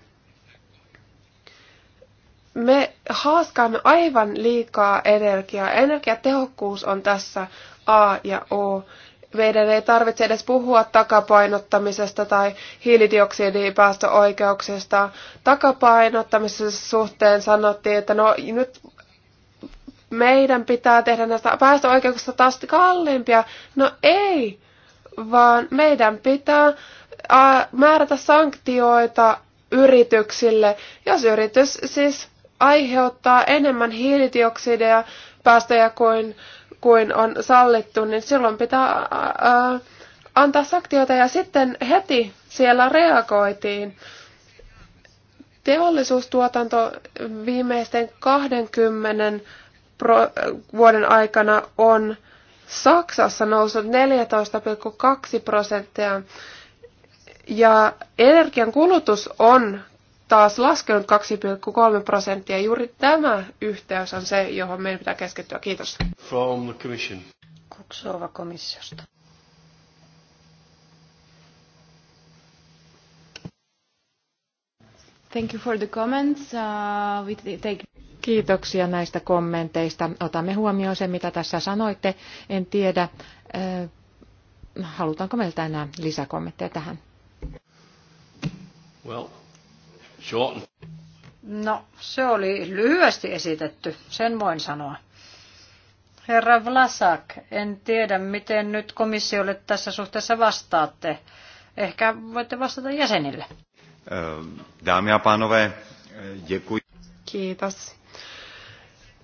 Me haaskaamme aivan liikaa energiaa. Energiatehokkuus on tässä A ja O meidän ei tarvitse edes puhua takapainottamisesta tai hiilidioksidipäästöoikeuksista. Takapainottamisessa suhteen sanottiin, että no nyt meidän pitää tehdä näistä päästöoikeuksista taas kalliimpia. No ei, vaan meidän pitää määrätä sanktioita yrityksille, jos yritys siis aiheuttaa enemmän hiilidioksidia päästöjä kuin kuin on sallittu, niin silloin pitää ää, antaa sanktioita ja sitten heti siellä reagoitiin. Teollisuustuotanto viimeisten 20 vuoden aikana on Saksassa noussut 14,2 prosenttia ja energian kulutus on taas laskenut 2,3 prosenttia. Juuri tämä yhteys on se, johon meidän pitää keskittyä. Kiitos. From the commission. Kuksova komissiosta. Thank you for the comments. Uh, we take... Kiitoksia näistä kommenteista. Otamme huomioon sen, mitä tässä sanoitte. En tiedä, äh, halutaanko meiltä enää lisäkommentteja tähän. Well. Short. No, se oli lyhyesti esitetty, sen voin sanoa. Herra Vlasak, en tiedä, miten nyt komissiolle tässä suhteessa vastaatte. Ehkä voitte vastata jäsenille. Ehm, dámy a pánové, děkuji. Kiitos.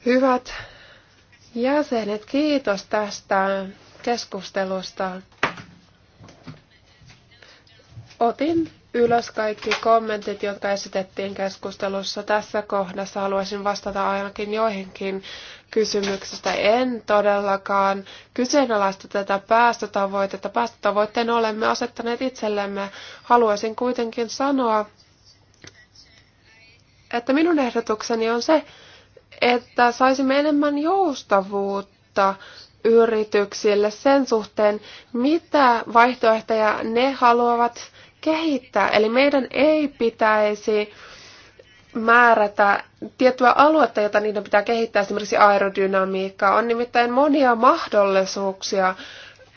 Hyvät jäsenet, kiitos tästä keskustelusta. Otin ylös kaikki kommentit, jotka esitettiin keskustelussa. Tässä kohdassa haluaisin vastata ainakin joihinkin kysymyksistä. En todellakaan kyseenalaista tätä päästötavoitetta. Päästötavoitteen olemme asettaneet itsellemme. Haluaisin kuitenkin sanoa, että minun ehdotukseni on se, että saisimme enemmän joustavuutta yrityksille sen suhteen, mitä vaihtoehtoja ne haluavat kehittää. Eli meidän ei pitäisi määrätä tiettyä aluetta, jota niiden pitää kehittää, esimerkiksi aerodynamiikkaa. On nimittäin monia mahdollisuuksia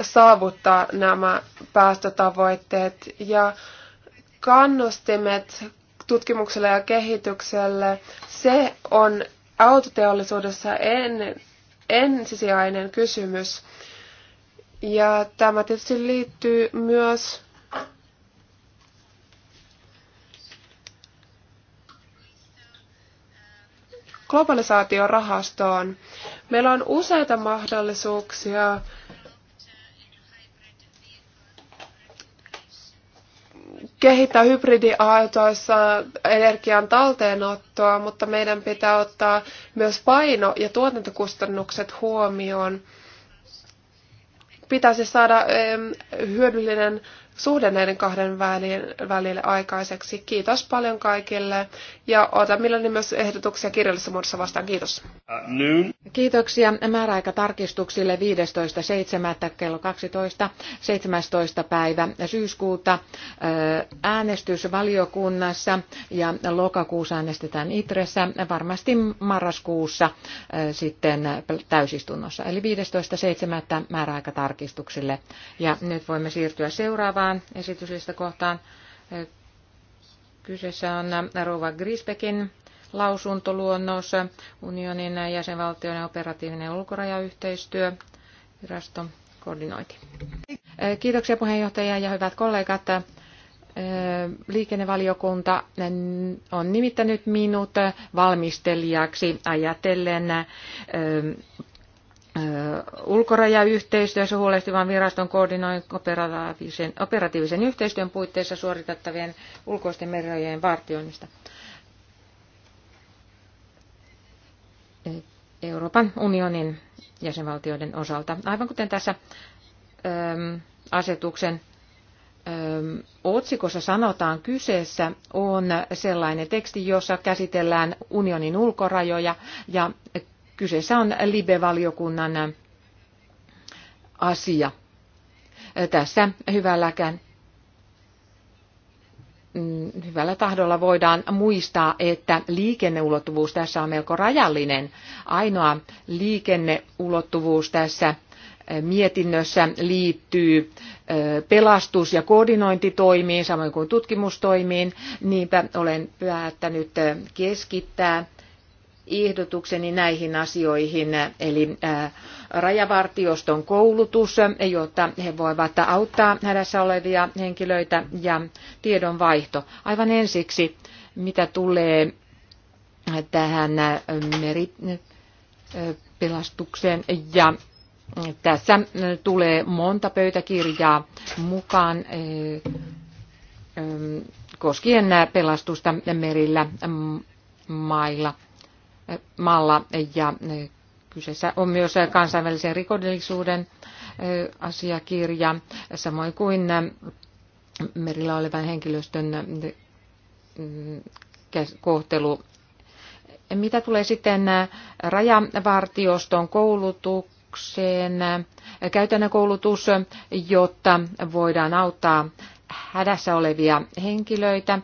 saavuttaa nämä päästötavoitteet ja kannustimet tutkimukselle ja kehitykselle, se on autoteollisuudessa en, ensisijainen kysymys. Ja tämä tietysti liittyy myös globalisaatiorahastoon. Meillä on useita mahdollisuuksia kehittää hybridiaitoissa energian talteenottoa, mutta meidän pitää ottaa myös paino- ja tuotantokustannukset huomioon. Pitäisi saada hyödyllinen suhde näiden kahden välille aikaiseksi. Kiitos paljon kaikille ja otan mielelläni myös ehdotuksia kirjallisessa muodossa vastaan. Kiitos. Äh, Kiitoksia. Määräaika tarkistuksille 15.7. kello 12. 17. päivä syyskuuta äh, äänestys valiokunnassa ja lokakuussa äänestetään Itressä, varmasti marraskuussa äh, sitten täysistunnossa. Eli 15.7. määräaika tarkistuksille. Ja nyt voimme siirtyä seuraavaan kohtaan, esityslista kohtaan. Kyseessä on Rova Grisbekin lausuntoluonnos, unionin jäsenvaltioiden operatiivinen ulkorajayhteistyö, virasto koordinointi. Kiitoksia puheenjohtaja ja hyvät kollegat. Liikennevaliokunta on nimittänyt minut valmistelijaksi ajatellen ulkorajayhteistyössä huolehtivan viraston koordinoin operatiivisen, operatiivisen yhteistyön puitteissa suoritettavien ulkoisten merirajojen vartioinnista. E, Euroopan unionin jäsenvaltioiden osalta. Aivan kuten tässä äm, asetuksen äm, otsikossa sanotaan, kyseessä on sellainen teksti, jossa käsitellään unionin ulkorajoja ja Kyseessä on Libe-valiokunnan asia. Tässä hyvälläkään mm, hyvällä tahdolla voidaan muistaa, että liikenneulottuvuus tässä on melko rajallinen. Ainoa liikenneulottuvuus tässä mietinnössä liittyy pelastus- ja koordinointitoimiin, samoin kuin tutkimustoimiin. Niinpä olen päättänyt keskittää ehdotukseni näihin asioihin, eli rajavartioston koulutus, jotta he voivat auttaa hädässä olevia henkilöitä ja tiedonvaihto. Aivan ensiksi, mitä tulee tähän meripelastukseen ja tässä tulee monta pöytäkirjaa mukaan koskien pelastusta merillä mailla – malla ja e, kyseessä on myös kansainvälisen rikollisuuden e, asiakirja, samoin kuin e, merillä olevan henkilöstön kohtelu. Mitä tulee sitten rajavartioston koulutukseen, käytännön koulutus, jotta voidaan auttaa hädässä olevia henkilöitä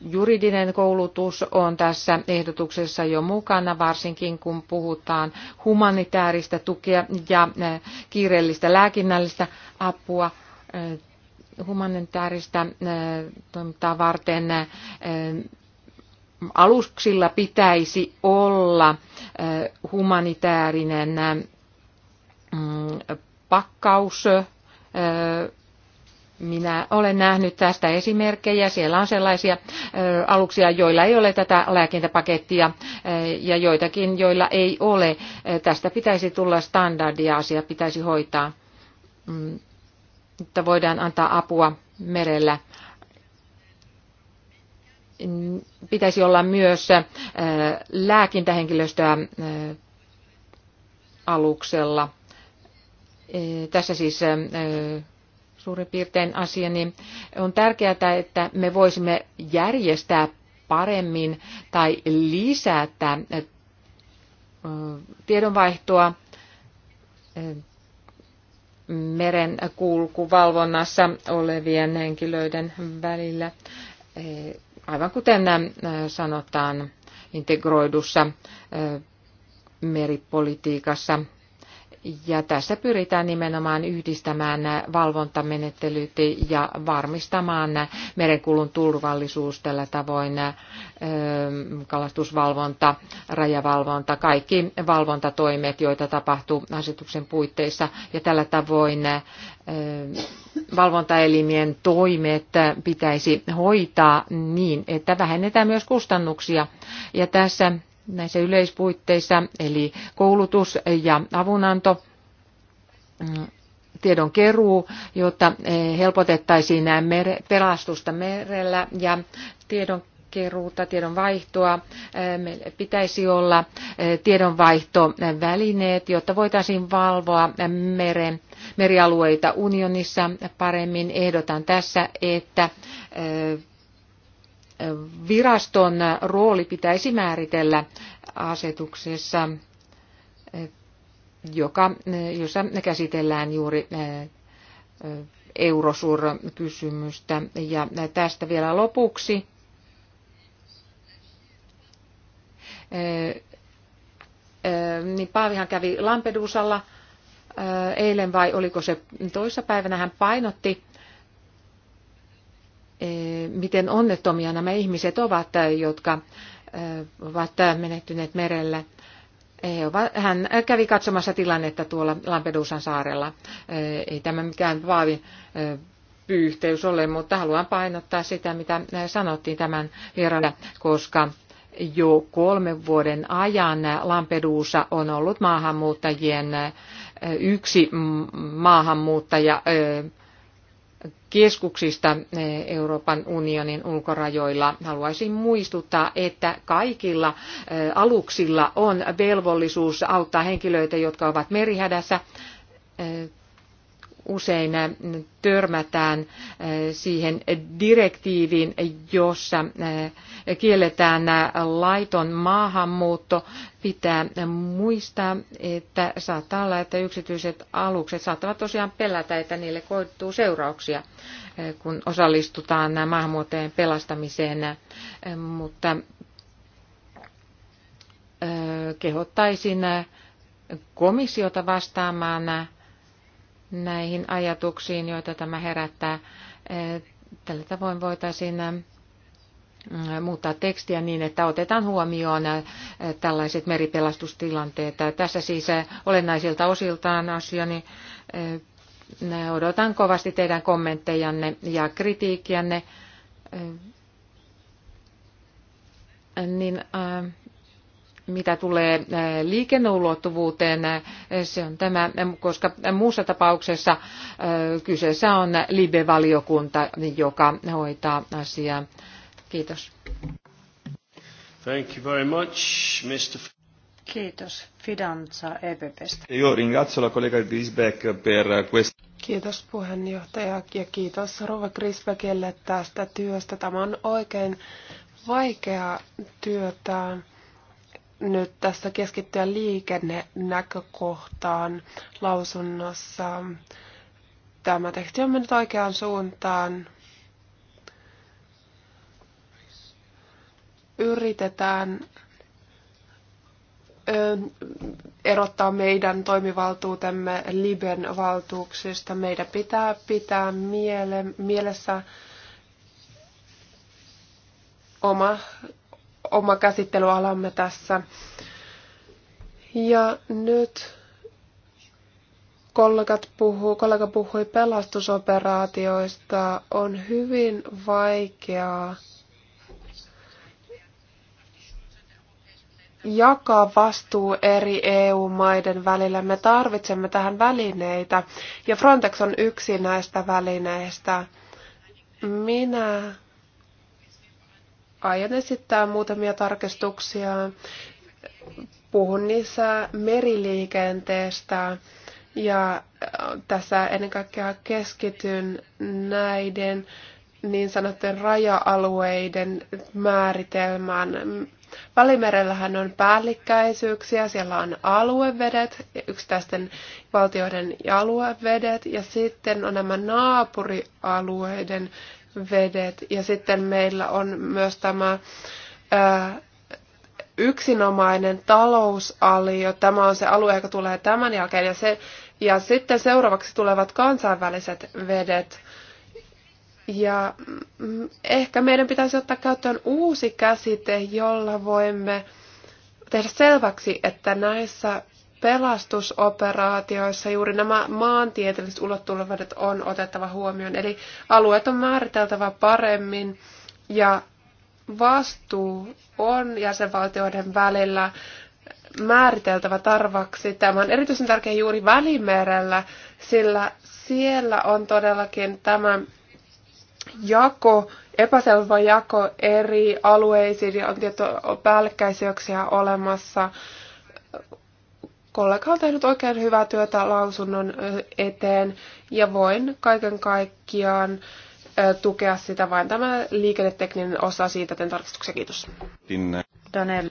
juridinen koulutus on tässä ehdotuksessa jo mukana, varsinkin kun puhutaan humanitaarista tukea ja eh, kiireellistä lääkinnällistä apua eh, humanitaarista eh, toimintaa varten aluksilla pitäisi olla humanitaarinen mm, pakkaus minä olen nähnyt tästä esimerkkejä. Siellä on sellaisia aluksia, joilla ei ole tätä lääkintäpakettia ja joitakin, joilla ei ole. Tästä pitäisi tulla standardia, asia pitäisi hoitaa, mm, että voidaan antaa apua merellä. Mm, pitäisi olla myös lääkintähenkilöstöä aluksella. E, tässä siis suurin piirtein asia, niin on tärkeää, että me voisimme järjestää paremmin tai lisätä tiedonvaihtoa meren kulkuvalvonnassa olevien henkilöiden välillä, aivan kuten sanotaan integroidussa meripolitiikassa ja tässä pyritään nimenomaan yhdistämään valvontamenettelyt ja varmistamaan merenkulun turvallisuus tällä tavoin, kalastusvalvonta, rajavalvonta, kaikki valvontatoimet, joita tapahtuu asetuksen puitteissa. Ja tällä tavoin valvontaelimien toimet pitäisi hoitaa niin, että vähennetään myös kustannuksia. Ja tässä näissä yleispuitteissa, eli koulutus ja avunanto, mm, tiedon keruu, jotta eh, helpotettaisiin pelastusta merellä ja tiedon keruuta, tiedon vaihtoa. Eh, meillä pitäisi olla eh, tiedonvaihtovälineet, jotta voitaisiin valvoa meren, merialueita unionissa paremmin. Ehdotan tässä, että viraston rooli pitäisi määritellä asetuksessa, joka, jossa käsitellään juuri Eurosur-kysymystä. Ja tästä vielä lopuksi. Niin Paavihan kävi Lampedusalla eilen vai oliko se päivänä, hän painotti Eh, miten onnettomia nämä ihmiset ovat, eh, jotka eh, ovat menehtyneet merelle. Hän kävi katsomassa tilannetta tuolla Lampedusan saarella. Ei tämä mikään vaavi pyyhteys ole, mutta haluan painottaa sitä, mitä sanottiin tämän vieraan, koska jo kolmen vuoden ajan Lampedusa on ollut maahanmuuttajien yksi maahanmuuttaja keskuksista Euroopan unionin ulkorajoilla. Haluaisin muistuttaa, että kaikilla eh, aluksilla on velvollisuus auttaa henkilöitä, jotka ovat merihädässä eh, usein törmätään eh, siihen direktiiviin, jossa eh, kielletään laiton maahanmuutto. Pitää muistaa, että saattaa olla, että yksityiset alukset saattavat tosiaan pelätä, että niille koituu seurauksia, eh, kun osallistutaan maahanmuuttajien pelastamiseen, mutta kehottaisin komissiota vastaamaan näihin ajatuksiin, joita tämä herättää. Eh, tällä tavoin voitaisiin eh, muuttaa tekstiä niin, että otetaan huomioon eh, tällaiset meripelastustilanteet. Tässä siis olennaisilta osiltaan niin Odotan kovasti teidän kommenttejanne ja kritiikkianne. Niin mitä tulee äh, liikenneulottuvuuteen, äh, se on tämä, äh, koska muussa tapauksessa kyseessä on LIBE-valiokunta, joka hoitaa asiaa. Kiitos. Thank you very much, Mr. Kiitos. Fidanza EPPstä. Io ringrazio la collega Grisbeck per questo. Kiitos puheenjohtaja ja kiitos Rova Grisbeckille tästä työstä. Tämä on oikein vaikea työtä nyt tässä keskittyä liikennenäkökohtaan lausunnossa. Tämä teksti on mennyt oikeaan suuntaan. Yritetään erottaa meidän toimivaltuutemme Liben valtuuksista. Meidän pitää pitää miele, mielessä oma oma käsittelyalamme tässä. Ja nyt kollegat puhuu, kollega puhui pelastusoperaatioista. On hyvin vaikeaa jakaa vastuu eri EU-maiden välillä. Me tarvitsemme tähän välineitä ja Frontex on yksi näistä välineistä. Minä aion esittää muutamia tarkistuksia. Puhun niissä meriliikenteestä ja äh, tässä ennen kaikkea keskityn näiden niin sanottujen raja-alueiden määritelmään. Välimerellähän on päällikkäisyyksiä, siellä on aluevedet, yksittäisten valtioiden aluevedet, ja sitten on nämä naapurialueiden vedet. Ja sitten meillä on myös tämä ää, yksinomainen talousalio. Tämä on se alue, joka tulee tämän jälkeen. Ja, se, ja sitten seuraavaksi tulevat kansainväliset vedet. Ja mm, ehkä meidän pitäisi ottaa käyttöön uusi käsite, jolla voimme tehdä selväksi, että näissä pelastusoperaatioissa juuri nämä maantieteelliset ulottuvuudet on otettava huomioon. Eli alueet on määriteltävä paremmin ja vastuu on jäsenvaltioiden välillä määriteltävä tarvaksi. Tämä on erityisen tärkeä juuri Välimerellä, sillä siellä on todellakin tämä jako, epäselvä jako eri alueisiin ja on tiettyjä päällekkäisyyksiä olemassa kollega on tehnyt oikein hyvää työtä lausunnon eteen ja voin kaiken kaikkiaan tukea sitä vain tämä liikennetekninen osa siitä tämän tarkistuksen. Kiitos. Daniel,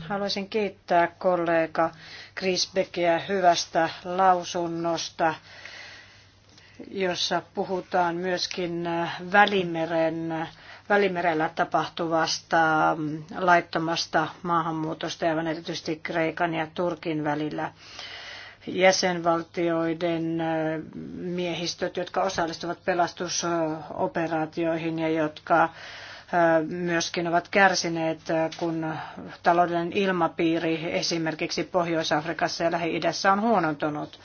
haluaisin kiittää kollega Grisbeckiä hyvästä lausunnosta, jossa puhutaan myöskin Välimeren Välimerellä tapahtuvasta laittomasta maahanmuutosta, ja erityisesti Kreikan ja Turkin välillä jäsenvaltioiden miehistöt, jotka osallistuvat pelastusoperaatioihin ja jotka myöskin ovat kärsineet, kun taloudellinen ilmapiiri esimerkiksi Pohjois-Afrikassa ja Lähi-idässä on huonontunut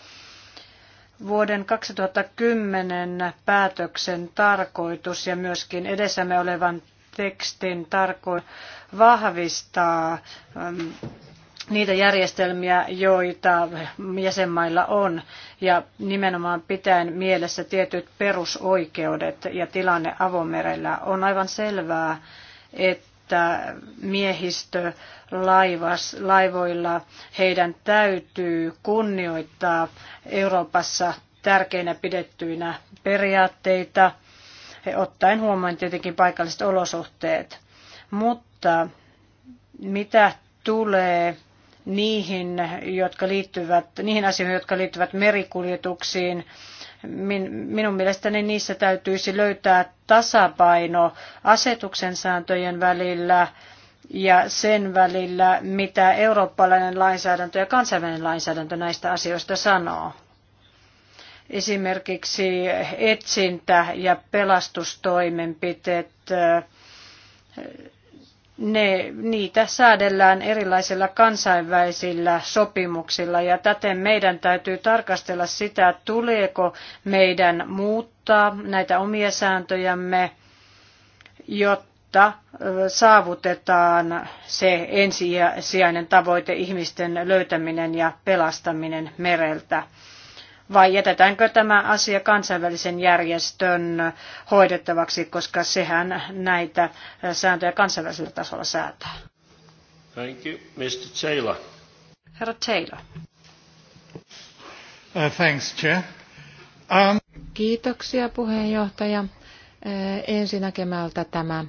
vuoden 2010 päätöksen tarkoitus ja myöskin edessämme olevan tekstin tarkoitus vahvistaa ähm, niitä järjestelmiä, joita jäsenmailla on, ja nimenomaan pitäen mielessä tietyt perusoikeudet ja tilanne avomerellä. On aivan selvää, että että miehistö laivas, laivoilla heidän täytyy kunnioittaa Euroopassa tärkeinä pidettyinä periaatteita, ottaen huomioon tietenkin paikalliset olosuhteet. Mutta mitä tulee niihin, jotka liittyvät, niihin asioihin, jotka liittyvät merikuljetuksiin, minun mielestäni niissä täytyisi löytää tasapaino asetuksen sääntöjen välillä ja sen välillä, mitä eurooppalainen lainsäädäntö ja kansainvälinen lainsäädäntö näistä asioista sanoo. Esimerkiksi etsintä- ja pelastustoimenpiteet ne, niitä säädellään erilaisilla kansainvälisillä sopimuksilla ja täten meidän täytyy tarkastella sitä, tuleeko meidän muuttaa näitä omia sääntöjämme, jotta saavutetaan se ensisijainen tavoite ihmisten löytäminen ja pelastaminen mereltä vai jätetäänkö tämä asia kansainvälisen järjestön hoidettavaksi, koska sehän näitä sääntöjä kansainvälisellä tasolla säätää. Thank you. Mr. Taylor. Herra Taylor. Uh, thanks, Chair. Um... Kiitoksia puheenjohtaja. Uh, Ensinäkemältä tämä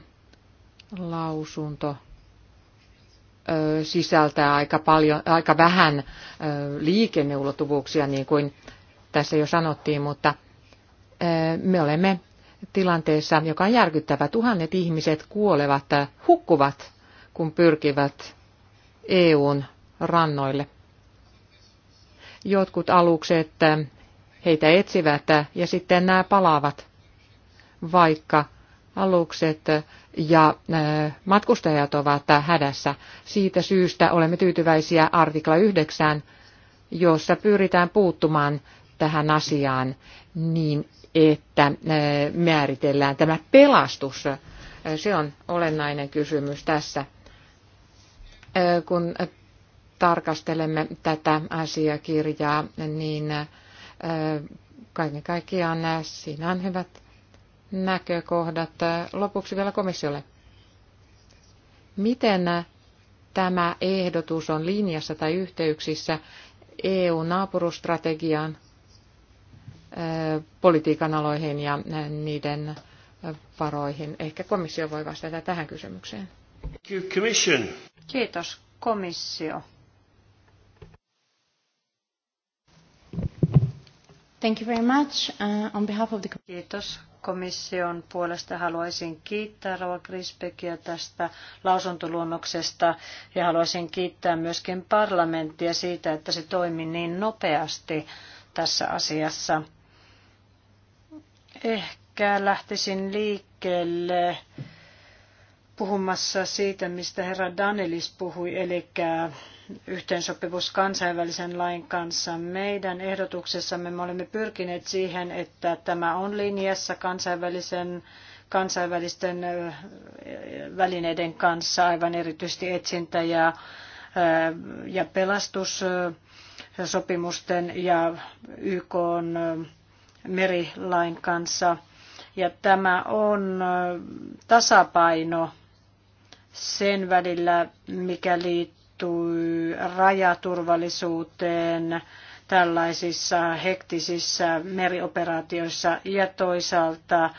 lausunto uh, sisältää aika, paljon, aika vähän uh, liikenneulottuvuuksia, niin kuin tässä jo sanottiin, mutta me olemme tilanteessa, joka on järkyttävä. Tuhannet ihmiset kuolevat, hukkuvat, kun pyrkivät EUn rannoille. Jotkut alukset heitä etsivät ja sitten nämä palaavat, vaikka alukset ja matkustajat ovat hädässä. Siitä syystä olemme tyytyväisiä artikla 9, jossa pyritään puuttumaan tähän asiaan niin, että äh, määritellään tämä pelastus. Äh, se on olennainen kysymys tässä, äh, kun tarkastelemme tätä asiakirjaa, niin kaiken kaikkiaan siinä on hyvät näkökohdat. Lopuksi vielä komissiolle. Miten tämä ehdotus on linjassa tai yhteyksissä EU-naapurustrategiaan? politiikan aloihin ja niiden varoihin. Ehkä komissio voi vastata tähän kysymykseen. Kiitos komissio. Thank you very much. Uh, on behalf of the... Kiitos komission puolesta haluaisin kiittää Rova Grisbeckia tästä lausuntoluonnoksesta ja haluaisin kiittää myöskin parlamenttia siitä, että se toimi niin nopeasti tässä asiassa. Ehkä lähtisin liikkeelle puhumassa siitä, mistä herra Danelis puhui, eli yhteensopivuus kansainvälisen lain kanssa. Meidän ehdotuksessamme me olemme pyrkineet siihen, että tämä on linjassa kansainvälisen, kansainvälisten välineiden kanssa, aivan erityisesti etsintä ja, ja pelastussopimusten ja YK on merilain kanssa. Ja tämä on tasapaino sen välillä, mikä liittyy rajaturvallisuuteen tällaisissa hektisissä merioperaatioissa ja toisaalta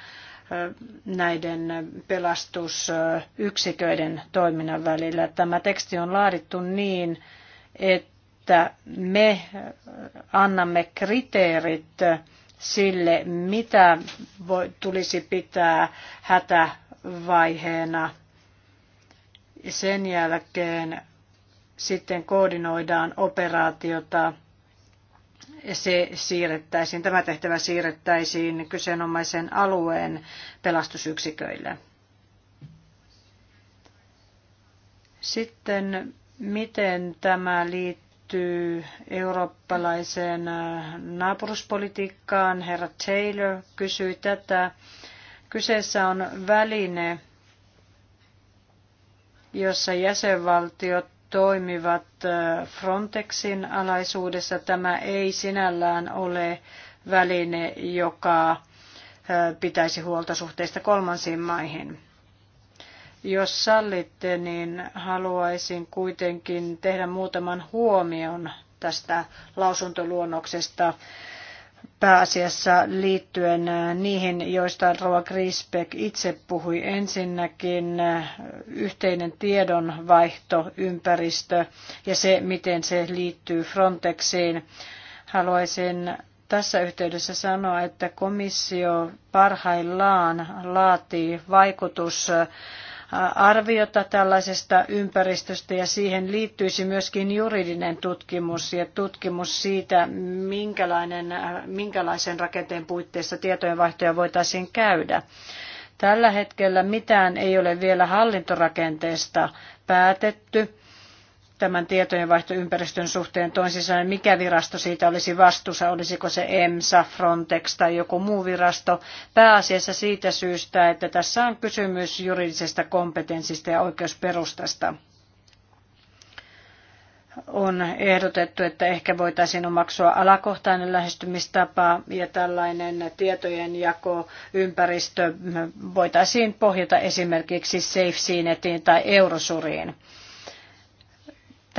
näiden pelastusyksiköiden toiminnan välillä. Tämä teksti on laadittu niin, että me annamme kriteerit sille, mitä voi, tulisi pitää hätävaiheena. Sen jälkeen sitten koordinoidaan operaatiota. Se siirrettäisiin, tämä tehtävä siirrettäisiin kyseenomaisen alueen pelastusyksiköille. Sitten miten tämä liittyy liittyy eurooppalaiseen äh, naapuruspolitiikkaan. Herra Taylor kysyi tätä. Kyseessä on väline, jossa jäsenvaltiot toimivat äh, Frontexin alaisuudessa. Tämä ei sinällään ole väline, joka äh, pitäisi huolta suhteista kolmansiin maihin. Jos sallitte, niin haluaisin kuitenkin tehdä muutaman huomion tästä lausuntoluonnoksesta pääasiassa liittyen niihin, joista Rova Grisbeck itse puhui. Ensinnäkin yhteinen tiedonvaihto, ympäristö ja se, miten se liittyy Frontexiin. Haluaisin tässä yhteydessä sanoa, että komissio parhaillaan laatii vaikutus arviota tällaisesta ympäristöstä ja siihen liittyisi myöskin juridinen tutkimus ja tutkimus siitä, minkälainen, minkälaisen rakenteen puitteissa tietojenvaihtoja voitaisiin käydä. Tällä hetkellä mitään ei ole vielä hallintorakenteesta päätetty tämän tietojenvaihtoympäristön suhteen, toisin sanoen mikä virasto siitä olisi vastuussa, olisiko se EMSA, Frontex tai joku muu virasto, pääasiassa siitä syystä, että tässä on kysymys juridisesta kompetenssista ja oikeusperustasta. On ehdotettu, että ehkä voitaisiin omaksua alakohtainen lähestymistapa ja tällainen tietojenjakoympäristö ympäristö voitaisiin pohjata esimerkiksi SafeSeanetiin tai Eurosuriin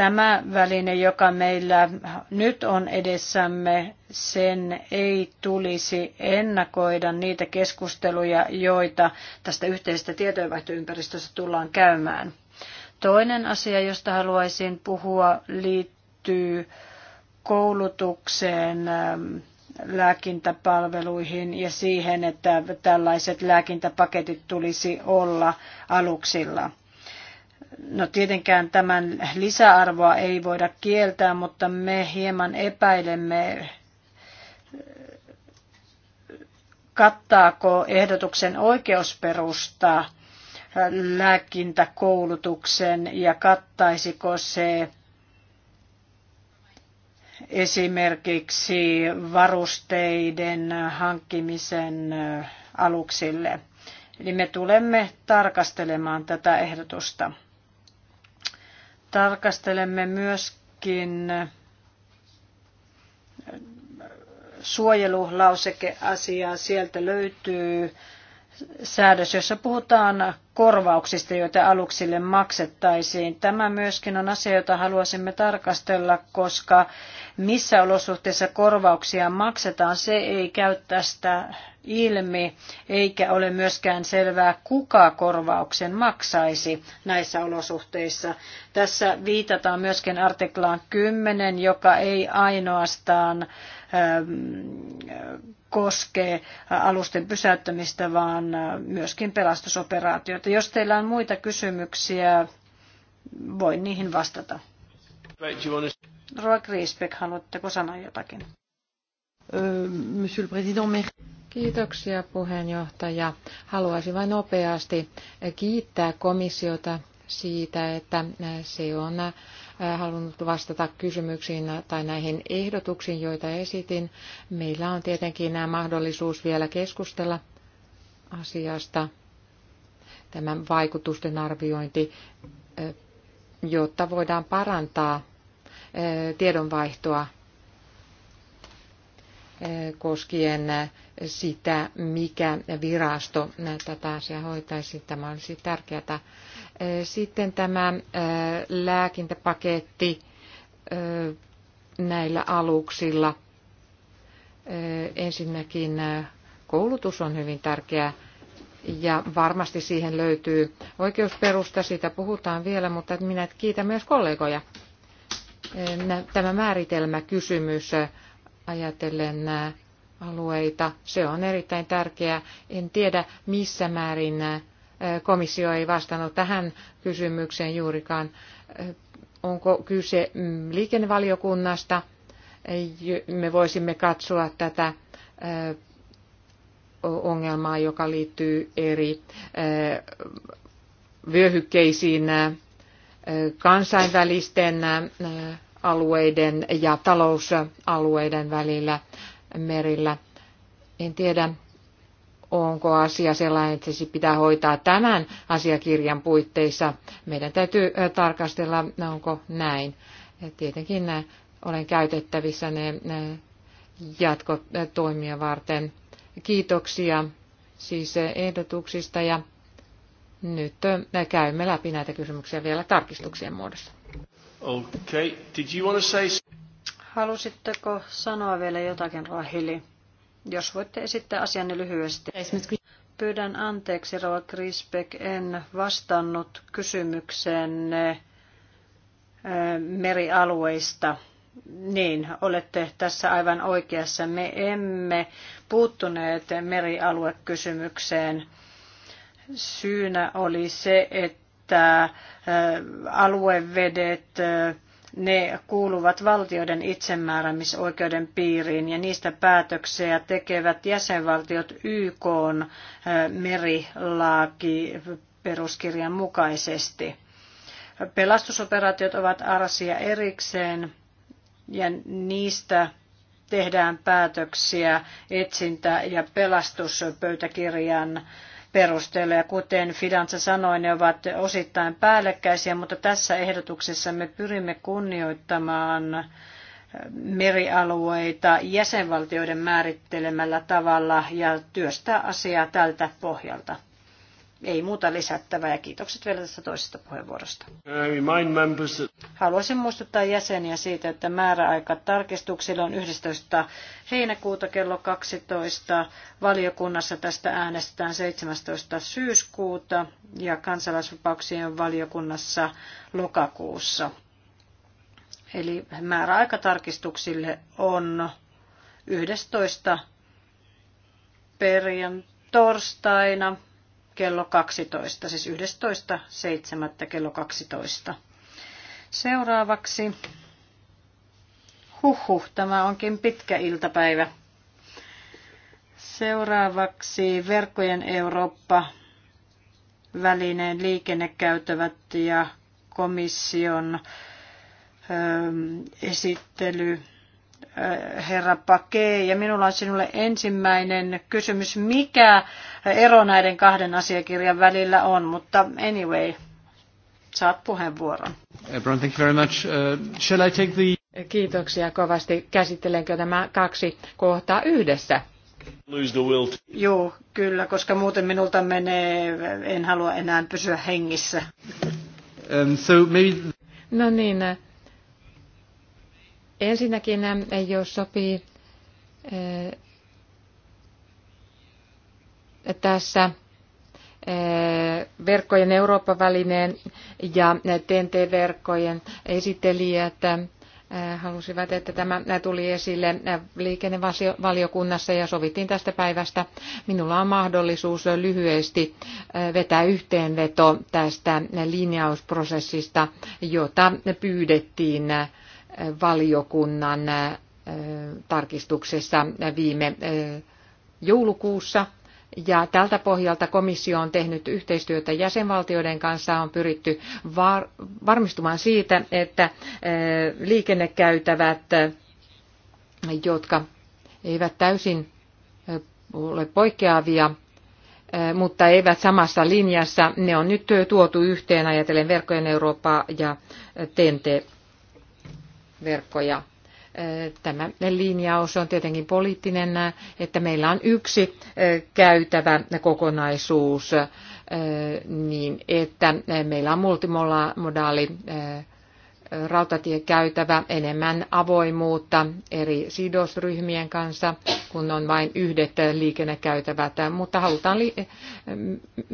Tämä väline, joka meillä nyt on edessämme, sen ei tulisi ennakoida niitä keskusteluja, joita tästä yhteisestä tietojenvaihtoympäristöstä tullaan käymään. Toinen asia, josta haluaisin puhua, liittyy koulutukseen, ähm, lääkintäpalveluihin ja siihen, että tällaiset lääkintäpaketit tulisi olla aluksilla. No tietenkään tämän lisäarvoa ei voida kieltää, mutta me hieman epäilemme, kattaako ehdotuksen oikeusperusta lääkintäkoulutuksen ja kattaisiko se esimerkiksi varusteiden hankkimisen aluksille. Eli me tulemme tarkastelemaan tätä ehdotusta. Tarkastelemme myöskin suojelulausekeasiaa. Sieltä löytyy säädös, jossa puhutaan korvauksista, joita aluksille maksettaisiin. Tämä myöskin on asia, jota haluaisimme tarkastella, koska missä olosuhteissa korvauksia maksetaan, se ei käy tästä ilmi, eikä ole myöskään selvää, kuka korvauksen maksaisi näissä olosuhteissa. Tässä viitataan myöskin artiklaan 10, joka ei ainoastaan ähm, koske alusten pysäyttämistä, vaan myöskin pelastusoperaatioita. Jos teillä on muita kysymyksiä, voin niihin vastata. Roa Griesbeck, haluatteko sanoa jotakin? Euh, monsieur le Président, Kiitoksia puheenjohtaja. Haluaisin vain nopeasti kiittää komissiota siitä, että se on halunnut vastata kysymyksiin tai näihin ehdotuksiin, joita esitin. Meillä on tietenkin nämä mahdollisuus vielä keskustella asiasta, tämän vaikutusten arviointi, jotta voidaan parantaa tiedonvaihtoa koskien sitä, mikä virasto tätä asiaa hoitaisi. Tämä olisi tärkeää sitten tämä lääkintäpaketti näillä aluksilla. Ensinnäkin koulutus on hyvin tärkeä ja varmasti siihen löytyy oikeusperusta, siitä puhutaan vielä, mutta minä kiitän myös kollegoja. Tämä määritelmäkysymys ajatellen alueita, se on erittäin tärkeä. En tiedä missä määrin komissio ei vastannut tähän kysymykseen juurikaan. Onko kyse liikennevaliokunnasta? Me voisimme katsoa tätä ongelmaa, joka liittyy eri vyöhykkeisiin kansainvälisten alueiden ja talousalueiden välillä merillä. En tiedä, onko asia sellainen, että se siis pitää hoitaa tämän asiakirjan puitteissa. Meidän täytyy tarkastella, onko näin. Tietenkin olen käytettävissä ne jatkotoimia varten. Kiitoksia siis ehdotuksista ja nyt käymme läpi näitä kysymyksiä vielä tarkistuksien muodossa. Okay. Did you want to say... Halusitteko sanoa vielä jotakin, Rahili? Jos voitte esittää asianne lyhyesti. Pyydän anteeksi, Rova Grisbeck, en vastannut kysymykseen merialueista. Niin, olette tässä aivan oikeassa. Me emme puuttuneet merialuekysymykseen. Syynä oli se, että aluevedet ne kuuluvat valtioiden itsemääräämisoikeuden piiriin ja niistä päätöksiä tekevät jäsenvaltiot YK merilaaki peruskirjan mukaisesti. Pelastusoperaatiot ovat arsia erikseen ja niistä tehdään päätöksiä etsintä- ja pelastuspöytäkirjan perusteluja. Kuten Fidanza sanoi, ne ovat osittain päällekkäisiä, mutta tässä ehdotuksessa me pyrimme kunnioittamaan merialueita jäsenvaltioiden määrittelemällä tavalla ja työstää asiaa tältä pohjalta ei muuta lisättävää ja kiitokset vielä tästä toisesta puheenvuorosta. Haluaisin muistuttaa jäseniä siitä, että määräaika tarkistuksille on 11. heinäkuuta kello 12. Valiokunnassa tästä äänestetään 17. syyskuuta ja kansalaisvapauksien valiokunnassa lokakuussa. Eli määräaika tarkistuksille on 11. perjantaina torstaina kello 12, siis 11.7. kello 12. Seuraavaksi, huhu, tämä onkin pitkä iltapäivä. Seuraavaksi verkkojen Eurooppa välineen liikennekäytävät ja komission ö, esittely Äh, herra Pake, ja minulla on sinulle ensimmäinen kysymys, mikä ero näiden kahden asiakirjan välillä on, mutta anyway, saat puheenvuoron. Everyone, thank you very much. Uh, shall I take the... Kiitoksia kovasti. Käsittelenkö nämä kaksi kohtaa yhdessä? Lose the will. Joo, kyllä, koska muuten minulta menee, en halua enää pysyä hengissä. Um, so maybe... No niin, Ensinnäkin, jos sopii tässä verkkojen Euroopan välineen ja TNT-verkkojen esittelijät halusivat, että tämä tuli esille liikennevaliokunnassa ja sovittiin tästä päivästä. Minulla on mahdollisuus lyhyesti vetää yhteenveto tästä linjausprosessista, jota pyydettiin valiokunnan tarkistuksessa viime joulukuussa. Ja tältä pohjalta komissio on tehnyt yhteistyötä jäsenvaltioiden kanssa, on pyritty var- varmistumaan siitä, että liikennekäytävät, jotka eivät täysin ole poikkeavia, mutta eivät samassa linjassa. Ne on nyt tuotu yhteen ajatellen verkkojen Eurooppaa ja TNT verkkoja. Tämä linjaus on tietenkin poliittinen, että meillä on yksi käytävä kokonaisuus niin, että meillä on multimodaali rautatiekäytävä enemmän avoimuutta eri sidosryhmien kanssa, kun on vain yhdet liikennekäytävät, mutta halutaan li-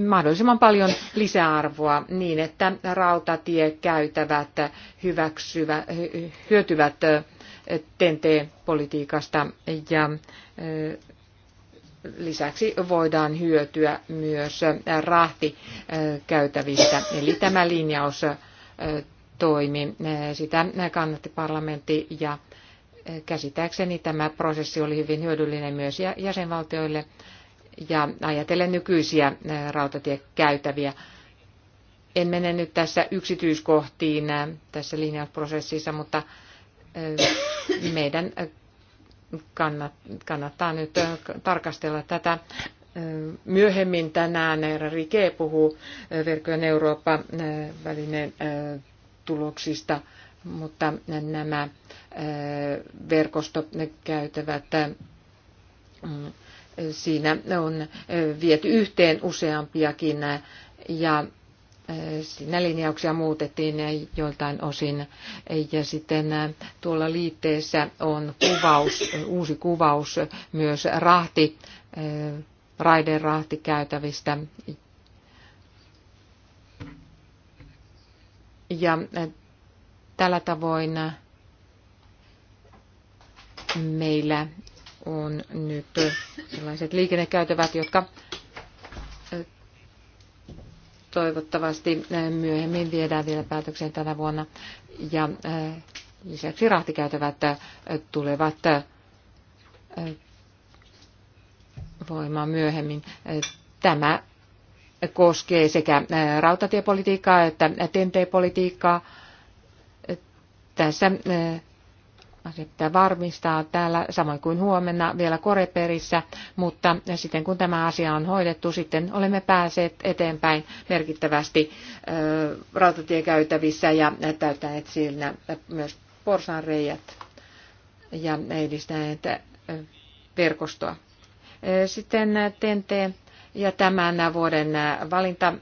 mahdollisimman paljon lisäarvoa niin, että rautatiekäytävät hyväksyvä, hyötyvät TNT-politiikasta ja lisäksi voidaan hyötyä myös rahtikäytävistä. Eli tämä linjaus toimi. Sitä kannatti parlamentti ja käsittääkseni tämä prosessi oli hyvin hyödyllinen myös jäsenvaltioille ja ajatellen nykyisiä rautatiekäytäviä. En mene nyt tässä yksityiskohtiin tässä linjausprosessissa, mutta meidän kannattaa nyt tarkastella tätä myöhemmin tänään. Rike puhuu Verkkojen eurooppa välinen tuloksista, mutta nämä käytävät siinä on viety yhteen useampiakin ja siinä linjauksia muutettiin joiltain osin. Ja sitten tuolla liitteessä on kuvaus, uusi kuvaus myös rahti, raiden rahtikäytävistä Ja eh, tällä tavoin meillä on nyt sellaiset liikennekäytävät, jotka eh, toivottavasti eh, myöhemmin viedään vielä päätökseen tänä vuonna. Ja lisäksi rahtikäytävät tulevat voimaan myöhemmin. Tämä koskee sekä rautatiepolitiikkaa että TNT-politiikkaa. Tässä asetta varmistaa täällä samoin kuin huomenna vielä Koreperissä, mutta sitten kun tämä asia on hoidettu, sitten olemme päässeet eteenpäin merkittävästi rautatiekäytävissä ja täyttäneet siinä myös porsanreijät ja edistäneet verkostoa. Sitten TNT ja tämän vuoden valinta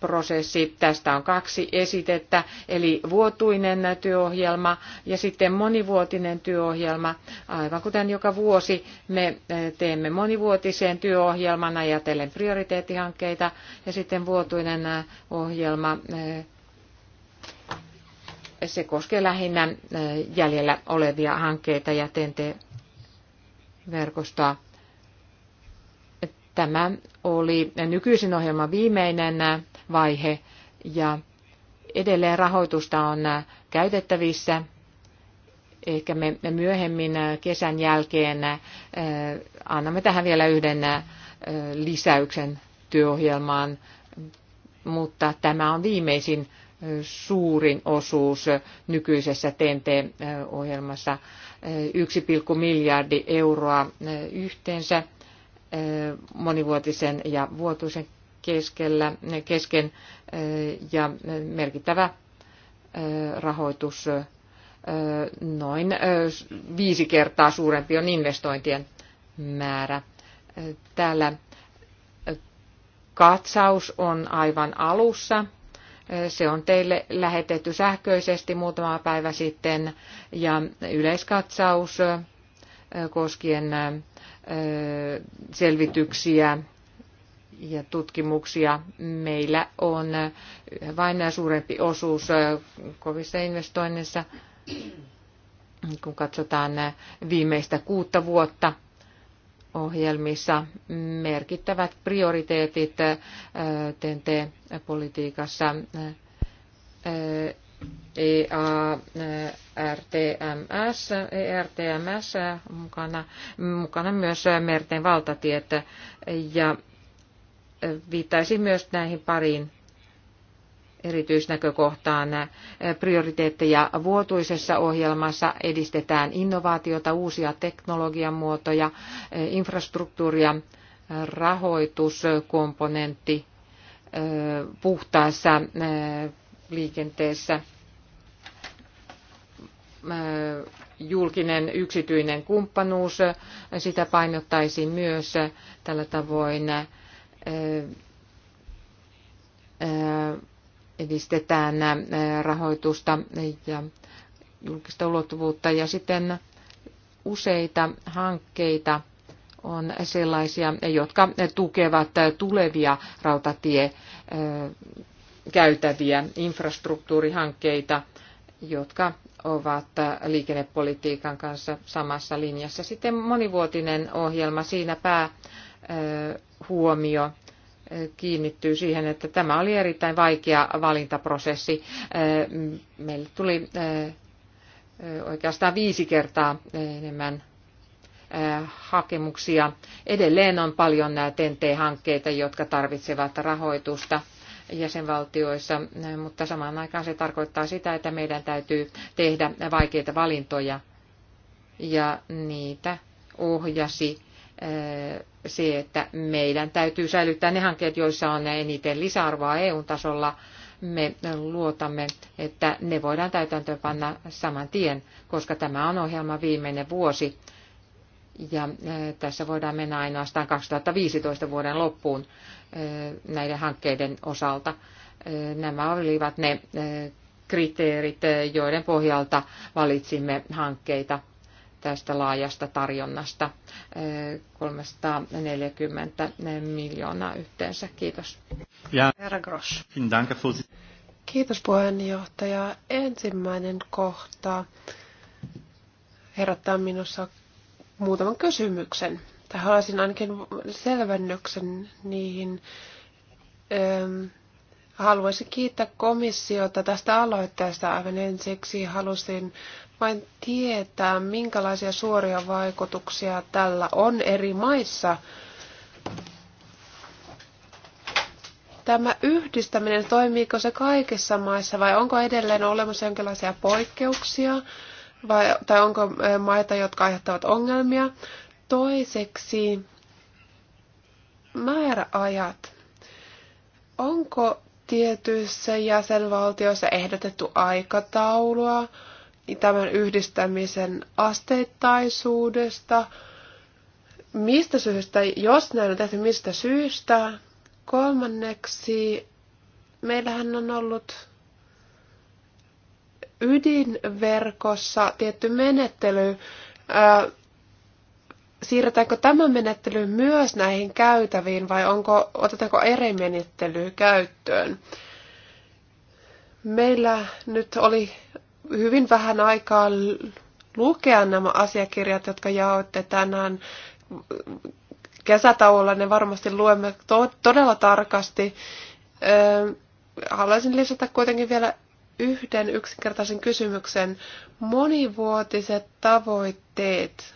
prosessi. Tästä on kaksi esitettä, eli vuotuinen työohjelma ja sitten monivuotinen työohjelma. Aivan kuten joka vuosi me teemme monivuotisen työohjelman ajatellen prioriteettihankkeita ja sitten vuotuinen ohjelma. Se koskee lähinnä jäljellä olevia hankkeita ja TNT-verkostoa Tämä oli nykyisin ohjelman viimeinen vaihe ja edelleen rahoitusta on käytettävissä. Ehkä me myöhemmin kesän jälkeen annamme tähän vielä yhden lisäyksen työohjelmaan, mutta tämä on viimeisin suurin osuus nykyisessä TNT-ohjelmassa, 1,5 miljardi euroa yhteensä monivuotisen ja vuotuisen keskellä, kesken ja merkittävä rahoitus noin viisi kertaa suurempi on investointien määrä. Täällä katsaus on aivan alussa. Se on teille lähetetty sähköisesti muutama päivä sitten ja yleiskatsaus koskien selvityksiä ja tutkimuksia. Meillä on vain suurempi osuus kovissa investoinneissa, kun katsotaan viimeistä kuutta vuotta ohjelmissa merkittävät prioriteetit TNT-politiikassa E RTMS, ERTMS mukana, mukana myös merten valtatietä ja viittaisi myös näihin pariin erityisnäkökohtaan. Prioriteetteja vuotuisessa ohjelmassa edistetään innovaatiota, uusia teknologian muotoja, infrastruktuuria, rahoituskomponentti puhtaassa liikenteessä julkinen yksityinen kumppanuus, sitä painottaisin myös tällä tavoin edistetään rahoitusta ja julkista ulottuvuutta ja sitten useita hankkeita on sellaisia, jotka tukevat tulevia rautatie käytäviä infrastruktuurihankkeita, jotka ovat liikennepolitiikan kanssa samassa linjassa. Sitten monivuotinen ohjelma, siinä päähuomio kiinnittyy siihen, että tämä oli erittäin vaikea valintaprosessi. Meille tuli oikeastaan viisi kertaa enemmän hakemuksia. Edelleen on paljon nämä TNT-hankkeita, jotka tarvitsevat rahoitusta jäsenvaltioissa, mutta samaan aikaan se tarkoittaa sitä, että meidän täytyy tehdä vaikeita valintoja ja niitä ohjasi eh, se, että meidän täytyy säilyttää ne hankkeet, joissa on eniten lisäarvoa EU-tasolla. Me luotamme, että ne voidaan täytäntöönpanna saman tien, koska tämä on ohjelma viimeinen vuosi. Ja eh, tässä voidaan mennä ainoastaan 2015 vuoden loppuun näiden hankkeiden osalta. Nämä olivat ne kriteerit, joiden pohjalta valitsimme hankkeita tästä laajasta tarjonnasta 340 miljoonaa yhteensä. Kiitos. Ja. Herra Kiitos puheenjohtaja. Ensimmäinen kohta herättää minussa muutaman kysymyksen tai haasin ainakin selvennyksen niihin. Öm, haluaisin kiittää komissiota tästä aloitteesta aivan ensiksi. Halusin vain tietää, minkälaisia suoria vaikutuksia tällä on eri maissa. Tämä yhdistäminen, toimiiko se kaikissa maissa vai onko edelleen olemassa jonkinlaisia poikkeuksia vai, tai onko maita, jotka aiheuttavat ongelmia? Toiseksi määräajat. Onko tietyissä jäsenvaltioissa ehdotettu aikataulua tämän yhdistämisen asteittaisuudesta? Mistä syystä, jos näin on tehty, mistä syystä? Kolmanneksi, meillähän on ollut ydinverkossa tietty menettely, siirretäänkö tämä menettely myös näihin käytäviin vai onko, otetaanko eri menettely käyttöön? Meillä nyt oli hyvin vähän aikaa lukea nämä asiakirjat, jotka jaoitte tänään. Kesätauolla ne varmasti luemme to- todella tarkasti. Öö, haluaisin lisätä kuitenkin vielä yhden yksinkertaisen kysymyksen. Monivuotiset tavoitteet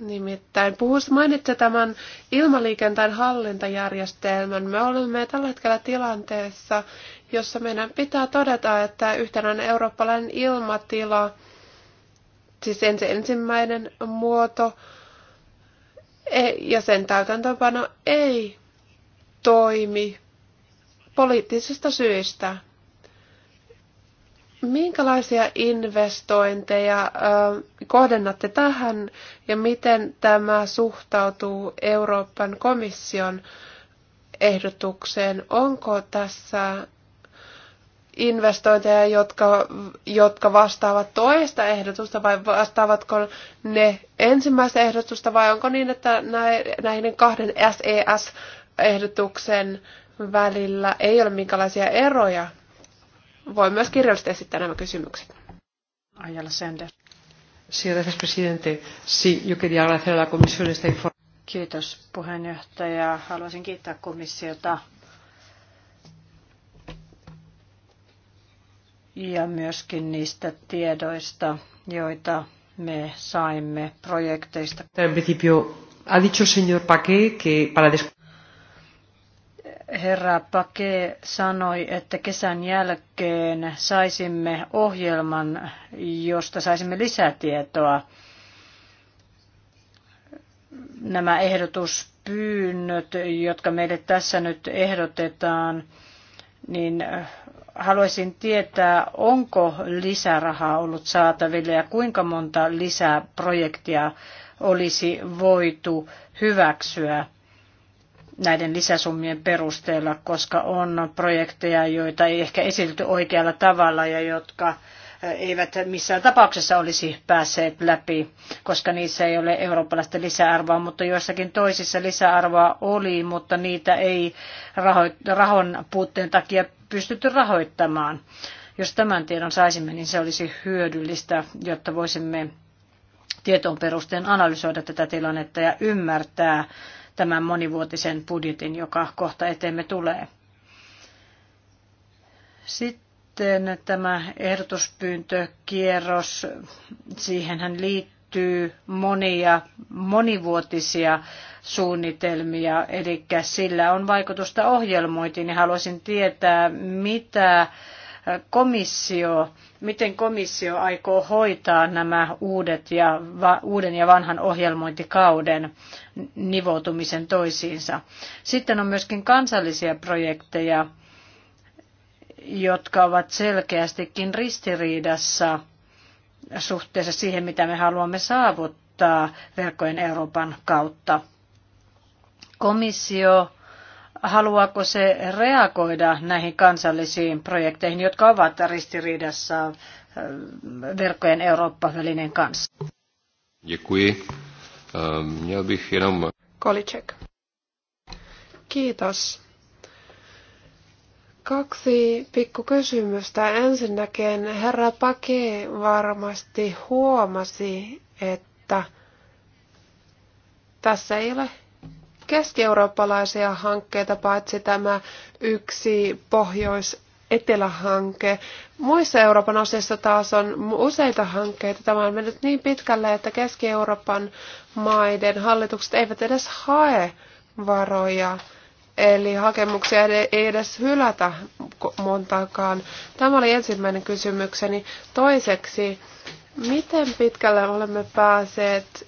Nimittäin puhuisi mainitsi tämän ilmaliikenteen hallintajärjestelmän. Me olemme tällä hetkellä tilanteessa, jossa meidän pitää todeta, että yhtenäinen eurooppalainen ilmatila, siis ensi ensimmäinen muoto e, ja sen täytäntöpano ei toimi poliittisista syistä. Minkälaisia investointeja kohdennatte tähän ja miten tämä suhtautuu Euroopan komission ehdotukseen? Onko tässä investointeja, jotka, jotka vastaavat toista ehdotusta vai vastaavatko ne ensimmäistä ehdotusta vai onko niin, että näiden kahden SES-ehdotuksen välillä ei ole minkälaisia eroja? voi myös kirjallisesti esittää nämä kysymykset. Ajala Sender. Sí, gracias, presidente. Sí, yo quería agradecer a la comisión esta Kiitos puheenjohtaja. Haluaisin kiittää komissiota ja myöskin niistä tiedoista, joita me saimme projekteista. En principio, ha dicho señor Paquet que para des... Herra Pake sanoi, että kesän jälkeen saisimme ohjelman, josta saisimme lisätietoa. Nämä ehdotuspyynnöt, jotka meille tässä nyt ehdotetaan, niin haluaisin tietää, onko lisärahaa ollut saatavilla ja kuinka monta lisäprojektia olisi voitu hyväksyä näiden lisäsummien perusteella, koska on projekteja, joita ei ehkä esitelty oikealla tavalla ja jotka eivät missään tapauksessa olisi päässeet läpi, koska niissä ei ole eurooppalaista lisäarvoa, mutta joissakin toisissa lisäarvoa oli, mutta niitä ei raho- rahon puutteen takia pystytty rahoittamaan. Jos tämän tiedon saisimme, niin se olisi hyödyllistä, jotta voisimme tietoon perusteen analysoida tätä tilannetta ja ymmärtää, tämän monivuotisen budjetin, joka kohta eteemme tulee. Sitten tämä ehdotuspyyntökierros, siihenhän liittyy monia monivuotisia suunnitelmia, eli sillä on vaikutusta ohjelmointiin, niin haluaisin tietää, mitä komissio, miten komissio aikoo hoitaa nämä uudet ja, va, uuden ja vanhan ohjelmointikauden nivoutumisen toisiinsa. Sitten on myöskin kansallisia projekteja, jotka ovat selkeästikin ristiriidassa suhteessa siihen, mitä me haluamme saavuttaa verkkojen Euroopan kautta. Komissio haluaako se reagoida näihin kansallisiin projekteihin, jotka ovat ristiriidassa äh, verkkojen Eurooppa-välinen kanssa? Ehm, Kolicek. Kiitos. Kaksi pikkukysymystä. Ensinnäkin herra Pake varmasti huomasi, että tässä ei ole keskieurooppalaisia hankkeita, paitsi tämä yksi pohjois etelähanke. Muissa Euroopan osissa taas on useita hankkeita. Tämä on mennyt niin pitkälle, että Keski-Euroopan maiden hallitukset eivät edes hae varoja. Eli hakemuksia ei edes hylätä montaakaan. Tämä oli ensimmäinen kysymykseni. Toiseksi, miten pitkälle olemme päässeet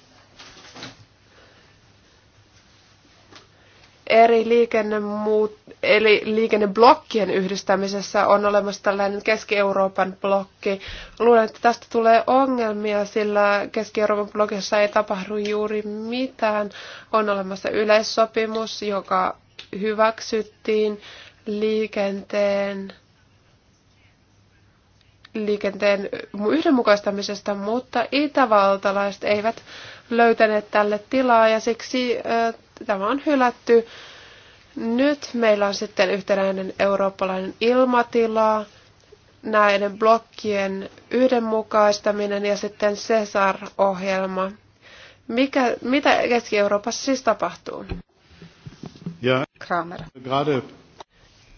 eri liikennemuut, eli liikenneblokkien yhdistämisessä on olemassa tällainen Keski-Euroopan blokki. Luulen, että tästä tulee ongelmia, sillä Keski-Euroopan blokissa ei tapahdu juuri mitään. On olemassa yleissopimus, joka hyväksyttiin liikenteen liikenteen yhdenmukaistamisesta, mutta itävaltalaiset eivät löytäneet tälle tilaa ja siksi tämä on hylätty. Nyt meillä on sitten yhtenäinen eurooppalainen ilmatila, näiden blokkien yhdenmukaistaminen ja sitten Cesar-ohjelma. Mikä, mitä Keski-Euroopassa siis tapahtuu? Ja, Kramer. Grade.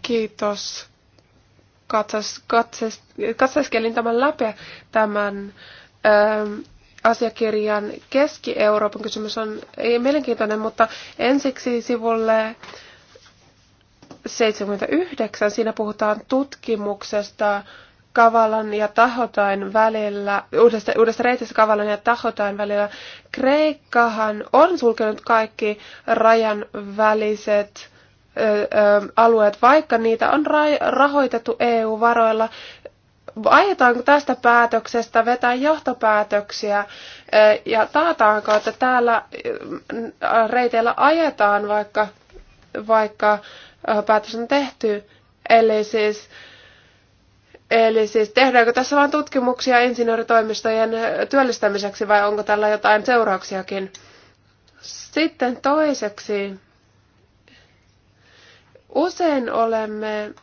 Kiitos. Katsas, katses, katsaskelin tämän läpi tämän ähm, asiakirjan Keski-Euroopan kysymys on ei, mielenkiintoinen, mutta ensiksi sivulle 79 siinä puhutaan tutkimuksesta Kavalan ja Tahotain välillä, uudesta, uudesta reitistä Kavalan ja Tahotain välillä. Kreikkahan on sulkenut kaikki rajan väliset ö, ö, alueet, vaikka niitä on ra- rahoitettu EU-varoilla aiotaanko tästä päätöksestä vetää johtopäätöksiä ja taataanko, että täällä reiteillä ajetaan, vaikka, vaikka päätös on tehty. Eli siis, eli siis tehdäänkö tässä vain tutkimuksia insinööritoimistojen työllistämiseksi vai onko tällä jotain seurauksiakin? Sitten toiseksi. Usein olemme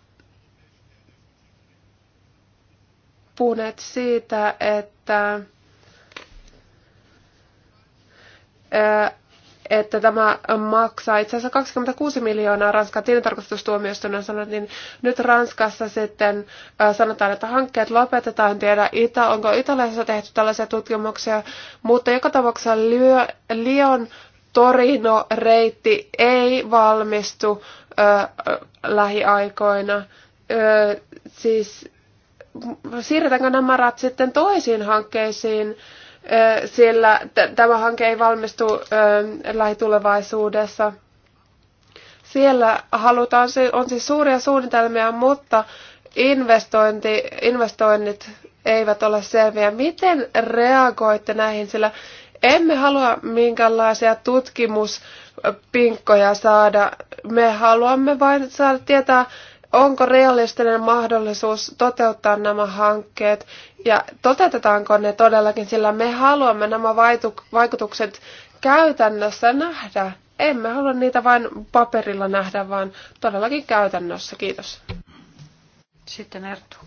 puhuneet siitä, että, että tämä maksaa itse asiassa 26 miljoonaa Ranskan tilintarkastustuomioistuimen sanat, niin nyt Ranskassa sitten sanotaan, että hankkeet lopetetaan, en tiedä Itä, onko Italiassa tehty tällaisia tutkimuksia, mutta joka tapauksessa Lyon Torino-reitti ei valmistu ö, lähiaikoina. Ö, siis siirretäänkö nämä rat sitten toisiin hankkeisiin, sillä tämä hanke ei valmistu lähitulevaisuudessa. Siellä halutaan, on siis suuria suunnitelmia, mutta investointi, investoinnit eivät ole selviä. Miten reagoitte näihin, sillä emme halua minkäänlaisia tutkimuspinkkoja saada. Me haluamme vain saada tietää, onko realistinen mahdollisuus toteuttaa nämä hankkeet ja toteutetaanko ne todellakin, sillä me haluamme nämä vaikutukset käytännössä nähdä. Emme halua niitä vain paperilla nähdä, vaan todellakin käytännössä. Kiitos. Sitten Erttu.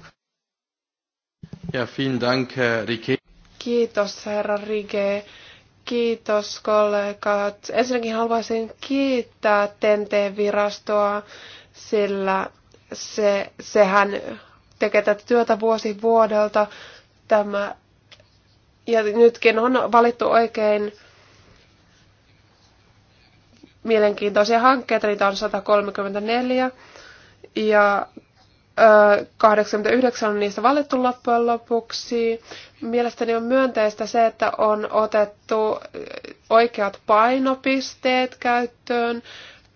Ja vielen dank, Rike. Kiitos, herra Rike. Kiitos, kollegat. Ensinnäkin haluaisin kiittää TNT-virastoa, sillä se, sehän tekee tätä työtä vuosi vuodelta. Tämä, ja nytkin on valittu oikein mielenkiintoisia hankkeita, niitä on 134 ja 89 on niistä valittu loppujen lopuksi. Mielestäni on myönteistä se, että on otettu oikeat painopisteet käyttöön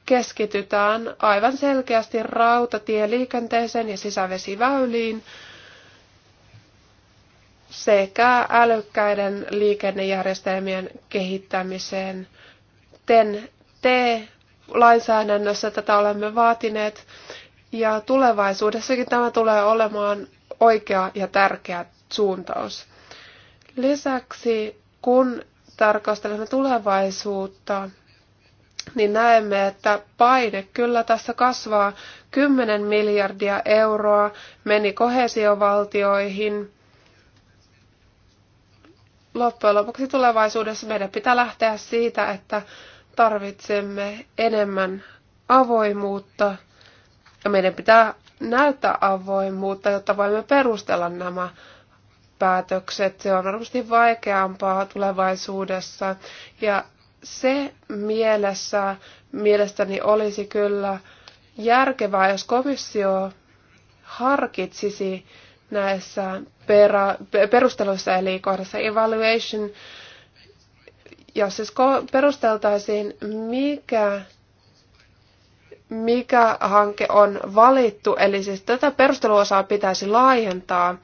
keskitytään aivan selkeästi rautatieliikenteeseen ja sisävesiväyliin sekä älykkäiden liikennejärjestelmien kehittämiseen. TEN T-lainsäädännössä tätä olemme vaatineet ja tulevaisuudessakin tämä tulee olemaan oikea ja tärkeä suuntaus. Lisäksi kun tarkastelemme tulevaisuutta, niin näemme, että paine kyllä tässä kasvaa. 10 miljardia euroa meni kohesiovaltioihin. Loppujen lopuksi tulevaisuudessa meidän pitää lähteä siitä, että tarvitsemme enemmän avoimuutta ja meidän pitää näyttää avoimuutta, jotta voimme perustella nämä päätökset. Se on varmasti vaikeampaa tulevaisuudessa ja se mielessä mielestäni olisi kyllä järkevää, jos komissio harkitsisi näissä perä, perusteluissa, eli kohdassa evaluation, jos siis perusteltaisiin, mikä, mikä hanke on valittu, eli siis tätä perusteluosaa pitäisi laajentaa,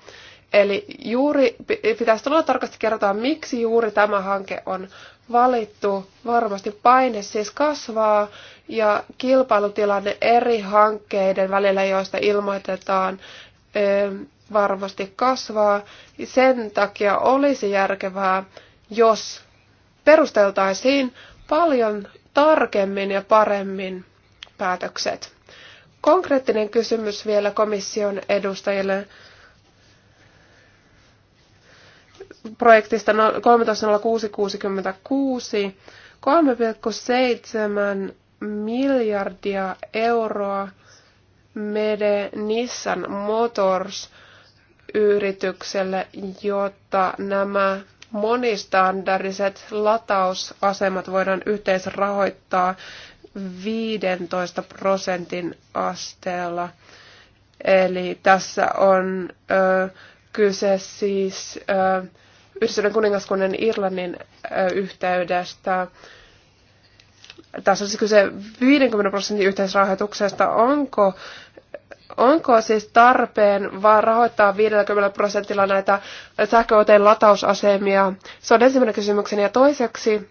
Eli juuri pitäisi tulla tarkasti kertoa, miksi juuri tämä hanke on valittu. Varmasti paine siis kasvaa ja kilpailutilanne eri hankkeiden välillä, joista ilmoitetaan, varmasti kasvaa. Sen takia olisi järkevää, jos perusteltaisiin paljon tarkemmin ja paremmin päätökset. Konkreettinen kysymys vielä komission edustajille. projektista 13.06.66 no- 3,7 miljardia euroa Mede Nissan Motors yritykselle, jotta nämä monistandardiset latausasemat voidaan yhteisrahoittaa 15 prosentin asteella. Eli tässä on ö, kyse siis ö, Yhdistyneen kuningaskunnan Irlannin yhteydestä. Tässä on siis kyse 50 prosentin yhteisrahoituksesta. Onko, onko siis tarpeen vaan rahoittaa 50 prosentilla näitä sähköautojen latausasemia? Se on ensimmäinen kysymykseni. Ja toiseksi,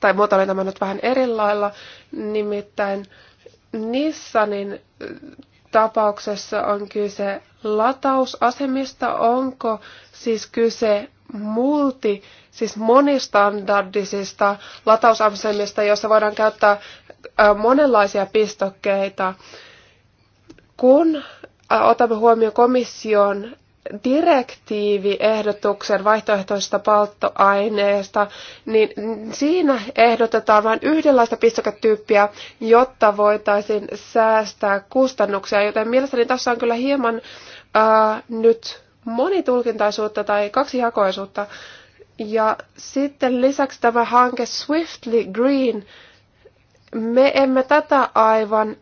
tai muotoilen tämän nyt vähän erilailla, nimittäin Nissanin tapauksessa on kyse latausasemista, onko siis kyse multi, siis monistandardisista latausasemista, joissa voidaan käyttää monenlaisia pistokkeita. Kun otamme huomioon komission direktiiviehdotuksen vaihtoehtoisesta polttoaineista, niin siinä ehdotetaan vain yhdenlaista pistoketyyppiä, jotta voitaisiin säästää kustannuksia. Joten mielestäni tässä on kyllä hieman ää, äh, nyt monitulkintaisuutta tai kaksijakoisuutta. Ja sitten lisäksi tämä hanke Swiftly Green. Me emme tätä aivan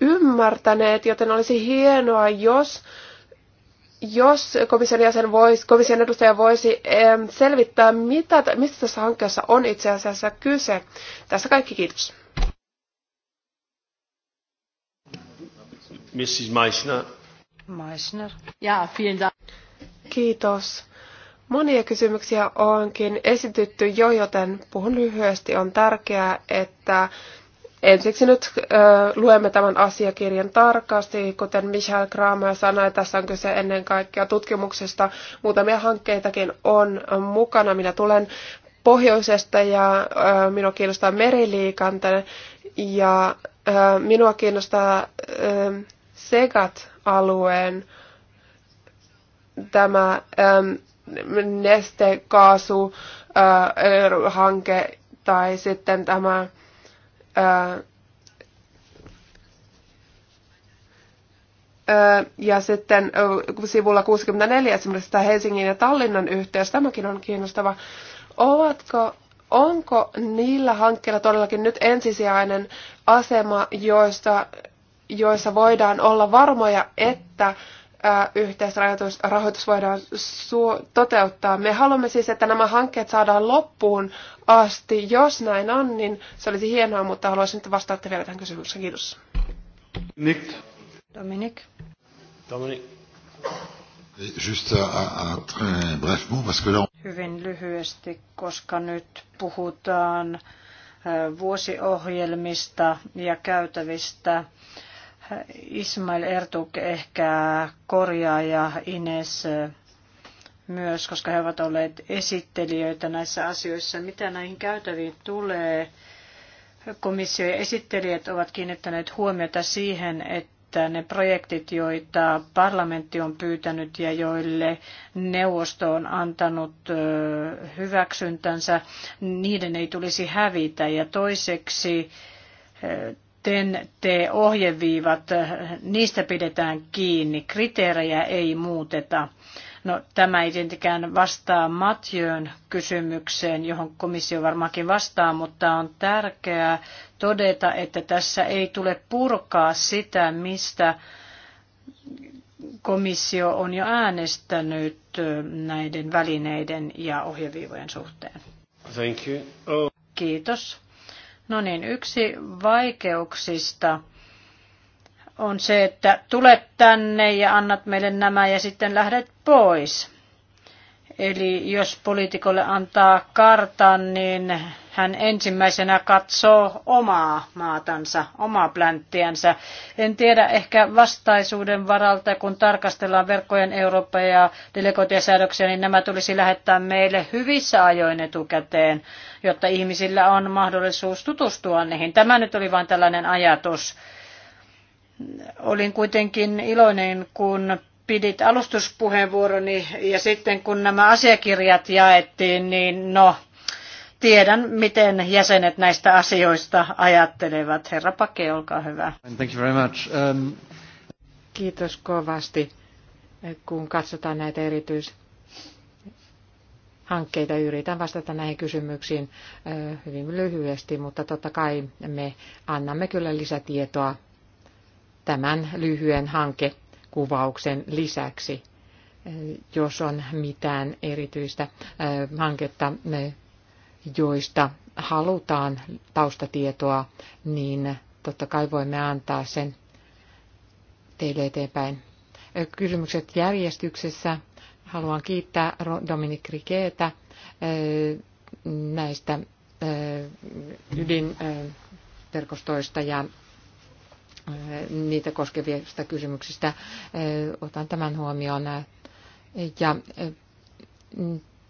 ymmärtäneet, joten olisi hienoa, jos jos komission, jäsen voisi, komission edustaja voisi selvittää, mitä, mistä tässä hankkeessa on itse asiassa kyse. Tässä kaikki kiitos. Mrs. Meissner. Meissner. Ja, vielen Dank. Kiitos. Monia kysymyksiä onkin esitetty jo, joten puhun lyhyesti. On tärkeää, että Ensiksi nyt ö, luemme tämän asiakirjan tarkasti, kuten Michael Kramer sanoi, tässä on kyse ennen kaikkea tutkimuksesta. Muutamia hankkeitakin on mukana. Minä tulen pohjoisesta ja ö, minua kiinnostaa meriliikante ja ö, minua kiinnostaa ö, Segat-alueen tämä ö, nestekaasu hanke tai sitten tämä ja sitten sivulla 64 esimerkiksi tämä Helsingin ja Tallinnan yhteys, tämäkin on kiinnostava. Ovatko, onko niillä hankkeilla todellakin nyt ensisijainen asema, joista, joissa voidaan olla varmoja, että yhteisrahoitus rahoitus voidaan toteuttaa. Me haluamme siis, että nämä hankkeet saadaan loppuun asti. Jos näin on, niin se olisi hienoa, mutta haluaisin, että vastaatte vielä tähän kysymykseen. Kiitos. Nick. Dominic. Dominic. Hyvin lyhyesti, koska nyt puhutaan vuosiohjelmista ja käytävistä Ismail Ertuk ehkä korjaa ja Ines myös, koska he ovat olleet esittelijöitä näissä asioissa. Mitä näihin käytäviin tulee? Komissio ja esittelijät ovat kiinnittäneet huomiota siihen, että ne projektit, joita parlamentti on pyytänyt ja joille neuvosto on antanut hyväksyntänsä, niiden ei tulisi hävitä. Ja toiseksi TEN-T-ohjeviivat, niistä pidetään kiinni, kriteerejä ei muuteta. No, tämä ei tietenkään vastaa Matjöön kysymykseen, johon komissio varmaankin vastaa, mutta on tärkeää todeta, että tässä ei tule purkaa sitä, mistä komissio on jo äänestänyt näiden välineiden ja ohjeviivojen suhteen. Thank you. Oh. Kiitos. No niin, yksi vaikeuksista on se, että tulet tänne ja annat meille nämä ja sitten lähdet pois. Eli jos poliitikolle antaa kartan, niin hän ensimmäisenä katsoo omaa maatansa, omaa plänttiänsä. En tiedä ehkä vastaisuuden varalta, kun tarkastellaan verkkojen Eurooppa ja delegointisäädöksiä, niin nämä tulisi lähettää meille hyvissä ajoin etukäteen, jotta ihmisillä on mahdollisuus tutustua niihin. Tämä nyt oli vain tällainen ajatus. Olin kuitenkin iloinen, kun pidit alustuspuheenvuoroni ja sitten kun nämä asiakirjat jaettiin, niin no, tiedän, miten jäsenet näistä asioista ajattelevat. Herra Pake, olkaa hyvä. Thank you very much. Um... Kiitos kovasti, kun katsotaan näitä erityishankkeita Yritän vastata näihin kysymyksiin eh, hyvin lyhyesti, mutta totta kai me annamme kyllä lisätietoa tämän lyhyen hankekuvauksen lisäksi. Eh, jos on mitään erityistä eh, hanketta, joista halutaan taustatietoa, niin totta kai voimme antaa sen teille eteenpäin. Kysymykset järjestyksessä. Haluan kiittää Dominik Rikeetä näistä ydinverkostoista ja niitä koskevista kysymyksistä. Otan tämän huomioon. Ja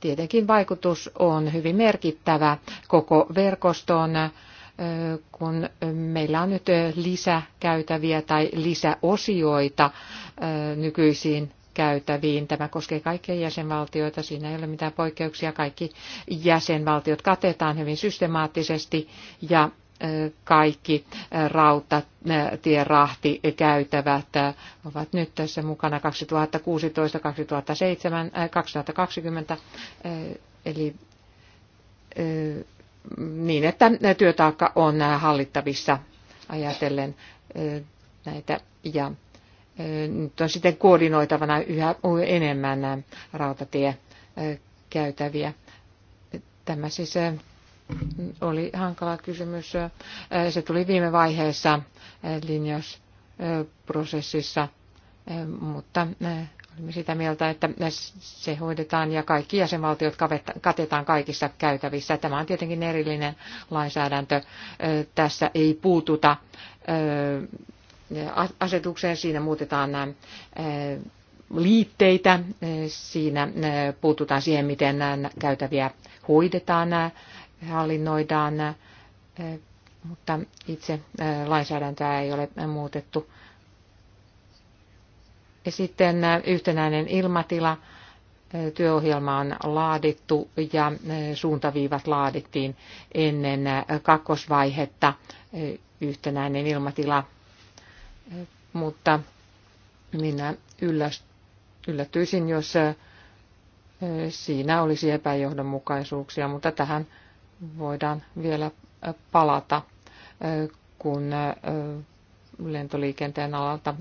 tietenkin vaikutus on hyvin merkittävä koko verkoston, kun meillä on nyt lisäkäytäviä tai lisäosioita nykyisiin käytäviin. Tämä koskee kaikkia jäsenvaltioita, siinä ei ole mitään poikkeuksia. Kaikki jäsenvaltiot katetaan hyvin systemaattisesti ja kaikki rautatierahti käytävät ovat nyt tässä mukana 2016, 2007, 2020, eli niin, että työtaakka on hallittavissa ajatellen näitä ja nyt on sitten koordinoitavana yhä enemmän rautatie käytäviä. Tämä siis oli hankala kysymys. Se tuli viime vaiheessa linjausprosessissa, mutta olimme sitä mieltä, että se hoidetaan ja kaikki jäsenvaltiot katetaan kaikissa käytävissä. Tämä on tietenkin erillinen lainsäädäntö. Tässä ei puututa asetukseen, siinä muutetaan nämä liitteitä. Siinä puututaan siihen, miten nämä käytäviä hoidetaan hallinnoidaan, eh, mutta itse eh, lainsäädäntöä ei ole muutettu. Ja sitten eh, yhtenäinen ilmatila. Työohjelma on laadittu ja suuntaviivat laadittiin ennen kakkosvaihetta yhtenäinen ilmatila, mutta minä yllättyisin, jos siinä olisi epäjohdonmukaisuuksia, mutta tähän voidaan vielä palata, kun lentoliikenteen alalta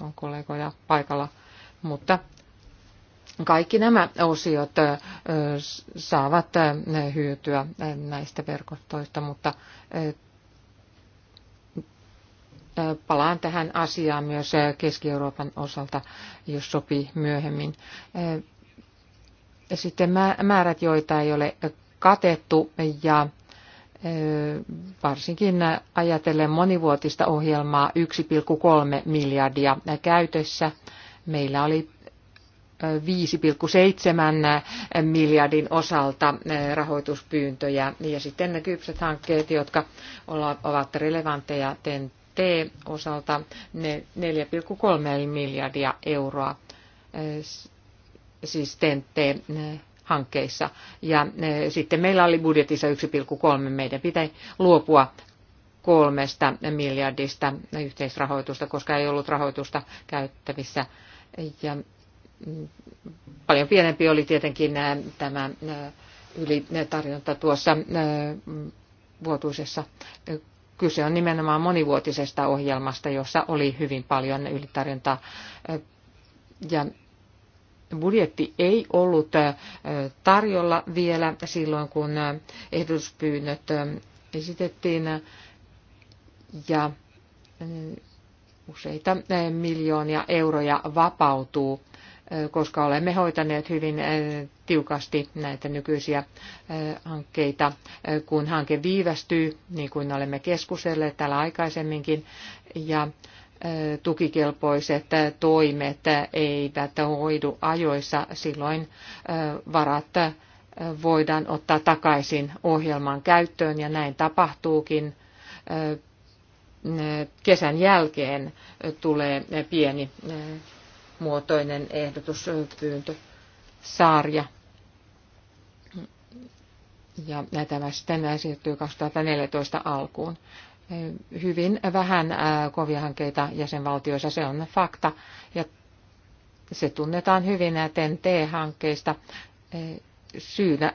on kollegoja paikalla. Mutta kaikki nämä osiot saavat hyötyä näistä verkostoista, mutta palaan tähän asiaan myös Keski-Euroopan osalta, jos sopii myöhemmin. Sitten määrät, joita ei ole katettu ja varsinkin ajatellen monivuotista ohjelmaa 1,3 miljardia käytössä. Meillä oli 5,7 miljardin osalta rahoituspyyntöjä ja sitten ne kypsät hankkeet, jotka ovat relevantteja TEN-T-osalta, ne 4,3 miljardia euroa, siis TEN-T hankkeissa. Ja eh, sitten meillä oli budjetissa 1,3. Meidän pitäisi luopua kolmesta miljardista yhteisrahoitusta, koska ei ollut rahoitusta käyttävissä. Ja mm, paljon pienempi oli tietenkin eh, tämä eh, ylitarjonta tuossa vuotuisessa. Kyse on nimenomaan monivuotisesta ohjelmasta, jossa oli hyvin paljon ylitarjontaa. Ja budjetti ei ollut tarjolla vielä silloin, kun ehdotuspyynnöt esitettiin ja useita miljoonia euroja vapautuu, koska olemme hoitaneet hyvin tiukasti näitä nykyisiä hankkeita. Kun hanke viivästyy, niin kuin olemme keskustelleet täällä aikaisemminkin, ja tukikelpoiset toimet eivät hoidu ajoissa, silloin varat voidaan ottaa takaisin ohjelman käyttöön ja näin tapahtuukin. Kesän jälkeen tulee pieni muotoinen ehdotuspyyntö sarja. Ja tämä sitten siirtyy 2014 alkuun hyvin vähän kovia hankkeita jäsenvaltioissa, se on fakta. Ja se tunnetaan hyvin TEN-T-hankkeista. Syynä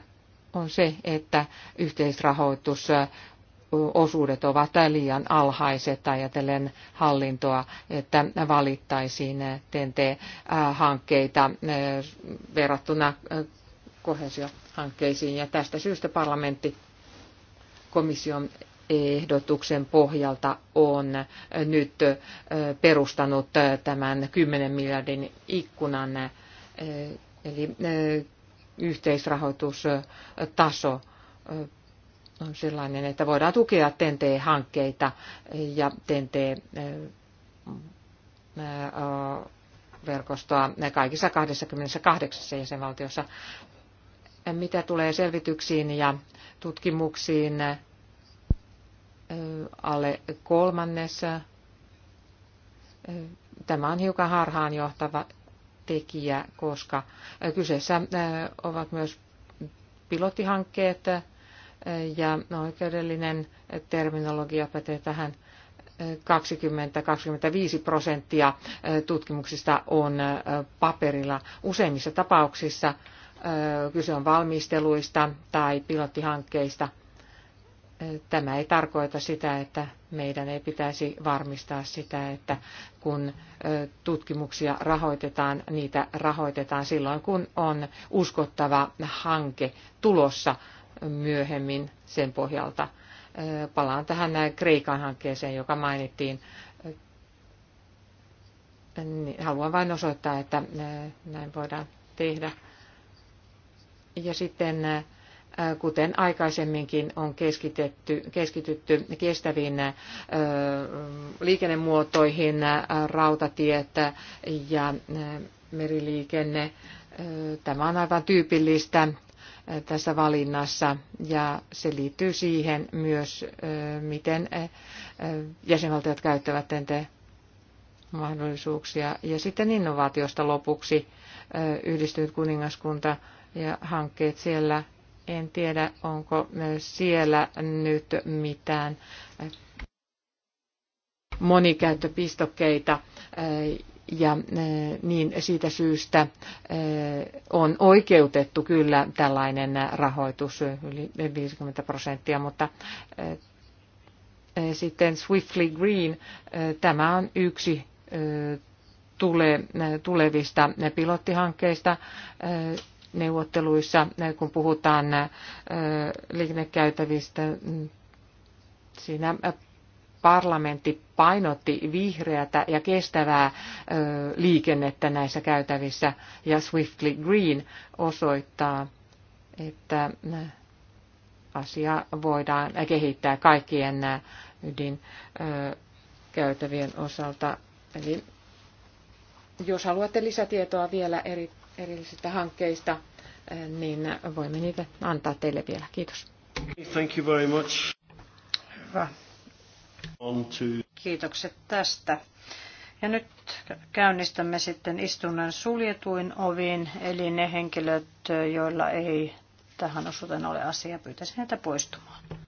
on se, että yhteisrahoitusosuudet ovat liian alhaiset ajatellen hallintoa, että valittaisiin TEN-T-hankkeita verrattuna kohesiohankkeisiin. Ja tästä syystä parlamentti komission ehdotuksen pohjalta on nyt perustanut tämän 10 miljardin ikkunan, eli yhteisrahoitustaso on sellainen, että voidaan tukea TNT-hankkeita ja TNT verkostoa kaikissa 28 jäsenvaltiossa. Mitä tulee selvityksiin ja tutkimuksiin, alle kolmannes. Tämä on hiukan harhaanjohtava tekijä, koska kyseessä äh, ovat myös pilottihankkeet äh, ja oikeudellinen terminologia pätee tähän 20-25 prosenttia äh, tutkimuksista on paperilla. Useimmissa tapauksissa kyse on valmisteluista tai pilottihankkeista – Tämä ei tarkoita sitä, että meidän ei pitäisi varmistaa sitä, että kun tutkimuksia rahoitetaan, niitä rahoitetaan silloin, kun on uskottava hanke tulossa myöhemmin sen pohjalta. Palaan tähän Kreikan hankkeeseen, joka mainittiin. Niin, haluan vain osoittaa, että näin voidaan tehdä. Ja sitten kuten aikaisemminkin on keskitetty, keskitytty kestäviin liikennemuotoihin, rautatiet ja meriliikenne. Tämä on aivan tyypillistä tässä valinnassa ja se liittyy siihen myös, miten jäsenvaltiot käyttävät tente mahdollisuuksia. Ja sitten innovaatiosta lopuksi yhdistynyt kuningaskunta ja hankkeet siellä en tiedä, onko siellä nyt mitään äh, monikäyttöpistokkeita äh, ja äh, niin siitä syystä on oikeutettu kyllä tällainen rahoitus yli 50 prosenttia, mutta sitten Swiftly Green, tämä on yksi tulevista pilottihankkeista neuvotteluissa, eh, kun puhutaan eh, liikennekäytävistä. Siinä eh, parlamentti painotti vihreätä ja kestävää liikennettä näissä käytävissä ja Swiftly Green osoittaa, että asia voidaan kehittää kaikkien nämä ydinkäytävien osalta. Eli jos haluatte lisätietoa vielä eri erillisistä hankkeista, eh, niin voimme niitä antaa teille vielä. Kiitos. Thank you very much. Hyvä. On to... Kiitokset tästä. Ja nyt käynnistämme sitten istunnon suljetuin oviin, eli ne henkilöt, joilla ei tähän osuuteen ole asia, pyytäisin heitä poistumaan.